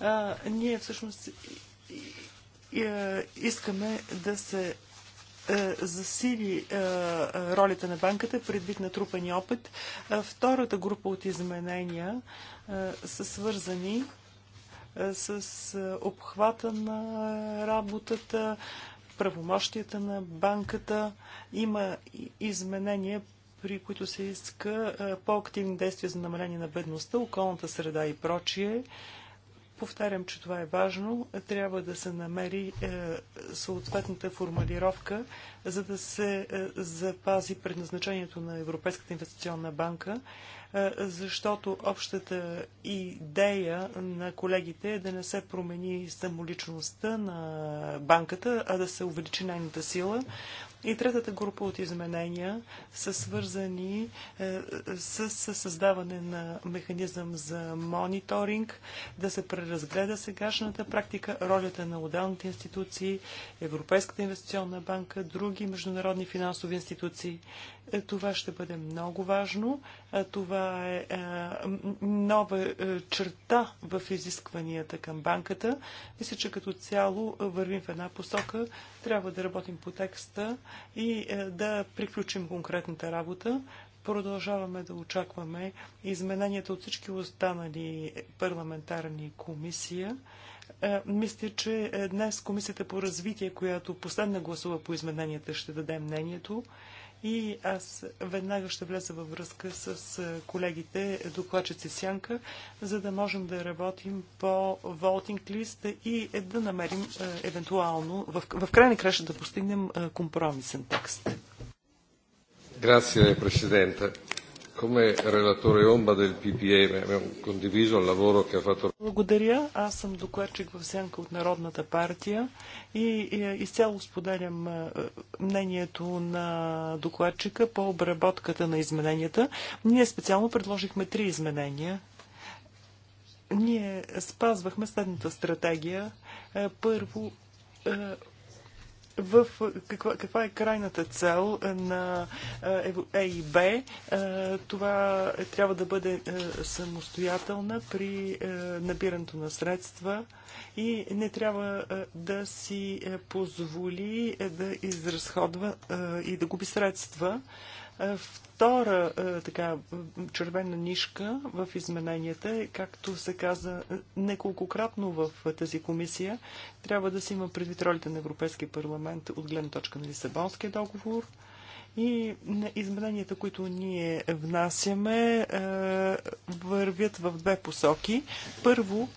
А, ние всъщност искаме да се засили ролята на банката предвид на трупани опит. Втората група от изменения са свързани с обхвата на работата, правомощията на банката. Има изменения, при които се иска по-активни действия за намаление на бедността, околната среда и прочие. Повтарям, че това е важно. Трябва да се намери е, съответната формулировка, за да се е, запази предназначението на Европейската инвестиционна банка е, защото общата идея на колегите е да не се промени самоличността на банката, а да се увеличи нейната сила. И третата група от изменения са свързани е, с създаване на механизъм за мониторинг, да се преразгледа сегашната практика, ролята на отделните институции, Европейската инвестиционна банка, други международни финансови институции. Е, това ще бъде много важно. Е, това е, е нова черта в изискванията към банката. Мисля, че като цяло вървим в една посока. Трябва да работим по текста и да приключим конкретната работа. Продължаваме да очакваме измененията от всички останали парламентарни комисия. Мисля, че днес Комисията по развитие, която последна гласува по измененията, ще даде мнението и аз веднага ще влеза във връзка с колегите докладчици Сянка, за да можем да работим по волтинг лист и е, да намерим евентуално в, в край краща да постигнем компромисен текст. Grazie Presidente. Come relatore ombra del PPE, condiviso il lavoro che ha fatto. Благодаря. Аз съм докладчик в сянка от Народната партия и е, изцяло споделям е, мнението на докладчика по обработката на измененията. Ние специално предложихме три изменения. Ние спазвахме следната стратегия. Е, първо, в каква, каква е крайната цел е, на е, е и Б. Е, това трябва да бъде самостоятелна при набирането на средства и не трябва да си позволи да изразходва и да губи средства. Е, втора е, така червена нишка в измененията е, както се каза е, неколкократно в тази комисия, трябва да се има предвид ролите на Европейския парламент от гледна точка на Лисабонския договор. И измененията, които ние внасяме, вървят в две посоки. Първо,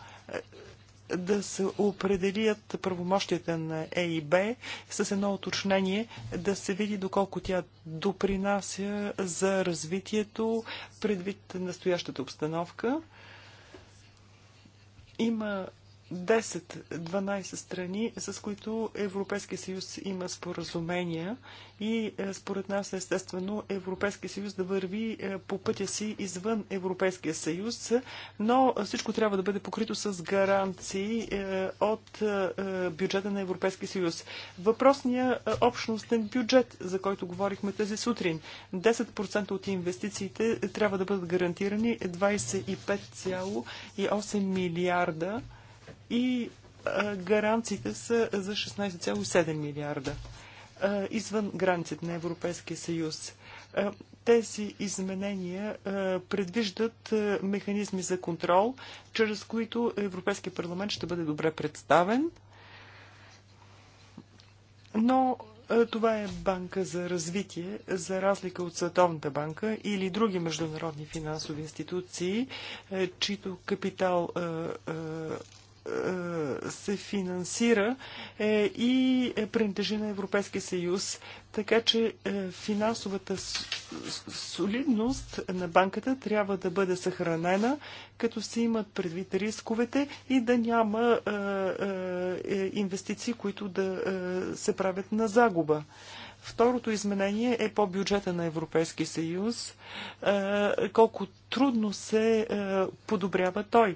да се определят правомощията на Е и Б с едно уточнение, да се види доколко тя допринася за развитието предвид настоящата обстановка. Има 10-12 страни, с които Европейския съюз има споразумения и е, според нас естествено Европейския съюз да върви е, по пътя си извън Европейския съюз, но всичко трябва да бъде покрито с гаранции е, от бюджета на Европейския съюз. Въпросния общностен бюджет, за който говорихме тази сутрин, 10% от инвестициите трябва да бъдат гарантирани 25,8 милиарда и гаранциите са за 16,7 милиарда извън границите на Европейския съюз. Тези изменения предвиждат механизми за контрол, чрез които Европейския парламент ще бъде добре представен. Но това е банка за развитие, за разлика от Световната банка или други международни финансови институции, чието капитал се финансира е, и е, принадлежи на Европейския съюз. Така че е, финансовата солидност на банката трябва да бъде съхранена, като се имат предвид рисковете и да няма е, е, е, инвестиции, които да е, се правят на загуба. Второто изменение е по бюджета на Европейския съюз. Е, колкото трудно се е, подобрява той. Е,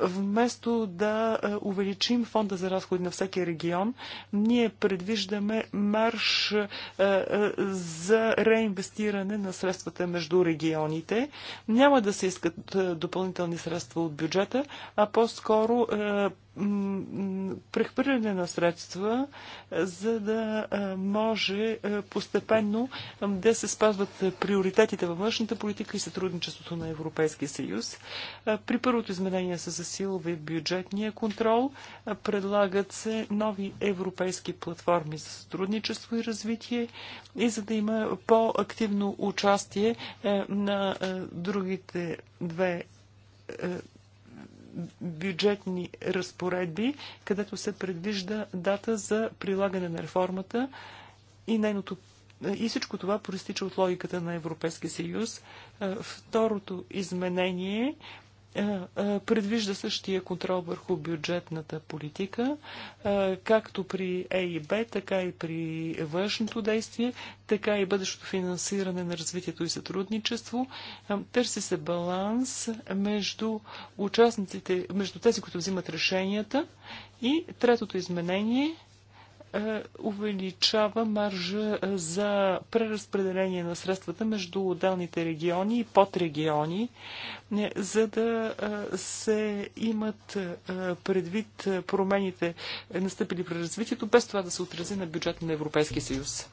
вместо да е, увеличим фонда за разходи на всеки регион, ние предвиждаме марш за реинвестиране на средствата между регионите. Няма да се искат допълнителни средства от бюджета, а по-скоро прехвърляне на средства, за да може постепенно да се спазват приоритетите във външната политика и сътрудничеството законодателството на Европейския съюз. При първото изменение се засилва и бюджетния контрол. Предлагат се нови европейски платформи за сътрудничество и развитие и за да има по-активно участие на другите две бюджетни разпоредби, където се предвижда дата за прилагане на реформата и нейното и всичко това проистича от логиката на Европейския съюз. Е, второто изменение е, е, предвижда същия контрол върху бюджетната политика, както при ЕИБ, и Б, така и при външното действие, така и бъдещото финансиране на развитието и сътрудничество. Търси се баланс между участниците, между тези, които взимат решенията и третото изменение – е, увеличава маржа е, за преразпределение на средствата между отделните региони и подрегиони, е, за да се имат предвид промените настъпили при развитието, без това да се отрази на бюджета на Европейския съюз.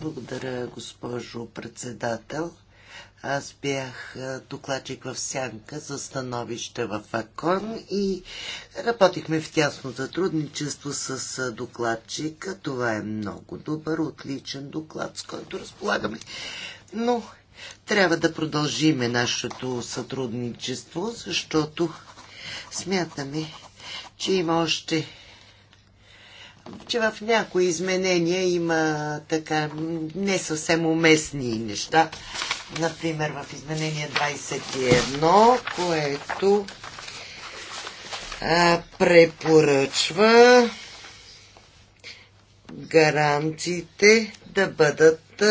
Благодаря, госпожо председател. Аз бях докладчик в Сянка за становище в АКОН и работихме в тясно сътрудничество с докладчика. Това е много добър, отличен доклад, с който разполагаме. Но трябва да продължиме нашето сътрудничество, защото смятаме, че има още че в някои изменения има така не съвсем уместни неща например в изменение 21, което а, препоръчва гаранциите да бъдат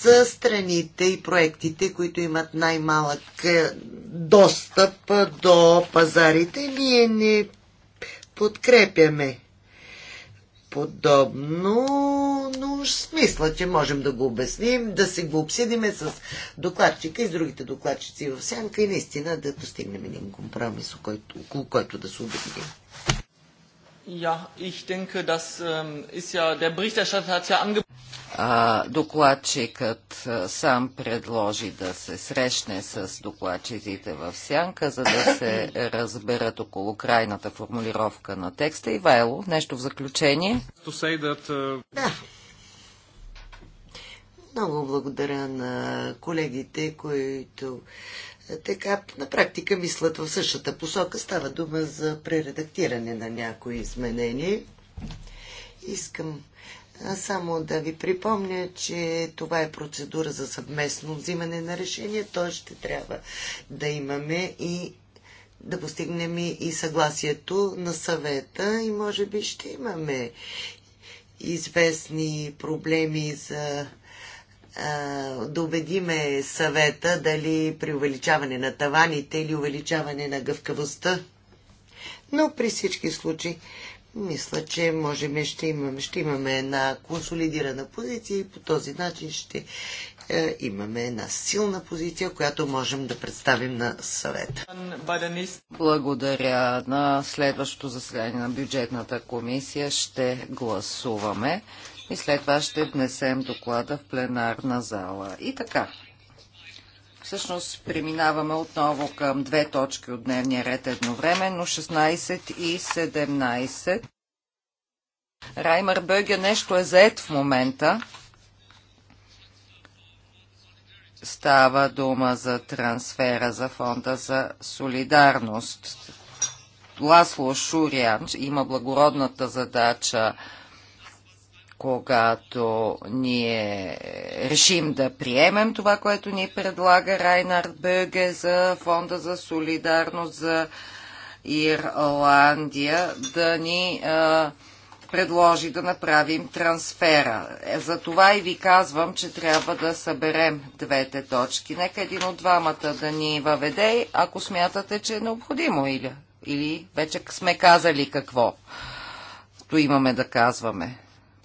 за страните и проектите, които имат най-малък е, достъп до пазарите. Ние не подкрепяме подобно, но мисля, че можем да го обясним, да се го обсидиме с докладчика и с другите докладчици в сянка и наистина да постигнем един компромис, около който да се обединим. Ja, ich denke, das ähm, ist ja, der Berichterstatter hat ja angeboten докладчикът сам предложи да се срещне с докладчиците в сянка, за да се разберат около крайната формулировка на текста. Ивайло, нещо в заключение? Да. Много благодаря на колегите, които така на практика мислят в същата посока. Става дума за прередактиране на някои изменения. Искам само да ви припомня, че това е процедура за съвместно взимане на решение, То ще трябва да имаме и да постигнем и съгласието на съвета и може би ще имаме известни проблеми за да убедиме съвета дали при увеличаване на таваните или увеличаване на гъвкавостта. Но при всички случаи мисля, че можем ще имаме, ще имаме една консолидирана позиция и по този начин ще е, имаме една силна позиция, която можем да представим на съвета. Благодаря. На следващото заседание на бюджетната комисия ще гласуваме и след това ще внесем доклада в пленарна зала. И така, Всъщност преминаваме отново към две точки от дневния ред едновременно, 16 и 17. Раймър Бъгя нещо е заед в момента. Става дума за трансфера за фонда за солидарност. Ласло Шуриан има благородната задача когато ние решим да приемем това, което ни предлага Райнард Бъге за Фонда за солидарност за Ирландия, да ни а, предложи да направим трансфера. Е, за това и ви казвам, че трябва да съберем двете точки. Нека един от двамата да ни въведе, ако смятате, че е необходимо или, или вече сме казали какво то имаме да казваме.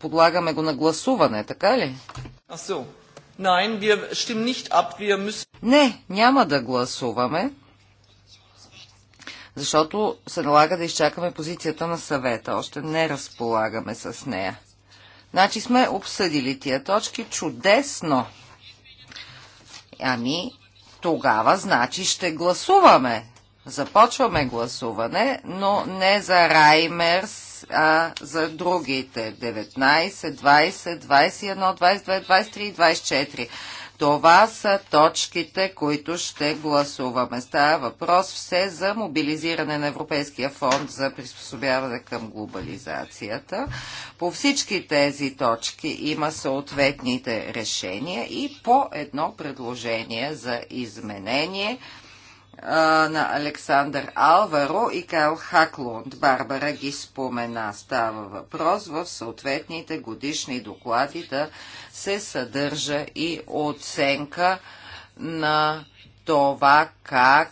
Подлагаме го на гласуване, така ли? Не, няма да гласуваме, защото се налага да изчакаме позицията на съвета. Още не разполагаме с нея. Значи сме обсъдили тия точки чудесно. Ами, тогава значи ще гласуваме. Започваме гласуване, но не за Раймерс а за другите 19, 20, 21, 22, 23 и 24. Това са точките, които ще гласуваме. Става въпрос все за мобилизиране на Европейския фонд за приспособяване към глобализацията. По всички тези точки има съответните решения и по едно предложение за изменение – на Александър Алваро и Кайл Хаклунд. Барбара ги спомена. Става въпрос в съответните годишни доклади да се съдържа и оценка на това как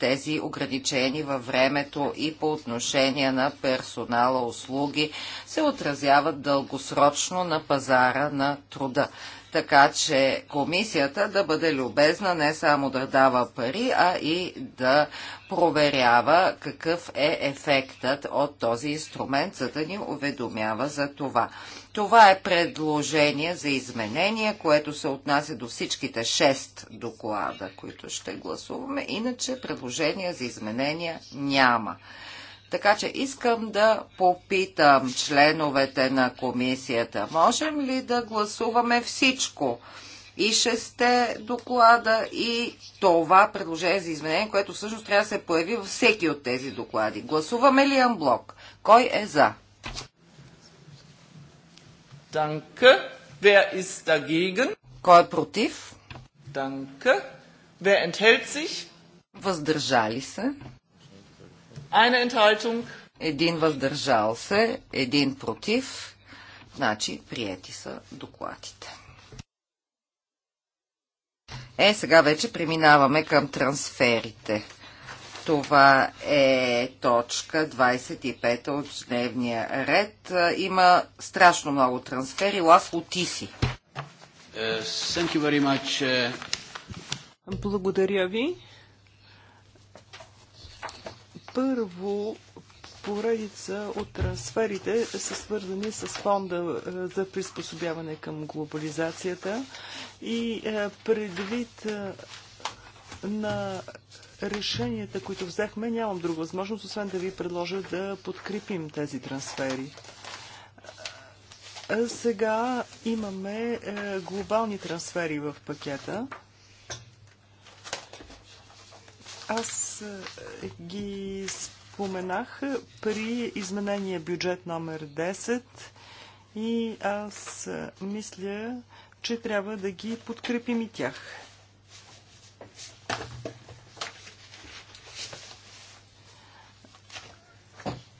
тези ограничени във времето и по отношение на персонала услуги се отразяват дългосрочно на пазара на труда така че комисията да бъде любезна не само да дава пари, а и да проверява какъв е ефектът от този инструмент, за да ни уведомява за това. Това е предложение за изменение, което се отнася до всичките 6 доклада, които ще гласуваме. Иначе предложения за изменения няма. Така че искам да попитам членовете на комисията, можем ли да гласуваме всичко? И шесте доклада, и това предложение за изменение, което всъщност трябва да се появи във всеки от тези доклади. Гласуваме ли анблок? Кой е за? Данка, Wer ist dagegen? Кой е против? Данка, Wer enthält sich? Въздържали се. Един въздържал се, един против. Значи, приети са докладите. Е, сега вече преминаваме към трансферите. Това е точка 25 от дневния ред. Има страшно много трансфери. Ласло Тиси. Е, е. Благодаря ви. Първо, поредица от трансферите са свързани с фонда е, за приспособяване към глобализацията и е, предвид е, на решенията, които взехме, нямам друга възможност, освен да ви предложа да подкрепим тези трансфери. Сега имаме глобални трансфери в пакета. Аз е, ги споменах при изменение бюджет номер 10 и аз е, мисля, че трябва да ги подкрепим и тях.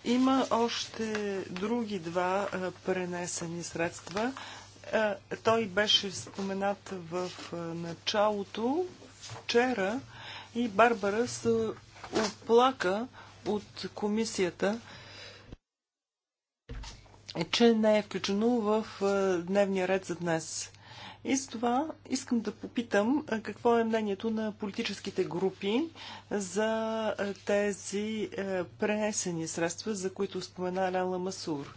Има още други два е, пренесени средства. Той беше споменат в началото. Вчера и Барбара се оплака от комисията, че не е включено в е, дневния ред за днес. И с това искам да попитам е, какво е мнението на политическите групи за е, тези пренесени средства, за които спомена Ляла Масур.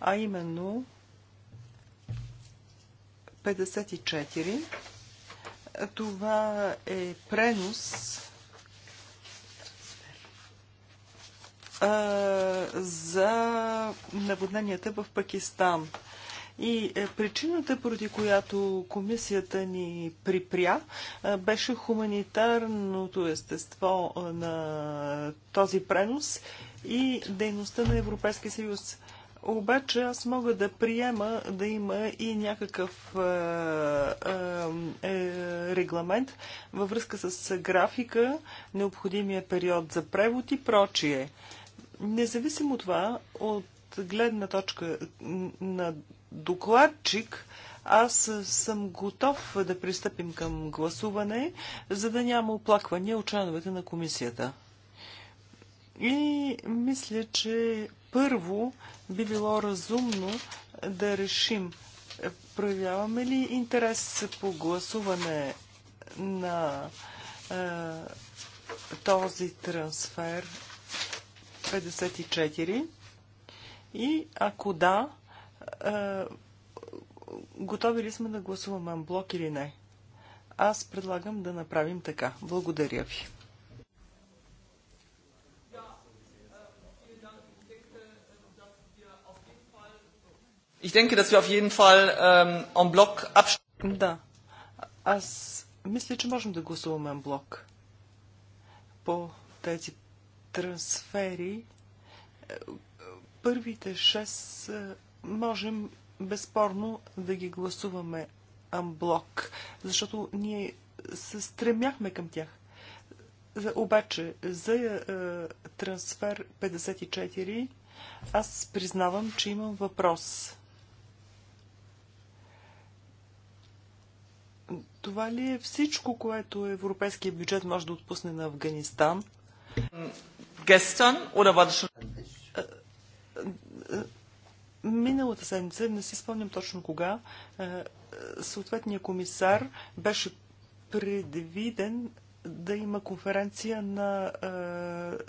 А именно 54 това е пренос за наводненията в Пакистан. И е, причината, поради която комисията ни припря, беше хуманитарното естество на този пренос и дейността на Европейския съюз. Обаче аз мога да приема да има и някакъв е, е, е, регламент във връзка с графика, необходимия период за превод и прочие. Независимо от това, от гледна точка на докладчик, аз съм готов да пристъпим към гласуване, за да няма оплаквания от членовете на комисията. И мисля, че първо би било разумно да решим е, проявяваме ли интерес по гласуване на е, този трансфер 54 и ако да, е, готови ли сме да гласуваме блок или не? Аз предлагам да направим така. Благодаря ви. Ich denke, dass wir auf jeden Fall ähm, en bloc abstimmen. Да. Аз мисля, че можем да гласуваме en bloc по тези трансфери. Първите шест е, можем безспорно да ги гласуваме амблок, защото ние се стремяхме към тях. обаче, за е, трансфер 54, аз признавам, че имам въпрос. Това ли е всичко, което европейския бюджет може да отпусне на Афганистан? Гестън, Миналата седмица, не си спомням точно кога, съответният комисар беше предвиден да има конференция на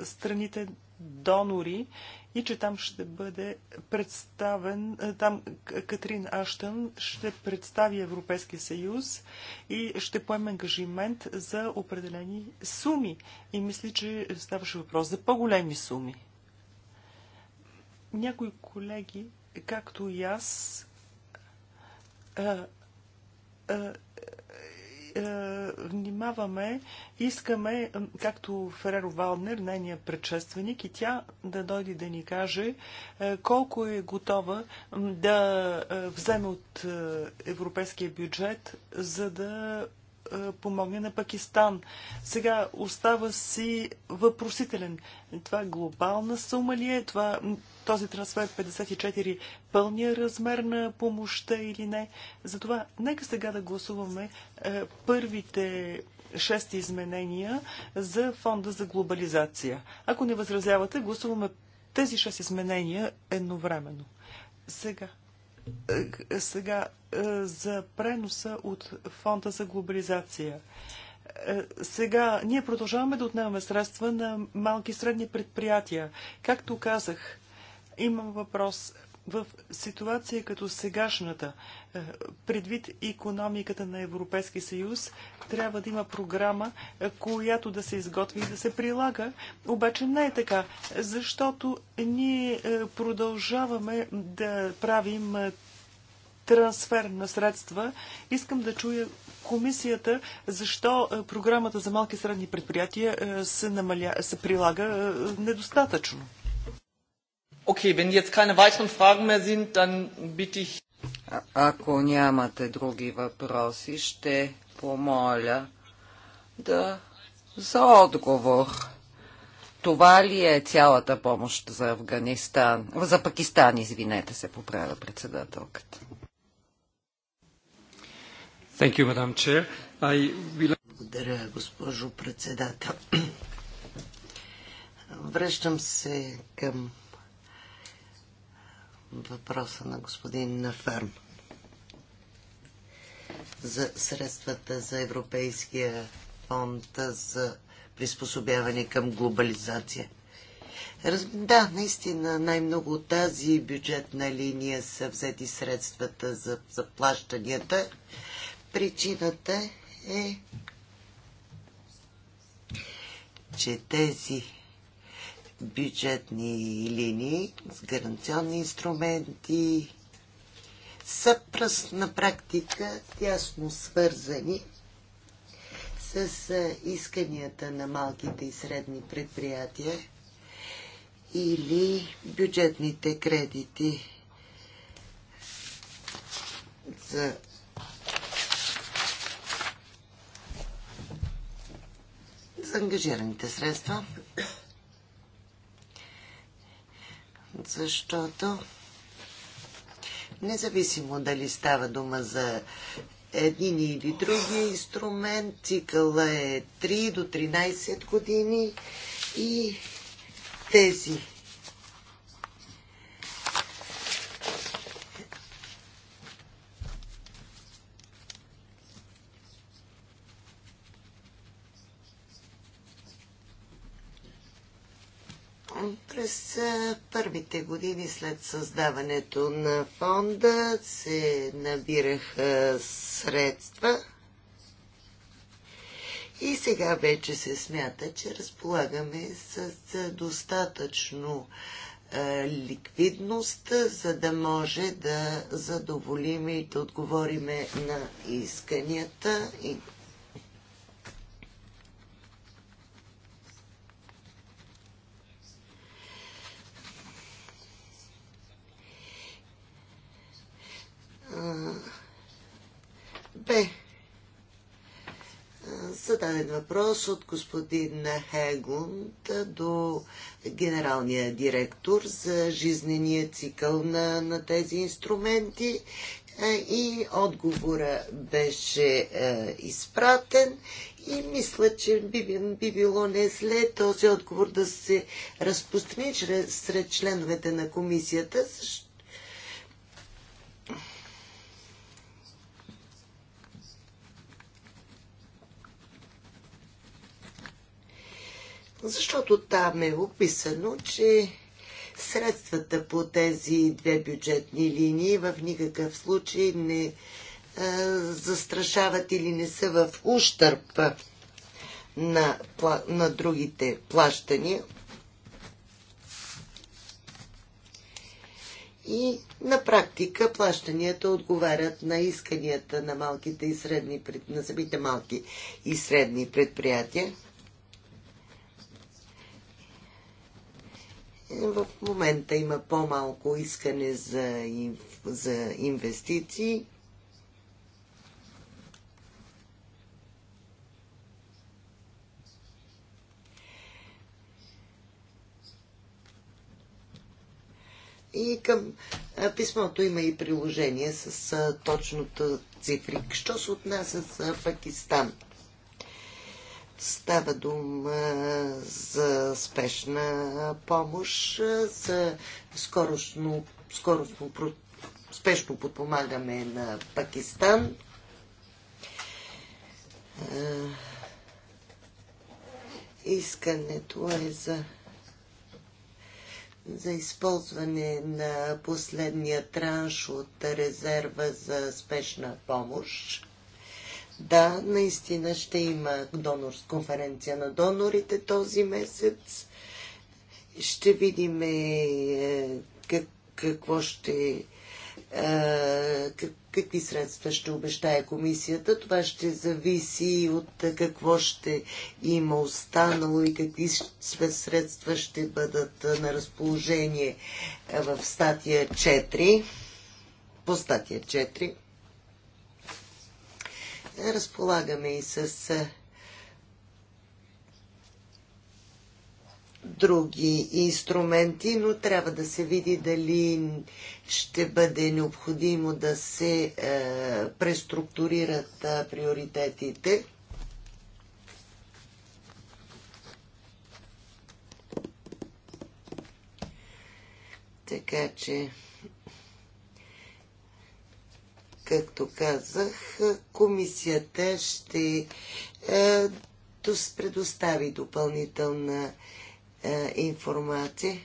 страните донори и че там ще бъде представен, е, там Катрин Аштън ще представи Европейския съюз и ще поеме ангажимент за определени суми. И мисля, че ставаше въпрос за по-големи суми. Някои колеги, както и аз, а, е, а, е, е, внимаваме, искаме, както Фереро Валнер, нейният предшественик, и тя да дойде да ни каже е, колко е готова да е, вземе от европейския бюджет, за да е, помогне на Пакистан. Сега остава си въпросителен. Това е глобална сума ли е? Това, този трансфер 54 пълния размер на помощта или не? Затова нека сега да гласуваме е, първите шести изменения за фонда за глобализация. Ако не възразявате, гласуваме тези шест изменения едновременно. Сега е, сега е, за преноса от фонда за глобализация. Е, сега ние продължаваме да отнемаме средства на малки и средни предприятия. Както казах, имам въпрос в ситуация като сегашната, е, предвид економиката на Европейския съюз, трябва да има програма, е, която да се изготви и да се прилага. Обаче не е така, защото ние е, продължаваме да правим трансфер на средства. Искам да чуя комисията, защо програмата за малки и средни предприятия се, намаля, се прилага недостатъчно. Okay, wenn jetzt keine weiteren Fragen mehr sind, dann bitte ich... ако нямате други въпроси, ще помоля да за отговор. Това ли е цялата помощ за Афганистан? За Пакистан, извинете се, поправя председателката. Thank you, Madam Chair. I will... Благодаря, госпожо председател. Връщам се към въпроса на господин Нафърм за средствата за Европейския фонд за приспособяване към глобализация. Раз... Да, наистина най-много от тази бюджетна линия са взети средствата за, заплащанията, Причината е, че тези бюджетни линии, с гаранционни инструменти, са пръст на практика тясно свързани с исканията на малките и средни предприятия или бюджетните кредити за за ангажираните средства. защото независимо дали става дума за един или другия инструмент, цикъла е 3 до 13 години и тези за първите години след създаването на фонда се набираха средства и сега вече се смята, че разполагаме с достатъчно е, ликвидност, за да може да задоволиме и да отговориме на исканията и зададен въпрос от господин Хегунд до генералния директор за жизнения цикъл на, на тези инструменти е, и отговора беше е, изпратен и мисля, че би, би било не след този отговор да се разпространи сред членовете на комисията, защото Защото там е описано, че средствата по тези две бюджетни линии в никакъв случай не е, застрашават или не са в ущърп на, на другите плащания. И на практика плащанията отговарят на исканията на малките и средни, на самите малки и средни предприятия. В момента има по-малко искане за, за инвестиции. И към писмото има и приложение с точната цифри. Що се отнася за Пакистан? Става дума за спешна помощ, за скорошно, скорошно спешно подпомагаме на Пакистан. Искането е за за използване на последния транш от резерва за спешна помощ да, наистина ще има донор, конференция на донорите този месец. Ще видим е, как, какво ще е, какви средства ще обещае комисията. Това ще зависи от какво ще има останало и какви средства ще бъдат на разположение е, в статия 4. По статия 4. Е, разполагаме и с е, други инструменти, но трябва да се види дали ще бъде необходимо да се е, преструктурират приоритетите. Така че както казах, комисията ще е, предостави допълнителна е, информация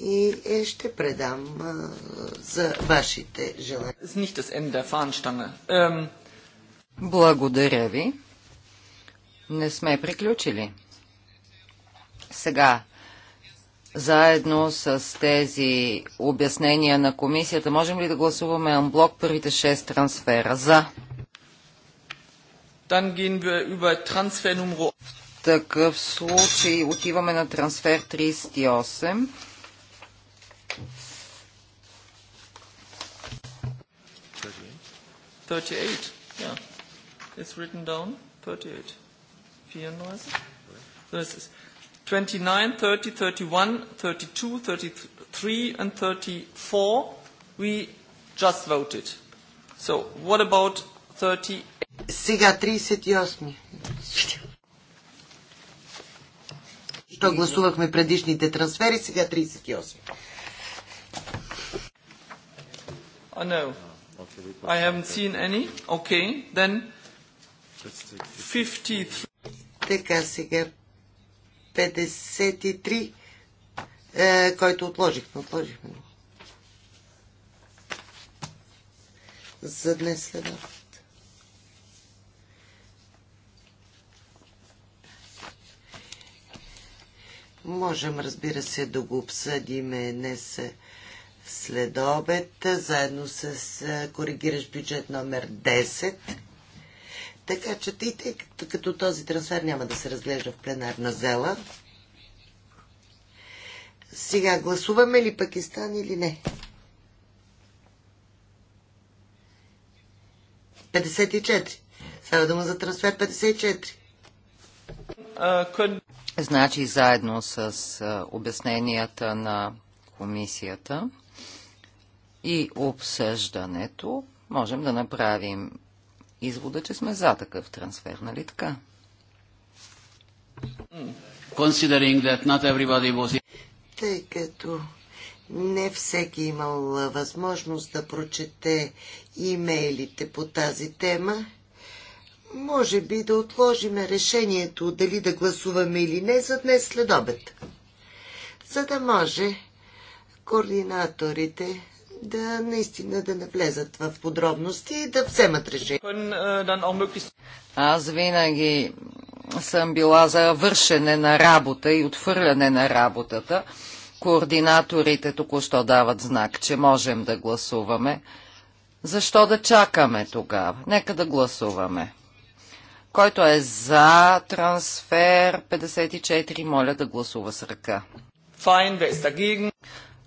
и е, ще предам е, за вашите желания. Ähm, Благодаря ви. Не сме приключили. Сега заедно с тези обяснения на комисията. Можем ли да гласуваме анблок първите 6 трансфера? За. В такъв случай отиваме на трансфер 38. Thirty-eight. Yeah, it's written down. Thirty-eight. 29, 30, 31, 32, 33 and 34 we just voted. So what about 30? Сега 38. Що гласувахме предишните трансфери, сега 38. Oh, no. I haven't seen any. Okay, then 53. Така, сега 53, е, който отложихме. Отложихме го. За днес след Можем, разбира се, да го обсъдим днес след обед, заедно с е, коригиращ бюджет номер 10. Така че тъй, тъй като този трансфер няма да се разглежда в пленарна зала, сега гласуваме ли Пакистан или не? 54. Става дума за трансфер 54. Значи заедно с обясненията на комисията и обсъждането можем да направим извода, че сме за такъв трансфер, нали така? Тъй като не всеки е имал възможност да прочете имейлите по тази тема, може би да отложим решението дали да гласуваме или не за днес след обед, за да може координаторите да наистина да не влезат в подробности и да вземат решение. Е, Аз винаги съм била за вършене на работа и отвърляне на работата. Координаторите току-що дават знак, че можем да гласуваме. Защо да чакаме тогава? Нека да гласуваме. Който е за трансфер 54, моля да гласува с ръка.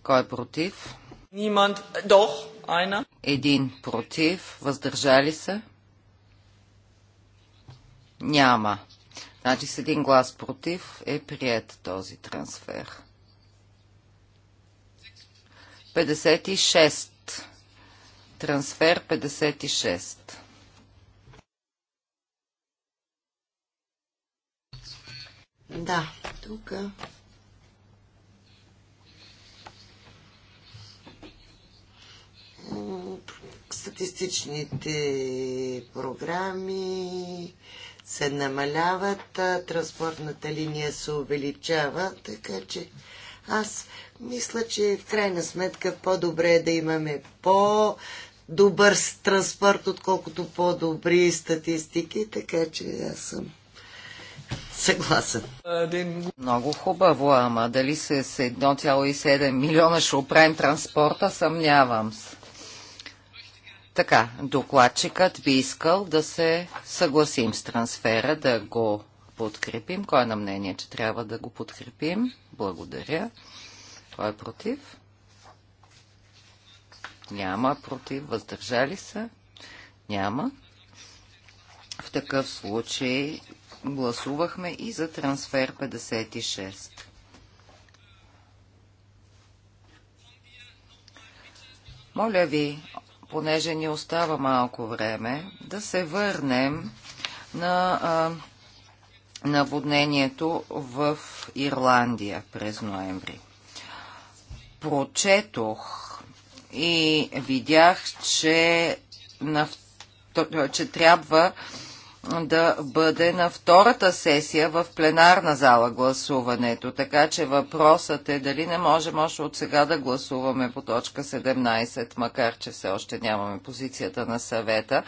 Кой е против? Niemand, doch, einer. Един против, въздържали се? Няма. Значи с един глас против е прият този трансфер. 56. Трансфер 56. Да, тук статистичните програми се намаляват, транспортната линия се увеличава, така че аз мисля, че в крайна сметка по-добре е да имаме по- добър транспорт, отколкото по-добри статистики, така че аз съм съгласен. Много хубаво, ама дали с 1,7 милиона ще оправим транспорта, съмнявам се. Така, докладчикът би искал да се съгласим с трансфера, да го подкрепим. Кой е на мнение, че трябва да го подкрепим? Благодаря. Кой е против? Няма против. Въздържали се? Няма. В такъв случай гласувахме и за трансфер 56. Моля ви, понеже ни остава малко време, да се върнем на а, наводнението в Ирландия през ноември. Прочетох и видях, че, на, че трябва да бъде на втората сесия в пленарна зала гласуването. Така че въпросът е дали не можем още от сега да гласуваме по точка 17, макар че все още нямаме позицията на съвета.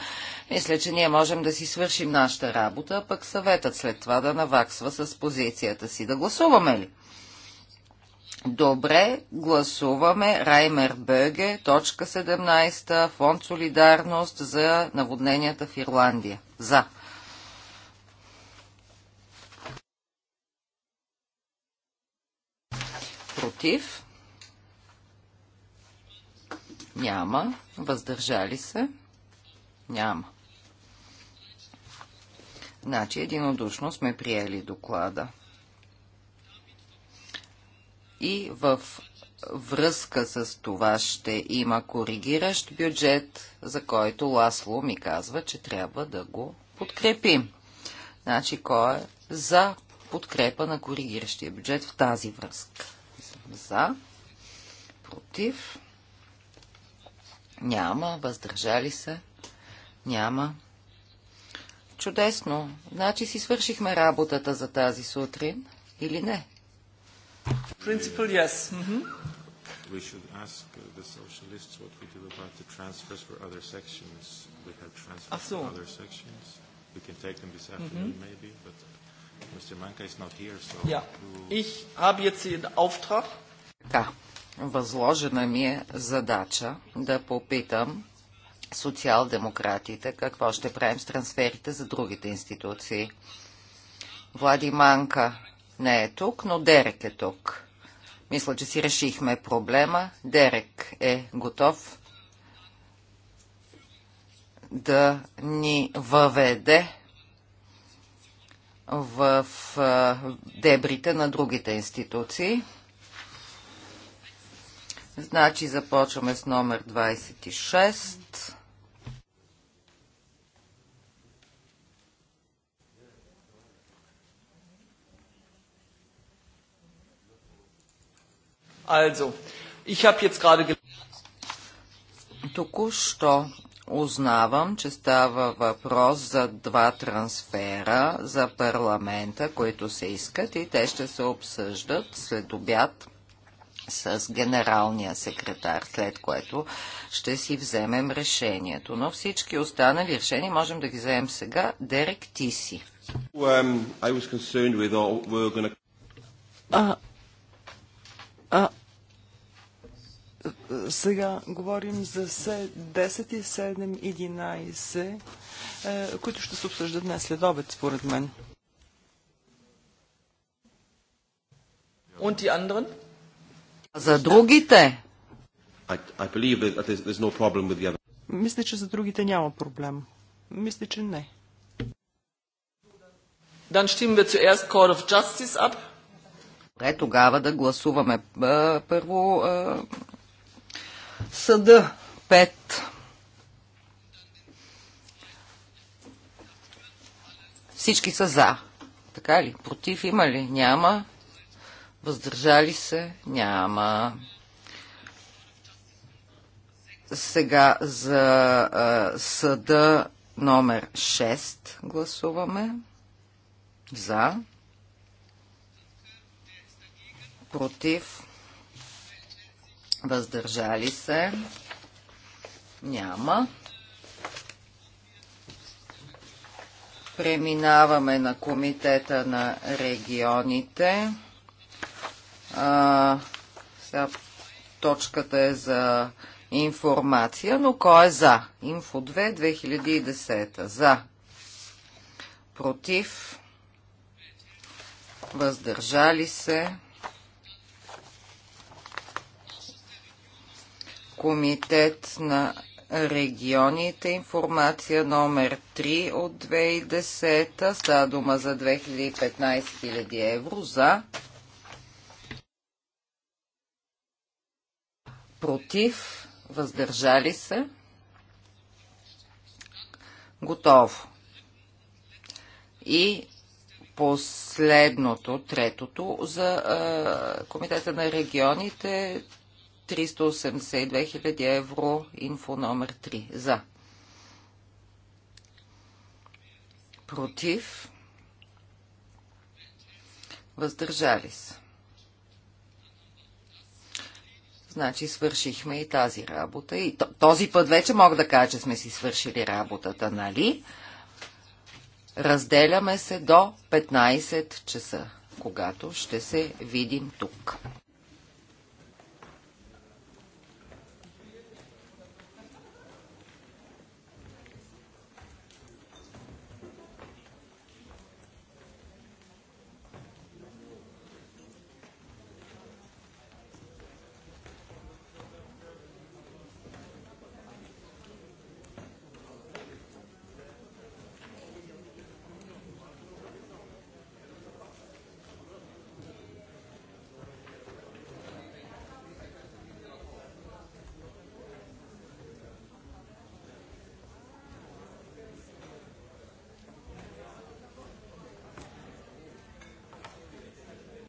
Мисля, че ние можем да си свършим нашата работа, а пък съветът след това да наваксва с позицията си. Да гласуваме ли? Добре, гласуваме Раймер Бъге, точка 17, фонд Солидарност за наводненията в Ирландия. За. против, няма, въздържали се, няма. Значи единодушно сме приели доклада. И в връзка с това ще има коригиращ бюджет, за който Ласло ми казва, че трябва да го подкрепим. Значи кой е за подкрепа на коригиращия бюджет в тази връзка? за, против, няма, въздържали се, няма. Чудесно. Значи си свършихме работата за тази сутрин или не? Principle, yes. Mm-hmm. We should ask the socialists what we do about the transfers for other sections. We have transfers so. for other sections. We can take them this afternoon mm-hmm. maybe, but така, възложена ми е задача да попитам социал-демократите какво ще правим с трансферите за другите институции. Влади Манка не е тук, но Дерек е тук. Мисля, че си решихме проблема. Дерек е готов да ни въведе в дебрите на другите институции. Значи започваме с номер 26. Also, ich habe jetzt gerade Току-що узнавам, че става въпрос за два трансфера за парламента, които се искат и те ще се обсъждат след обяд с генералния секретар, след което ще си вземем решението. Но всички останали решения можем да ги вземем сега. Дерек, ти си. Um, сега говорим за 10 и 7, 11, е, които ще се обсъждат днес след обед, според мен. За другите? I, I no Мисля, че за другите няма проблем. Мисля, че не. Dann stimmen wir zuerst Court of Justice ab. Добре, тогава да гласуваме първо съда 5. Всички са за. Така ли? Против има ли? Няма. Въздържали се? Няма. Сега за а, съда номер 6 гласуваме. За. Против въздържали се, няма. Преминаваме на комитета на регионите. А, сега точката е за информация, но кой е за? Инфо 2 2010. За. Против. Въздържали се. комитет на регионите, информация номер 3 от 2010, става дума за 2015 000 евро за, против, въздържали се, готово. И последното, третото за Комитета на регионите, 382 000 евро, инфо номер 3. За. Против. Въздържали се. Значи свършихме и тази работа. И този път вече мога да кажа, че сме си свършили работата, нали? Разделяме се до 15 часа, когато ще се видим тук.